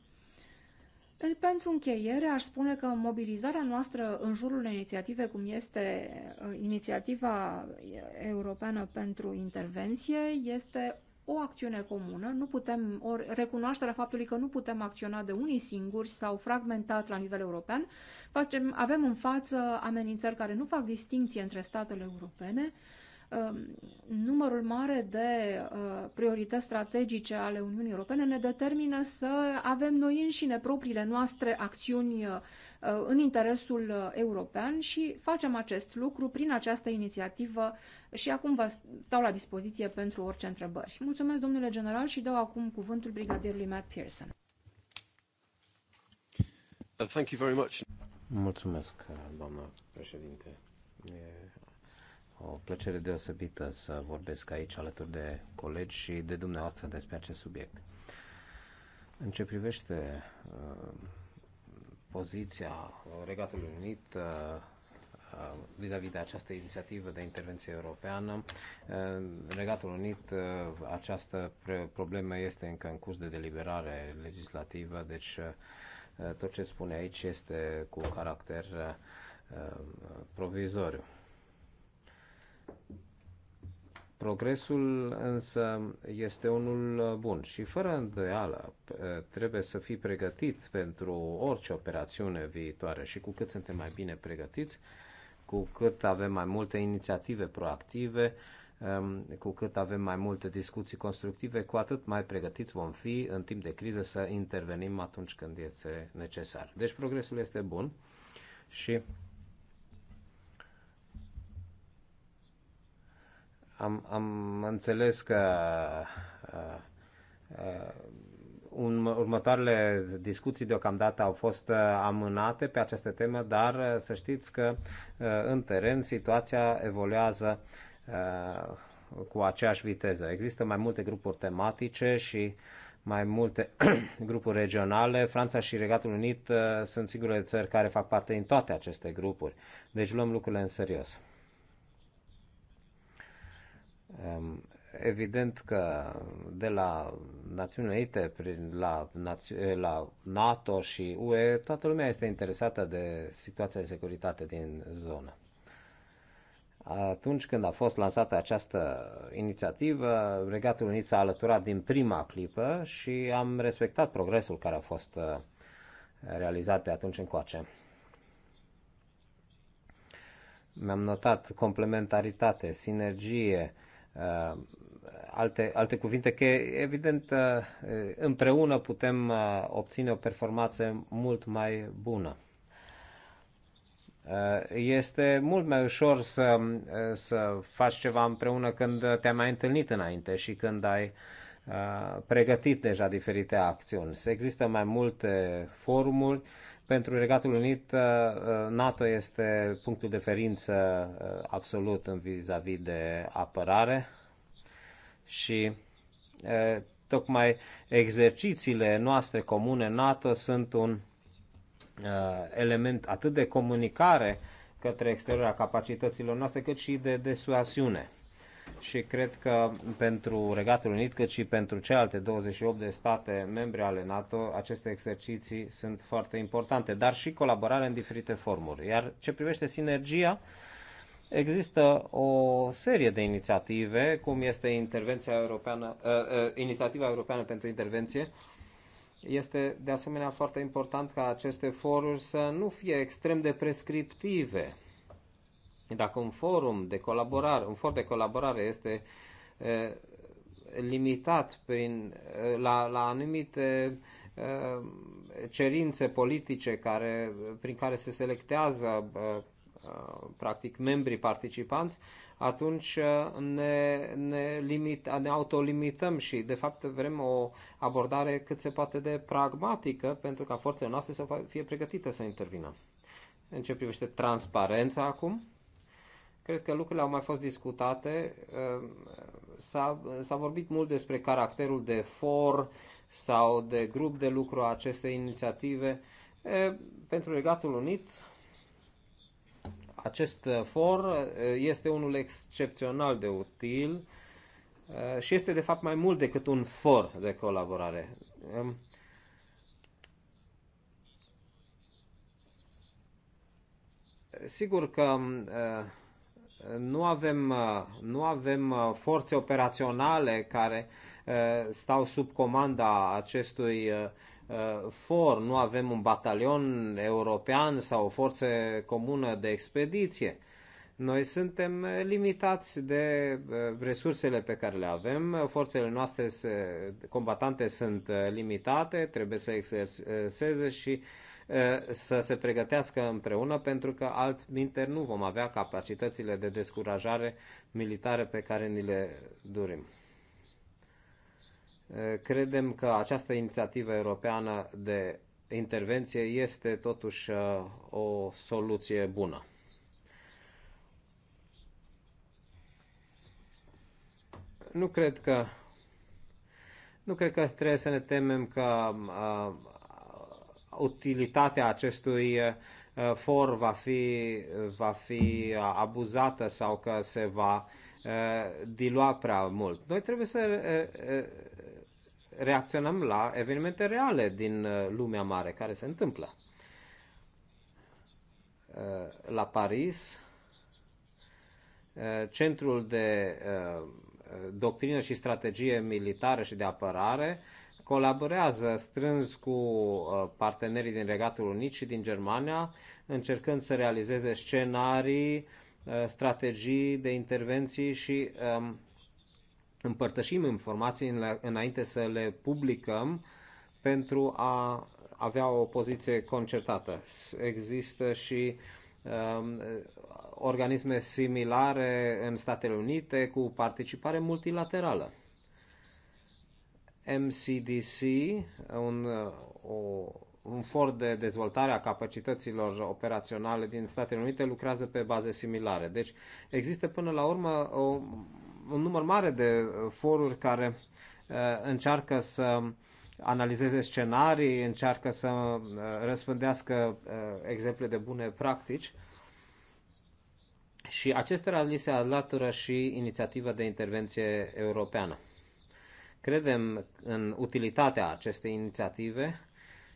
Pentru încheiere, aș spune că mobilizarea noastră în jurul unei inițiative, cum este inițiativa europeană pentru intervenție, este o acțiune comună, nu putem, ori recunoașterea faptului că nu putem acționa de unii singuri sau fragmentat la nivel european, facem, avem în față amenințări care nu fac distinție între statele europene, ehm, numărul mare de uh, priorități strategice ale Uniunii Europene ne determină să avem noi înșine propriile noastre acțiuni uh, Uh, în interesul uh, european și facem acest lucru prin această inițiativă și acum vă stau la dispoziție pentru orice întrebări. Mulțumesc, domnule general, și dau acum cuvântul brigadierului Matt Pearson. Uh, thank you very much. Mulțumesc, doamnă președinte. E o plăcere deosebită să vorbesc aici alături de colegi și de dumneavoastră despre acest subiect. În ce privește uh, poziția Regatului Unit uh, uh, vis-a-vis -vis de această inițiativă de intervenție europeană. Uh, Regatul Unit, această problemă este încă în curs de deliberare legislativă, deci tot ce spune aici este cu caracter provizoriu. Progresul însă este unul bun și fără îndoială trebuie să fii pregătit pentru orice operațiune viitoare și cu cât suntem mai bine pregătiți, cu cât avem mai multe inițiative proactive, um, cu cât avem mai multe discuții constructive, cu atât mai pregătiți vom fi în timp de criză să intervenim atunci când este necesar. Deci progresul este bun și Am, am înțeles că uh, uh, un, următoarele discuții deocamdată au fost amânate pe această temă, dar să știți că în teren situația evoluează cu aceeași viteză. Există mai multe grupuri tematice și mai multe grupuri regionale. Franța și Regatul Unit sunt singurele țări care fac parte din toate aceste grupuri. Deci luăm lucrurile în serios. Ehm, evident că de la Națiunile Unite prin la, eh, la NATO și UE, toată lumea este interesată de situația de securitate din zonă. Atunci când a fost lansată această inițiativă, Regatul Unit s-a alăturat din prima clipă și am respectat progresul care a fost eh, realizat de atunci încoace. Mi-am notat complementaritate, sinergie, uh, Uh, alte, alte cuvinte, că evident uh, împreună putem uh, obține o performanță mult mai bună. Este mult mai ușor să, să faci ceva împreună când te-ai mai întâlnit înainte și când ai pregătit deja diferite acțiuni. Există mai multe formuri pentru Regatul Unit, uh, uh, NATO este punctul de ferință uh, absolut în vis-a-vis -vis de apărare și tocmai exercițiile noastre comune NATO sunt un element atât de comunicare către exterior a capacităților noastre, cât și de desuasiune și cred că pentru Regatul Unit, cât și pentru celelalte 28 de state membre ale NATO, aceste exerciții sunt foarte importante, dar și colaborare în diferite formuri. Iar ce privește sinergia, există o serie de inițiative, cum este intervenția europeană, uh, uh, inițiativa europeană pentru intervenție. Este de asemenea foarte important ca aceste foruri să nu fie extrem de prescriptive deci dacă un forum de colaborare, un for de colaborare este limitat prin, la, la anumite cerințe politice care, prin care se selectează practic membrii participanți, atunci ne, ne, limit, ne autolimităm și de fapt vrem o abordare cât se poate de pragmatică pentru ca forțele noastre să fie pregătite să intervină. În ce privește transparența acum, Cred că lucrurile au mai fost discutate. Ehm, s-a, vorbit mult despre caracterul de for sau de grup de lucru a acestei inițiative. Ehm, pentru Regatul Unit, acest for eh, este unul excepțional de util eh, și este de fapt mai mult decât un for de colaborare. Ehm, sigur că nu avem, uh, nu avem uh, forțe operaționale care uh, stau sub comanda acestui for, nu avem un batalion european sau o forță comună de expediție. Noi suntem limitați de resursele pe care le avem, forțele noastre combatante sunt limitate, trebuie să exerseze și uh, să se pregătească împreună, pentru că altminteri nu vom avea capacitățile de descurajare militare pe care ni le dorim. Credem că această inițiativă europeană de intervenție este totuși o soluție bună. Nu cred că nu cred că trebuie să ne temem că utilitatea acestui uh, for va fi, va fi uh, abuzată sau că se va uh, dilua prea mult. Noi trebuie să reacționăm la evenimente reale din lumea mare care se întâmplă. La Paris, centrul de doctrină și strategie militară și de apărare colaborează strâns cu uh, partenerii din Regatul Unit și din Germania, încercând să realizeze scenarii, uh, strategii de intervenții și um, împărtășim informații înainte să le publicăm pentru a avea o poziție concertată. Există și um, organisme similare în Statele Unite cu participare multilaterală. MCDC, un, o, un for de dezvoltare a capacităților operaționale din Statele Unite, lucrează pe baze similare. Deci există până la urmă o, un număr mare de foruri care uh, încearcă să analizeze scenarii, încearcă să uh, răspândească uh, exemple de bune practici și acestora li se alătură și inițiativa de intervenție europeană. Credem în utilitatea acestei inițiative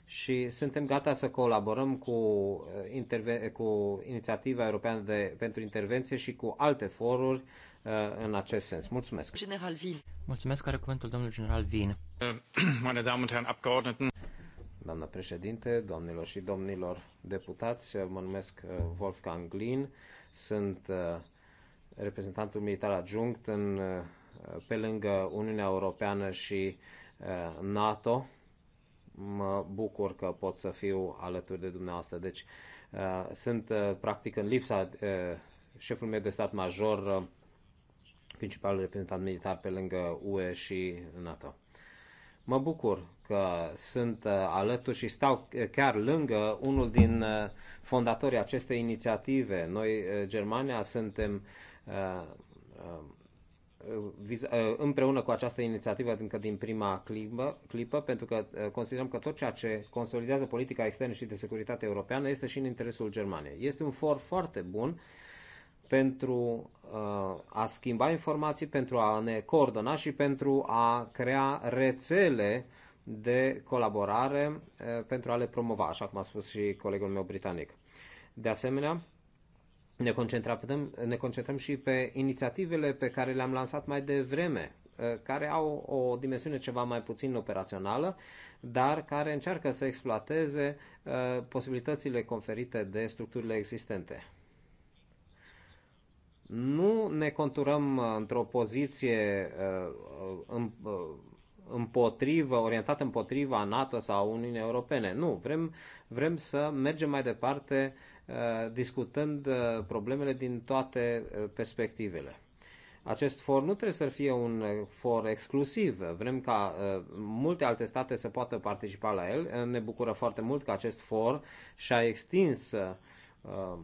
și suntem gata să colaborăm cu, eh, cu Inițiativa Europeană de, pentru Intervenție și cu alte foruri uh, în acest sens. Mulțumesc! General Vin. Mulțumesc, care cuvântul domnul general Vin. Meine Damen und Herren Abgeordneten. Doamnă președinte, domnilor și domnilor deputați, eh, mă numesc Wolfgang Glin, sunt reprezentantul militar adjunct în pe lângă Uniunea Europeană și uh, NATO. Mă bucur că pot să fiu alături de dumneavoastră. Deci uh, sunt uh, practic în lipsa șeful meu de stat major, principalul reprezentant militar pe lângă UE și NATO. Mă bucur că sunt alături și stau chiar lângă unul din fondatorii acestei inițiative. Noi, Germania, suntem Ă, împreună cu această inițiativă încă din prima clipă, clipă, pentru că ă, considerăm că tot ceea ce consolidează politica externă și de securitate europeană este și în interesul Germaniei. Este un for foarte bun pentru ă, a schimba informații, pentru a ne coordona și pentru a crea rețele de colaborare pentru a le promova, așa cum a spus și colegul meu britanic. De asemenea, ne concentrăm, ne concentrăm și pe inițiativele pe care le-am lansat mai devreme, uh, care au o dimensiune ceva mai puțin operațională, dar care încearcă să exploateze uh, posibilitățile conferite de structurile existente. Nu ne conturăm uh, într-o poziție împotrivă, orientat împotriva NATO sau Uniunii Europene. Nu, vrem, vrem să mergem mai departe uh, discutând uh, problemele din toate uh, perspectivele. Acest for nu trebuie să fie un for exclusiv. Vrem ca uh, multe alte state să poată participa la el. Ne bucură foarte mult că acest for și-a extins uh, uh,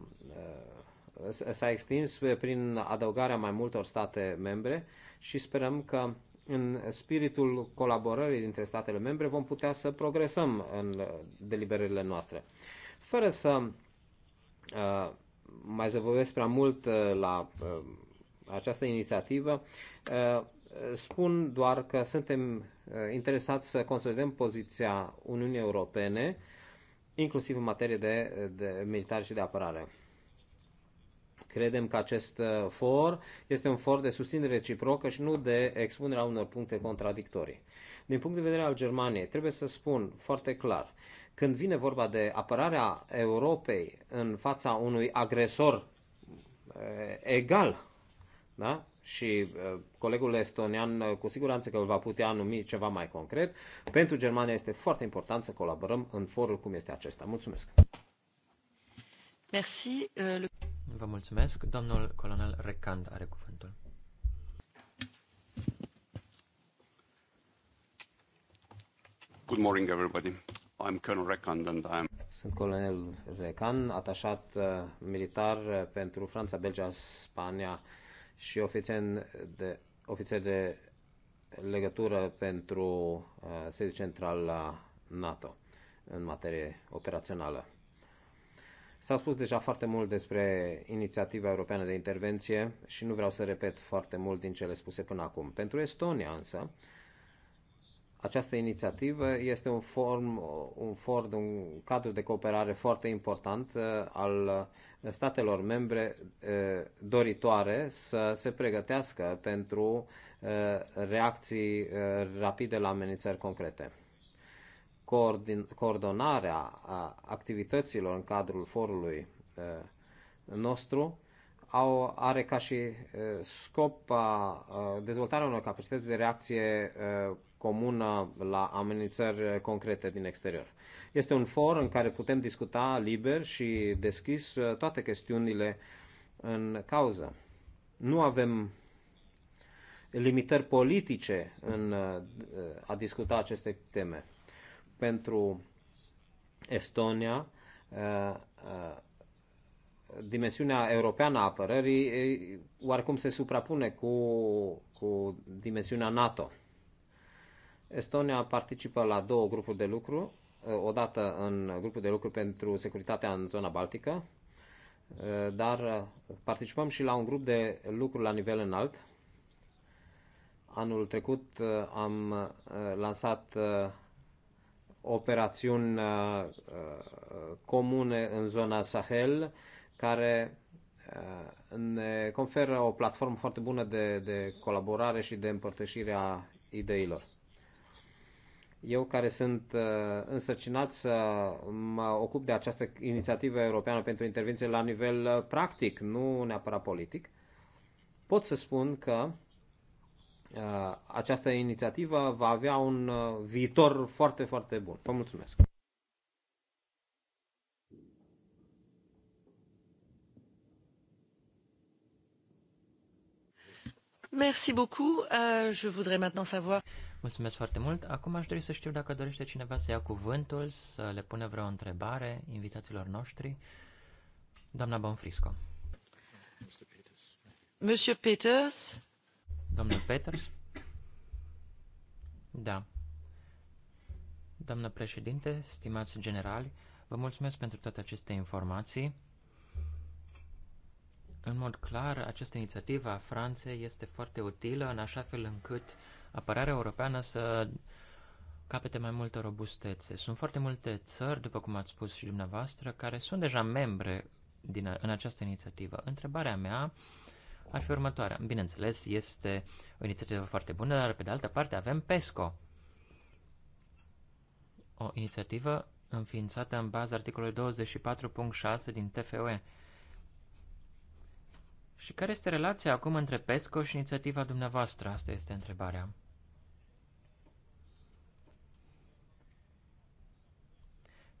s-a extins prin adăugarea mai multor state membre și sperăm că în spiritul colaborării dintre statele membre vom putea să progresăm în uh, deliberările noastre. Fără să uh, mai zăvăvesc prea mult uh, la această inițiativă, spun doar că suntem interesați să consolidăm poziția Uniunii Europene, inclusiv în materie de, de militar și de apărare. Credem că acest uh, for este un for de susținere reciprocă și nu de expunerea unor puncte contradictorii. Din punct de vedere al Germaniei, trebuie să spun foarte clar, când vine vorba de apărarea Europei în fața unui agresor uh, egal, da? și uh, colegul estonian cu siguranță că îl va putea numi ceva mai concret, pentru Germania este foarte important să colaborăm în forul cum este acesta. Mulțumesc! Merci. Vă mulțumesc. Domnul colonel Recand are cuvântul. Good morning, everybody. I'm Colonel Recand and I'm... Sunt colonel Recan, atașat uh, militar uh, pentru Franța, Belgia, Spania și ofițer de, ofițer de legătură pentru uh, sediul central la NATO în materie operațională. S-a spus deja foarte mult despre inițiativa europeană de intervenție și nu vreau să repet foarte mult din cele spuse până acum. Pentru Estonia însă, această inițiativă este un form, un form, un cadru de cooperare foarte important uh, al statelor membre uh, doritoare să se pregătească pentru uh, reacții rapide la amenințări concrete coordonarea activităților în cadrul forului eh, nostru au, are ca și eh, scop a, dezvoltarea unor capacități de reacție eh, comună la amenințări concrete din exterior. Este un for în care putem discuta liber și deschis toate chestiunile în cauză. Nu avem limitări politice în a discuta aceste teme pentru Estonia, uh, uh, dimensiunea europeană a apărării uh, oarecum se suprapune cu, cu dimensiunea NATO. Estonia participă la două grupuri de lucru, odată în grupul de lucru pentru securitatea în zona Baltică, dar participăm și la un grup de lucru la nivel înalt. Anul trecut am lansat operațiuni uh, uh, comune în zona Sahel, care uh, ne conferă o platformă foarte bună de, de colaborare și de împărtășire a ideilor. Eu care sunt uh, însărcinat să mă ocup de această inițiativă europeană pentru intervenție la nivel practic, nu neapărat politic, pot să spun că Uh, această inițiativă va avea un uh, viitor foarte, foarte bun. Vă mulțumesc! Merci beaucoup. Uh, je voudrais maintenant savoir... Mulțumesc foarte mult. Acum aș dori să știu dacă dorește cineva să ia cuvântul, să le pune vreo întrebare invitaților noștri. Doamna Bonfrisco. Monsieur Peters. Domnul Peters? Da. Doamnă președinte, stimați generali, vă mulțumesc pentru toate aceste informații. În mod clar, această inițiativă a Franței este foarte utilă în așa fel încât apărarea europeană să capete mai multă robustețe. Sunt foarte multe țări, după cum ați spus și dumneavoastră, care sunt deja membre din, în această inițiativă. Întrebarea mea ar fi următoarea. Bineînțeles, este o inițiativă foarte bună, dar pe de altă parte avem PESCO, o inițiativă înființată în baza articolului 24.6 din TFOE. Și care este relația acum între PESCO și inițiativa dumneavoastră? Asta este întrebarea.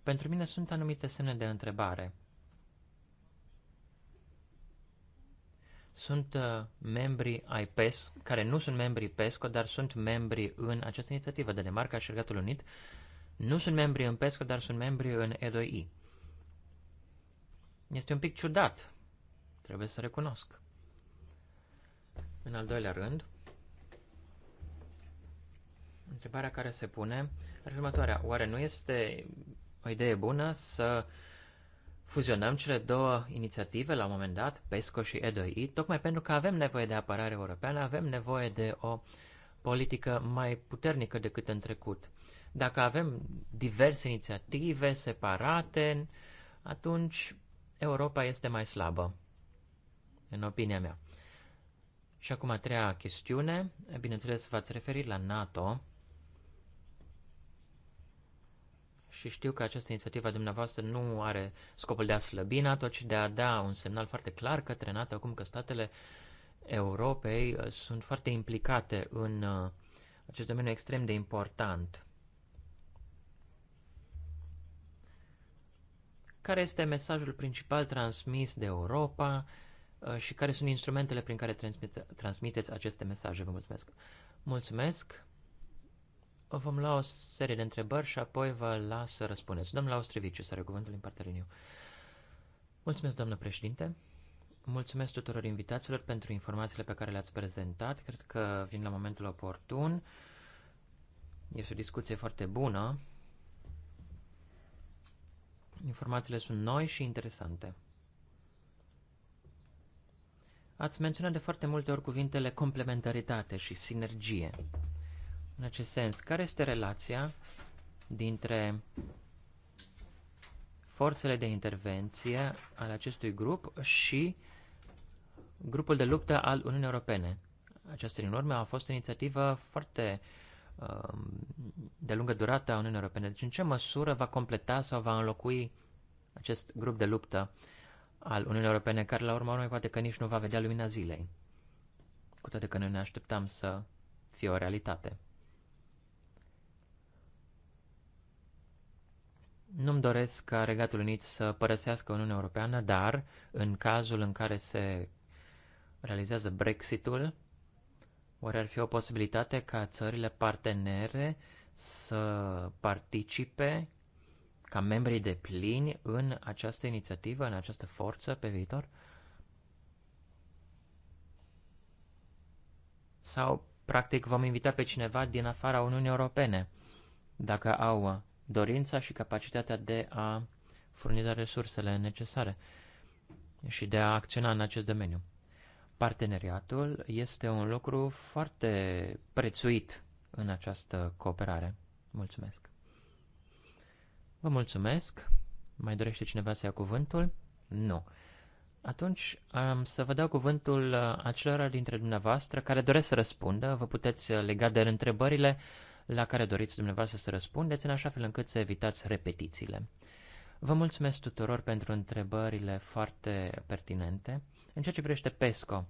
Pentru mine sunt anumite semne de întrebare – sunt uh, membri ai PES, care nu sunt membri PESCO, dar sunt membri în această inițiativă. de Danemarca și Regatul Unit nu sunt membri în PESCO, dar sunt membri în E2I. Este un pic ciudat, trebuie să recunosc. În al doilea rând, întrebarea care se pune ar fi următoarea. Oare nu este o idee bună să uh, fuzionăm cele două inițiative la un moment dat, PESCO și E2I, tocmai pentru că avem nevoie de apărare europeană, avem nevoie de o politică mai puternică decât în trecut. Dacă avem diverse inițiative separate, atunci Europa este mai slabă, în opinia mea. Și acum a treia chestiune, bineînțeles v-ați referit la NATO, și știu că această inițiativă a dumneavoastră nu are scopul de a slăbi NATO, ci de a da un semnal foarte clar către NATO acum că statele Europei uh, sunt foarte implicate în uh, acest domeniu extrem de important. Care este mesajul principal transmis de Europa uh, și care sunt instrumentele prin care transmiteți aceste mesaje? Vă mulțumesc! Mulțumesc! Vă vom lua o serie de întrebări și apoi vă las să răspundeți. Domnul Austreviciu, să are cuvântul din partea lui Mulțumesc, domnul președinte. Mulțumesc tuturor invitațiilor pentru informațiile pe care le-ați prezentat. Cred că vin la momentul oportun. Este o discuție foarte bună. Informațiile sunt noi și interesante. Ați menționat de foarte multe ori cuvintele complementaritate și sinergie. În acest sens, care este relația dintre forțele de intervenție ale acestui grup și grupul de luptă al Uniunii Europene? Aceasta, din urmă, a fost o inițiativă foarte um, de lungă durată a Uniunii Europene. Deci, în ce măsură va completa sau va înlocui acest grup de luptă al Uniunii Europene, care la urma urmei poate că nici nu va vedea lumina zilei, cu toate că noi ne așteptam să fie o realitate. Nu-mi doresc ca Regatul Unit să părăsească Uniunea Europeană, dar în cazul în care se realizează Brexitul, oare ar fi o posibilitate ca țările partenere să participe ca membrii de plini în această inițiativă, în această forță pe viitor? Sau, practic, vom invita pe cineva din afara Uniunii Europene, dacă au dorința și capacitatea de a furniza resursele necesare și de a acționa în acest domeniu. Parteneriatul este un lucru foarte prețuit în această cooperare. Mulțumesc! Vă mulțumesc! Mai dorește cineva să ia cuvântul? Nu. Atunci am să vă dau cuvântul acelora dintre dumneavoastră care doresc să răspundă. Vă puteți lega de întrebările la care doriți dumneavoastră să răspundeți, în așa fel încât să evitați repetițiile. Vă mulțumesc tuturor pentru întrebările foarte pertinente. În ceea ce privește PESCO,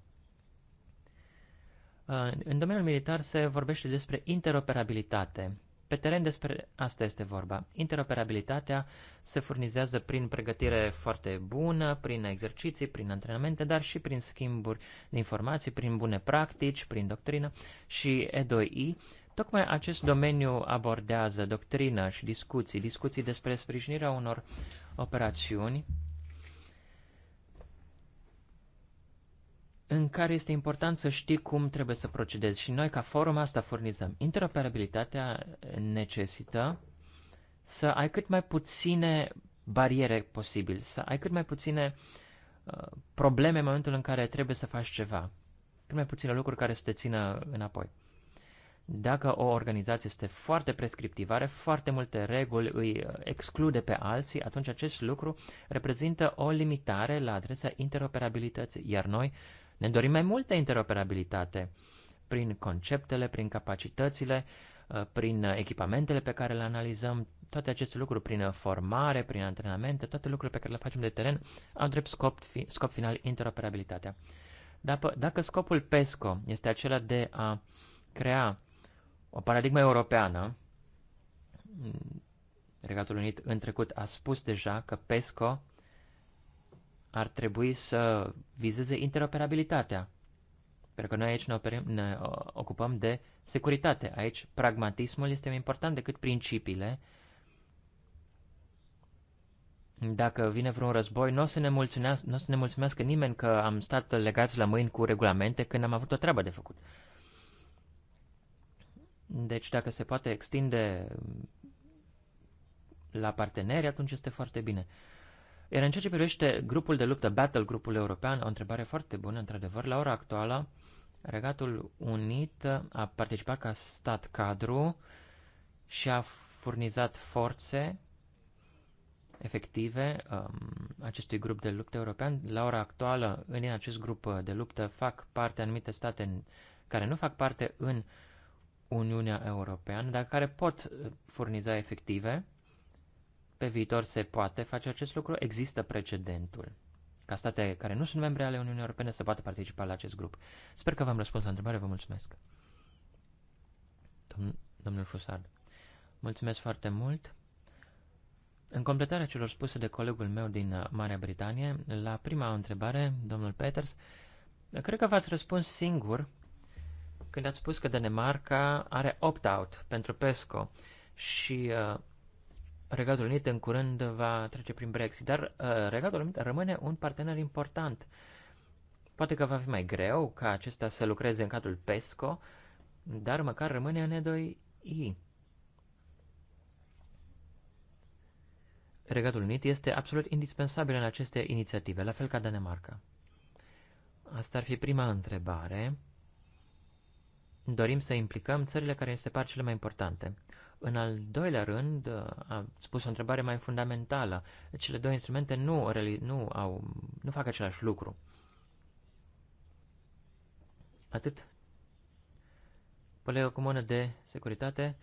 în domeniul militar se vorbește despre interoperabilitate. Pe teren despre asta este vorba. Interoperabilitatea se furnizează prin pregătire foarte bună, prin exerciții, prin antrenamente, dar și prin schimburi de informații, prin bune practici, prin doctrină și E2I Tocmai acest domeniu abordează doctrina și discuții, discuții despre sprijinirea unor operațiuni în care este important să știi cum trebuie să procedezi. Și noi, ca forum, asta furnizăm. Interoperabilitatea necesită să ai cât mai puține bariere posibil, să ai cât mai puține uh, probleme în momentul în care trebuie să faci ceva, cât mai puține lucruri care să te țină înapoi. Dacă o organizație este foarte prescriptivă, are foarte multe reguli, îi exclude pe alții, atunci acest lucru reprezintă o limitare la adresa interoperabilității, iar noi ne dorim mai multă interoperabilitate prin conceptele, prin capacitățile, uh, prin echipamentele pe care le analizăm, toate aceste lucruri, prin formare, prin antrenamente, toate lucrurile pe care le facem de teren, au drept scop, scop final interoperabilitatea. Dacă, dacă scopul PESCO este acela de a crea o paradigmă europeană, Regatul Unit în trecut a spus deja că PESCO ar trebui să vizeze interoperabilitatea. Pentru că noi aici ne, operim, ne uh, ocupăm de securitate. Aici pragmatismul este mai important decât principiile. Dacă vine vreun război, nu o să ne, mulțumească, n-o să ne mulțumească nimeni că am stat legați la mâini cu regulamente când am avut o treabă de făcut. Deci dacă se poate extinde la parteneri, atunci este foarte bine. Iar în ceea ce privește grupul de luptă, Battle, grupul european, o întrebare foarte bună, într-adevăr, la ora actuală, Regatul Unit a participat ca stat cadru și a furnizat forțe efective um, acestui grup de luptă european. La ora actuală, în acest grup de luptă fac parte anumite state care nu fac parte în uh, Uniunea Europeană, dar care pot uh, furniza efective. Pe viitor se poate face acest lucru, există precedentul ca state care nu sunt membre ale Uniunii Europene să poată participa la acest grup. Sper că v-am răspuns la întrebare, vă mulțumesc. Domn- domnul Fusard, mulțumesc foarte mult. În completarea celor spuse de colegul meu din uh, Marea Britanie, la prima întrebare, domnul Peters, cred că v-ați răspuns singur când ați spus că Danemarca are opt-out pentru PESCO și uh, Regatul Unit în curând va trece prin Brexit, dar uh, Regatul Unit rămâne un partener important. Poate că va fi mai greu ca acesta să lucreze în cadrul PESCO, dar măcar rămâne în E2I. Regatul Unit este absolut indispensabil în aceste inițiative, la fel ca Danemarca. Asta ar fi prima întrebare dorim să implicăm țările care se par cele mai importante. În al doilea rând, a spus o întrebare mai fundamentală. Cele două instrumente nu, nu, au, nu fac același lucru. Atât comună de securitate,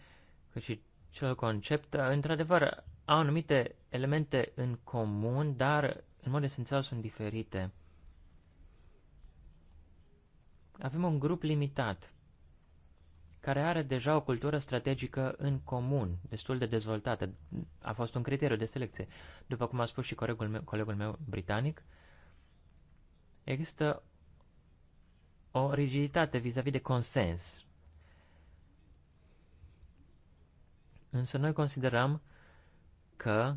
cât și cel concept, într-adevăr, au anumite elemente în comun, dar în mod esențial sunt diferite. Avem un grup limitat care are deja o cultură strategică în comun, destul de dezvoltată. A fost un criteriu de selecție. După cum a spus și colegul meu, colegul meu britanic, există o rigiditate vis-a-vis -vis de consens. Însă noi considerăm că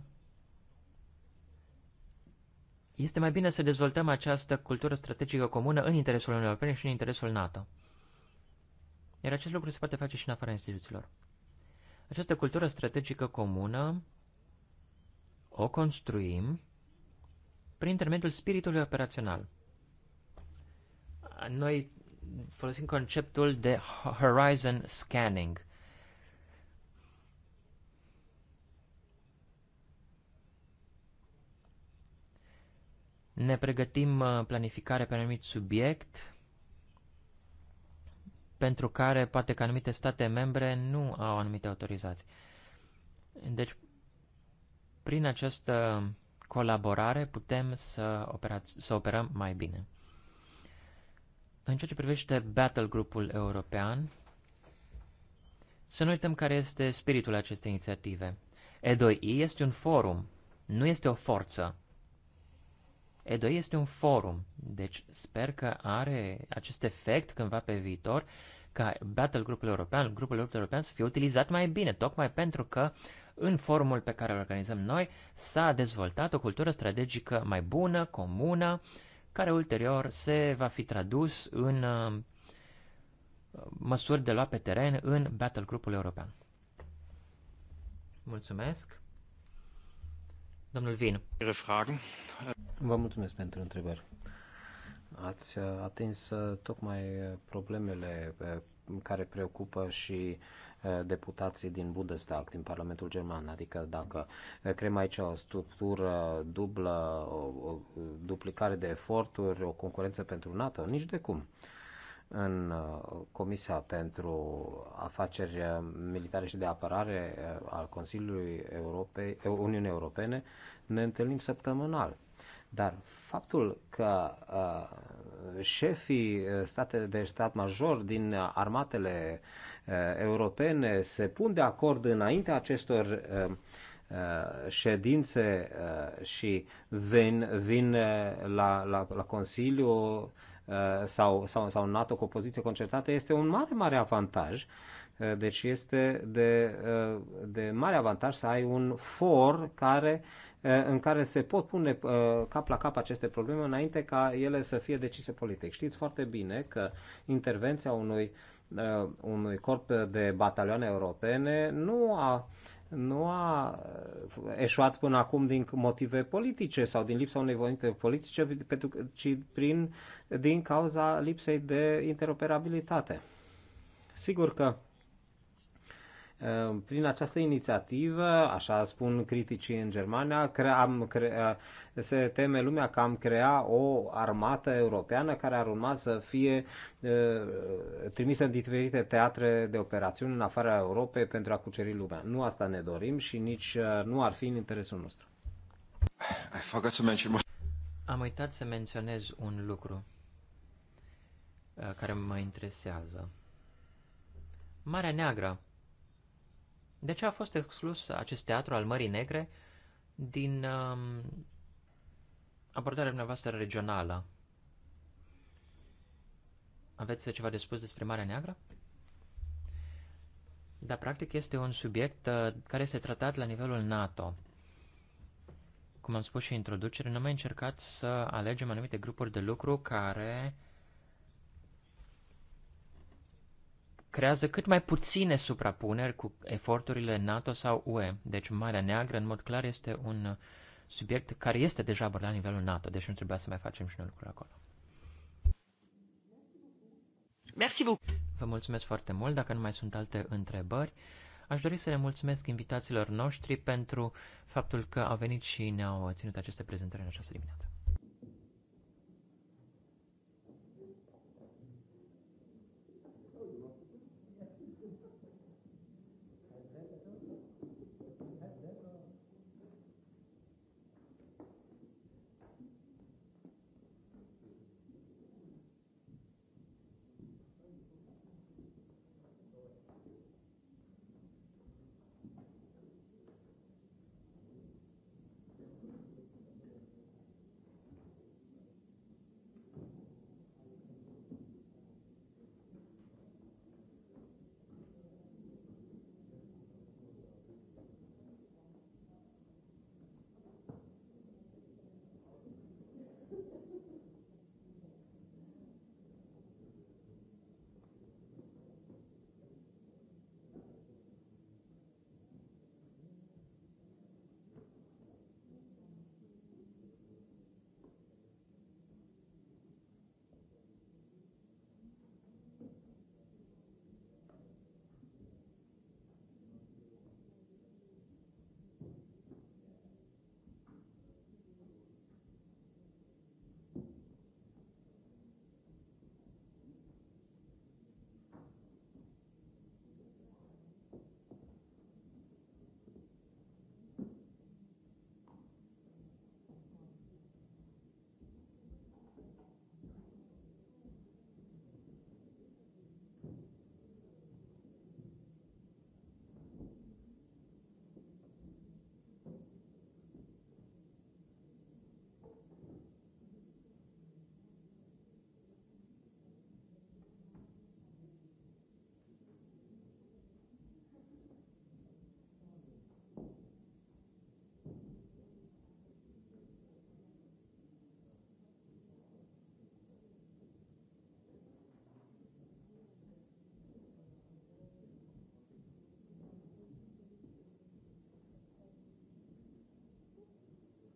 este mai bine să dezvoltăm această cultură strategică comună în interesul Uniunii Europene și în interesul NATO iar acest lucru se poate face și în afara instituțiilor. Această cultură strategică comună o construim prin intermediul spiritului operațional. Noi folosim conceptul de horizon scanning. Ne pregătim uh, planificare pe anumit subiect, pentru care poate că anumite state membre nu au anumite autorizații. Deci, prin această colaborare putem să, opera, să operăm mai bine. În ceea ce privește battle grupul european, să nu uităm care este spiritul acestei inițiative. E2I este un forum, nu este o forță. E2 este un forum, deci sper că are acest efect cândva pe viitor ca Battle Grupul European, grupul european să fie utilizat mai bine, tocmai pentru că în forumul pe care îl organizăm noi s-a dezvoltat o cultură strategică mai bună, comună, care ulterior se va fi tradus în măsuri de luat pe teren în Battle Grupul European. Mulțumesc! Domnul Vin. Vă mulțumesc pentru întrebări. Ați atins uh, tocmai uh, problemele uh, care preocupă și deputații din Bundestag, din Parlamentul German, adică dacă creăm aici o structură dublă, o, duplicare de eforturi, o concurență pentru NATO, nici de cum în uh, Comisia pentru Afaceri uh, Militare și de Apărare uh, al Consiliului Europei, Uniunii Europene, ne întâlnim săptămânal. Dar faptul că uh, șefii state de stat major din armatele uh, europene se pun de acord înaintea acestor uh, ședințe și vin, vin la, la, la Consiliu Uh, sau, sau, sau NATO cu o poziție concertată este un mare, mare avantaj. Uh, deci este de, uh, de mare avantaj să ai un for care, în care se pot pune cap la cap aceste probleme înainte ca ele să fie decise politic. Știți foarte bine că intervenția unui, unui corp de batalioane europene nu a uh, nu a uh, eșuat până acum din motive politice sau din lipsa unei voințe politice, ci prin, din cauza lipsei de interoperabilitate. Sigur că Ehm, prin această inițiativă, așa spun criticii în Germania, cre- am cre- eh, se teme lumea că am crea o armată europeană care ar urma să fie e, eh, trimisă în diferite teatre de operațiuni în afara Europei pentru a cuceri lumea. Nu asta ne dorim și nici eh, nu ar fi în interesul nostru. Am uitat să menționez un lucru care mă interesează. Marea Neagră de ce a fost exclus acest teatru al Mării Negre din um, abordarea dumneavoastră regională? Aveți ceva de spus despre Marea Neagră? Dar, practic, este un subiect uh, care este tratat la nivelul NATO. Cum am spus și în introducere, noi am încercat să alegem anumite grupuri de lucru care uh, creează cât mai puține suprapuneri cu eforturile NATO sau UE. Deci Marea Neagră, în mod clar, este un subiect care este deja abordat la nivelul NATO, deci nu trebuia să mai facem și noi lucruri acolo. Merci vous. Vă mulțumesc foarte mult. Dacă nu mai sunt alte întrebări, aș dori să le mulțumesc invitațiilor noștri pentru faptul că au venit și ne-au ținut aceste prezentări în această dimineață.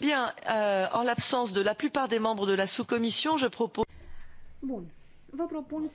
Bien, euh, en l'absence de la plupart des membres de la sous-commission, je propose... Bun. Vă propun să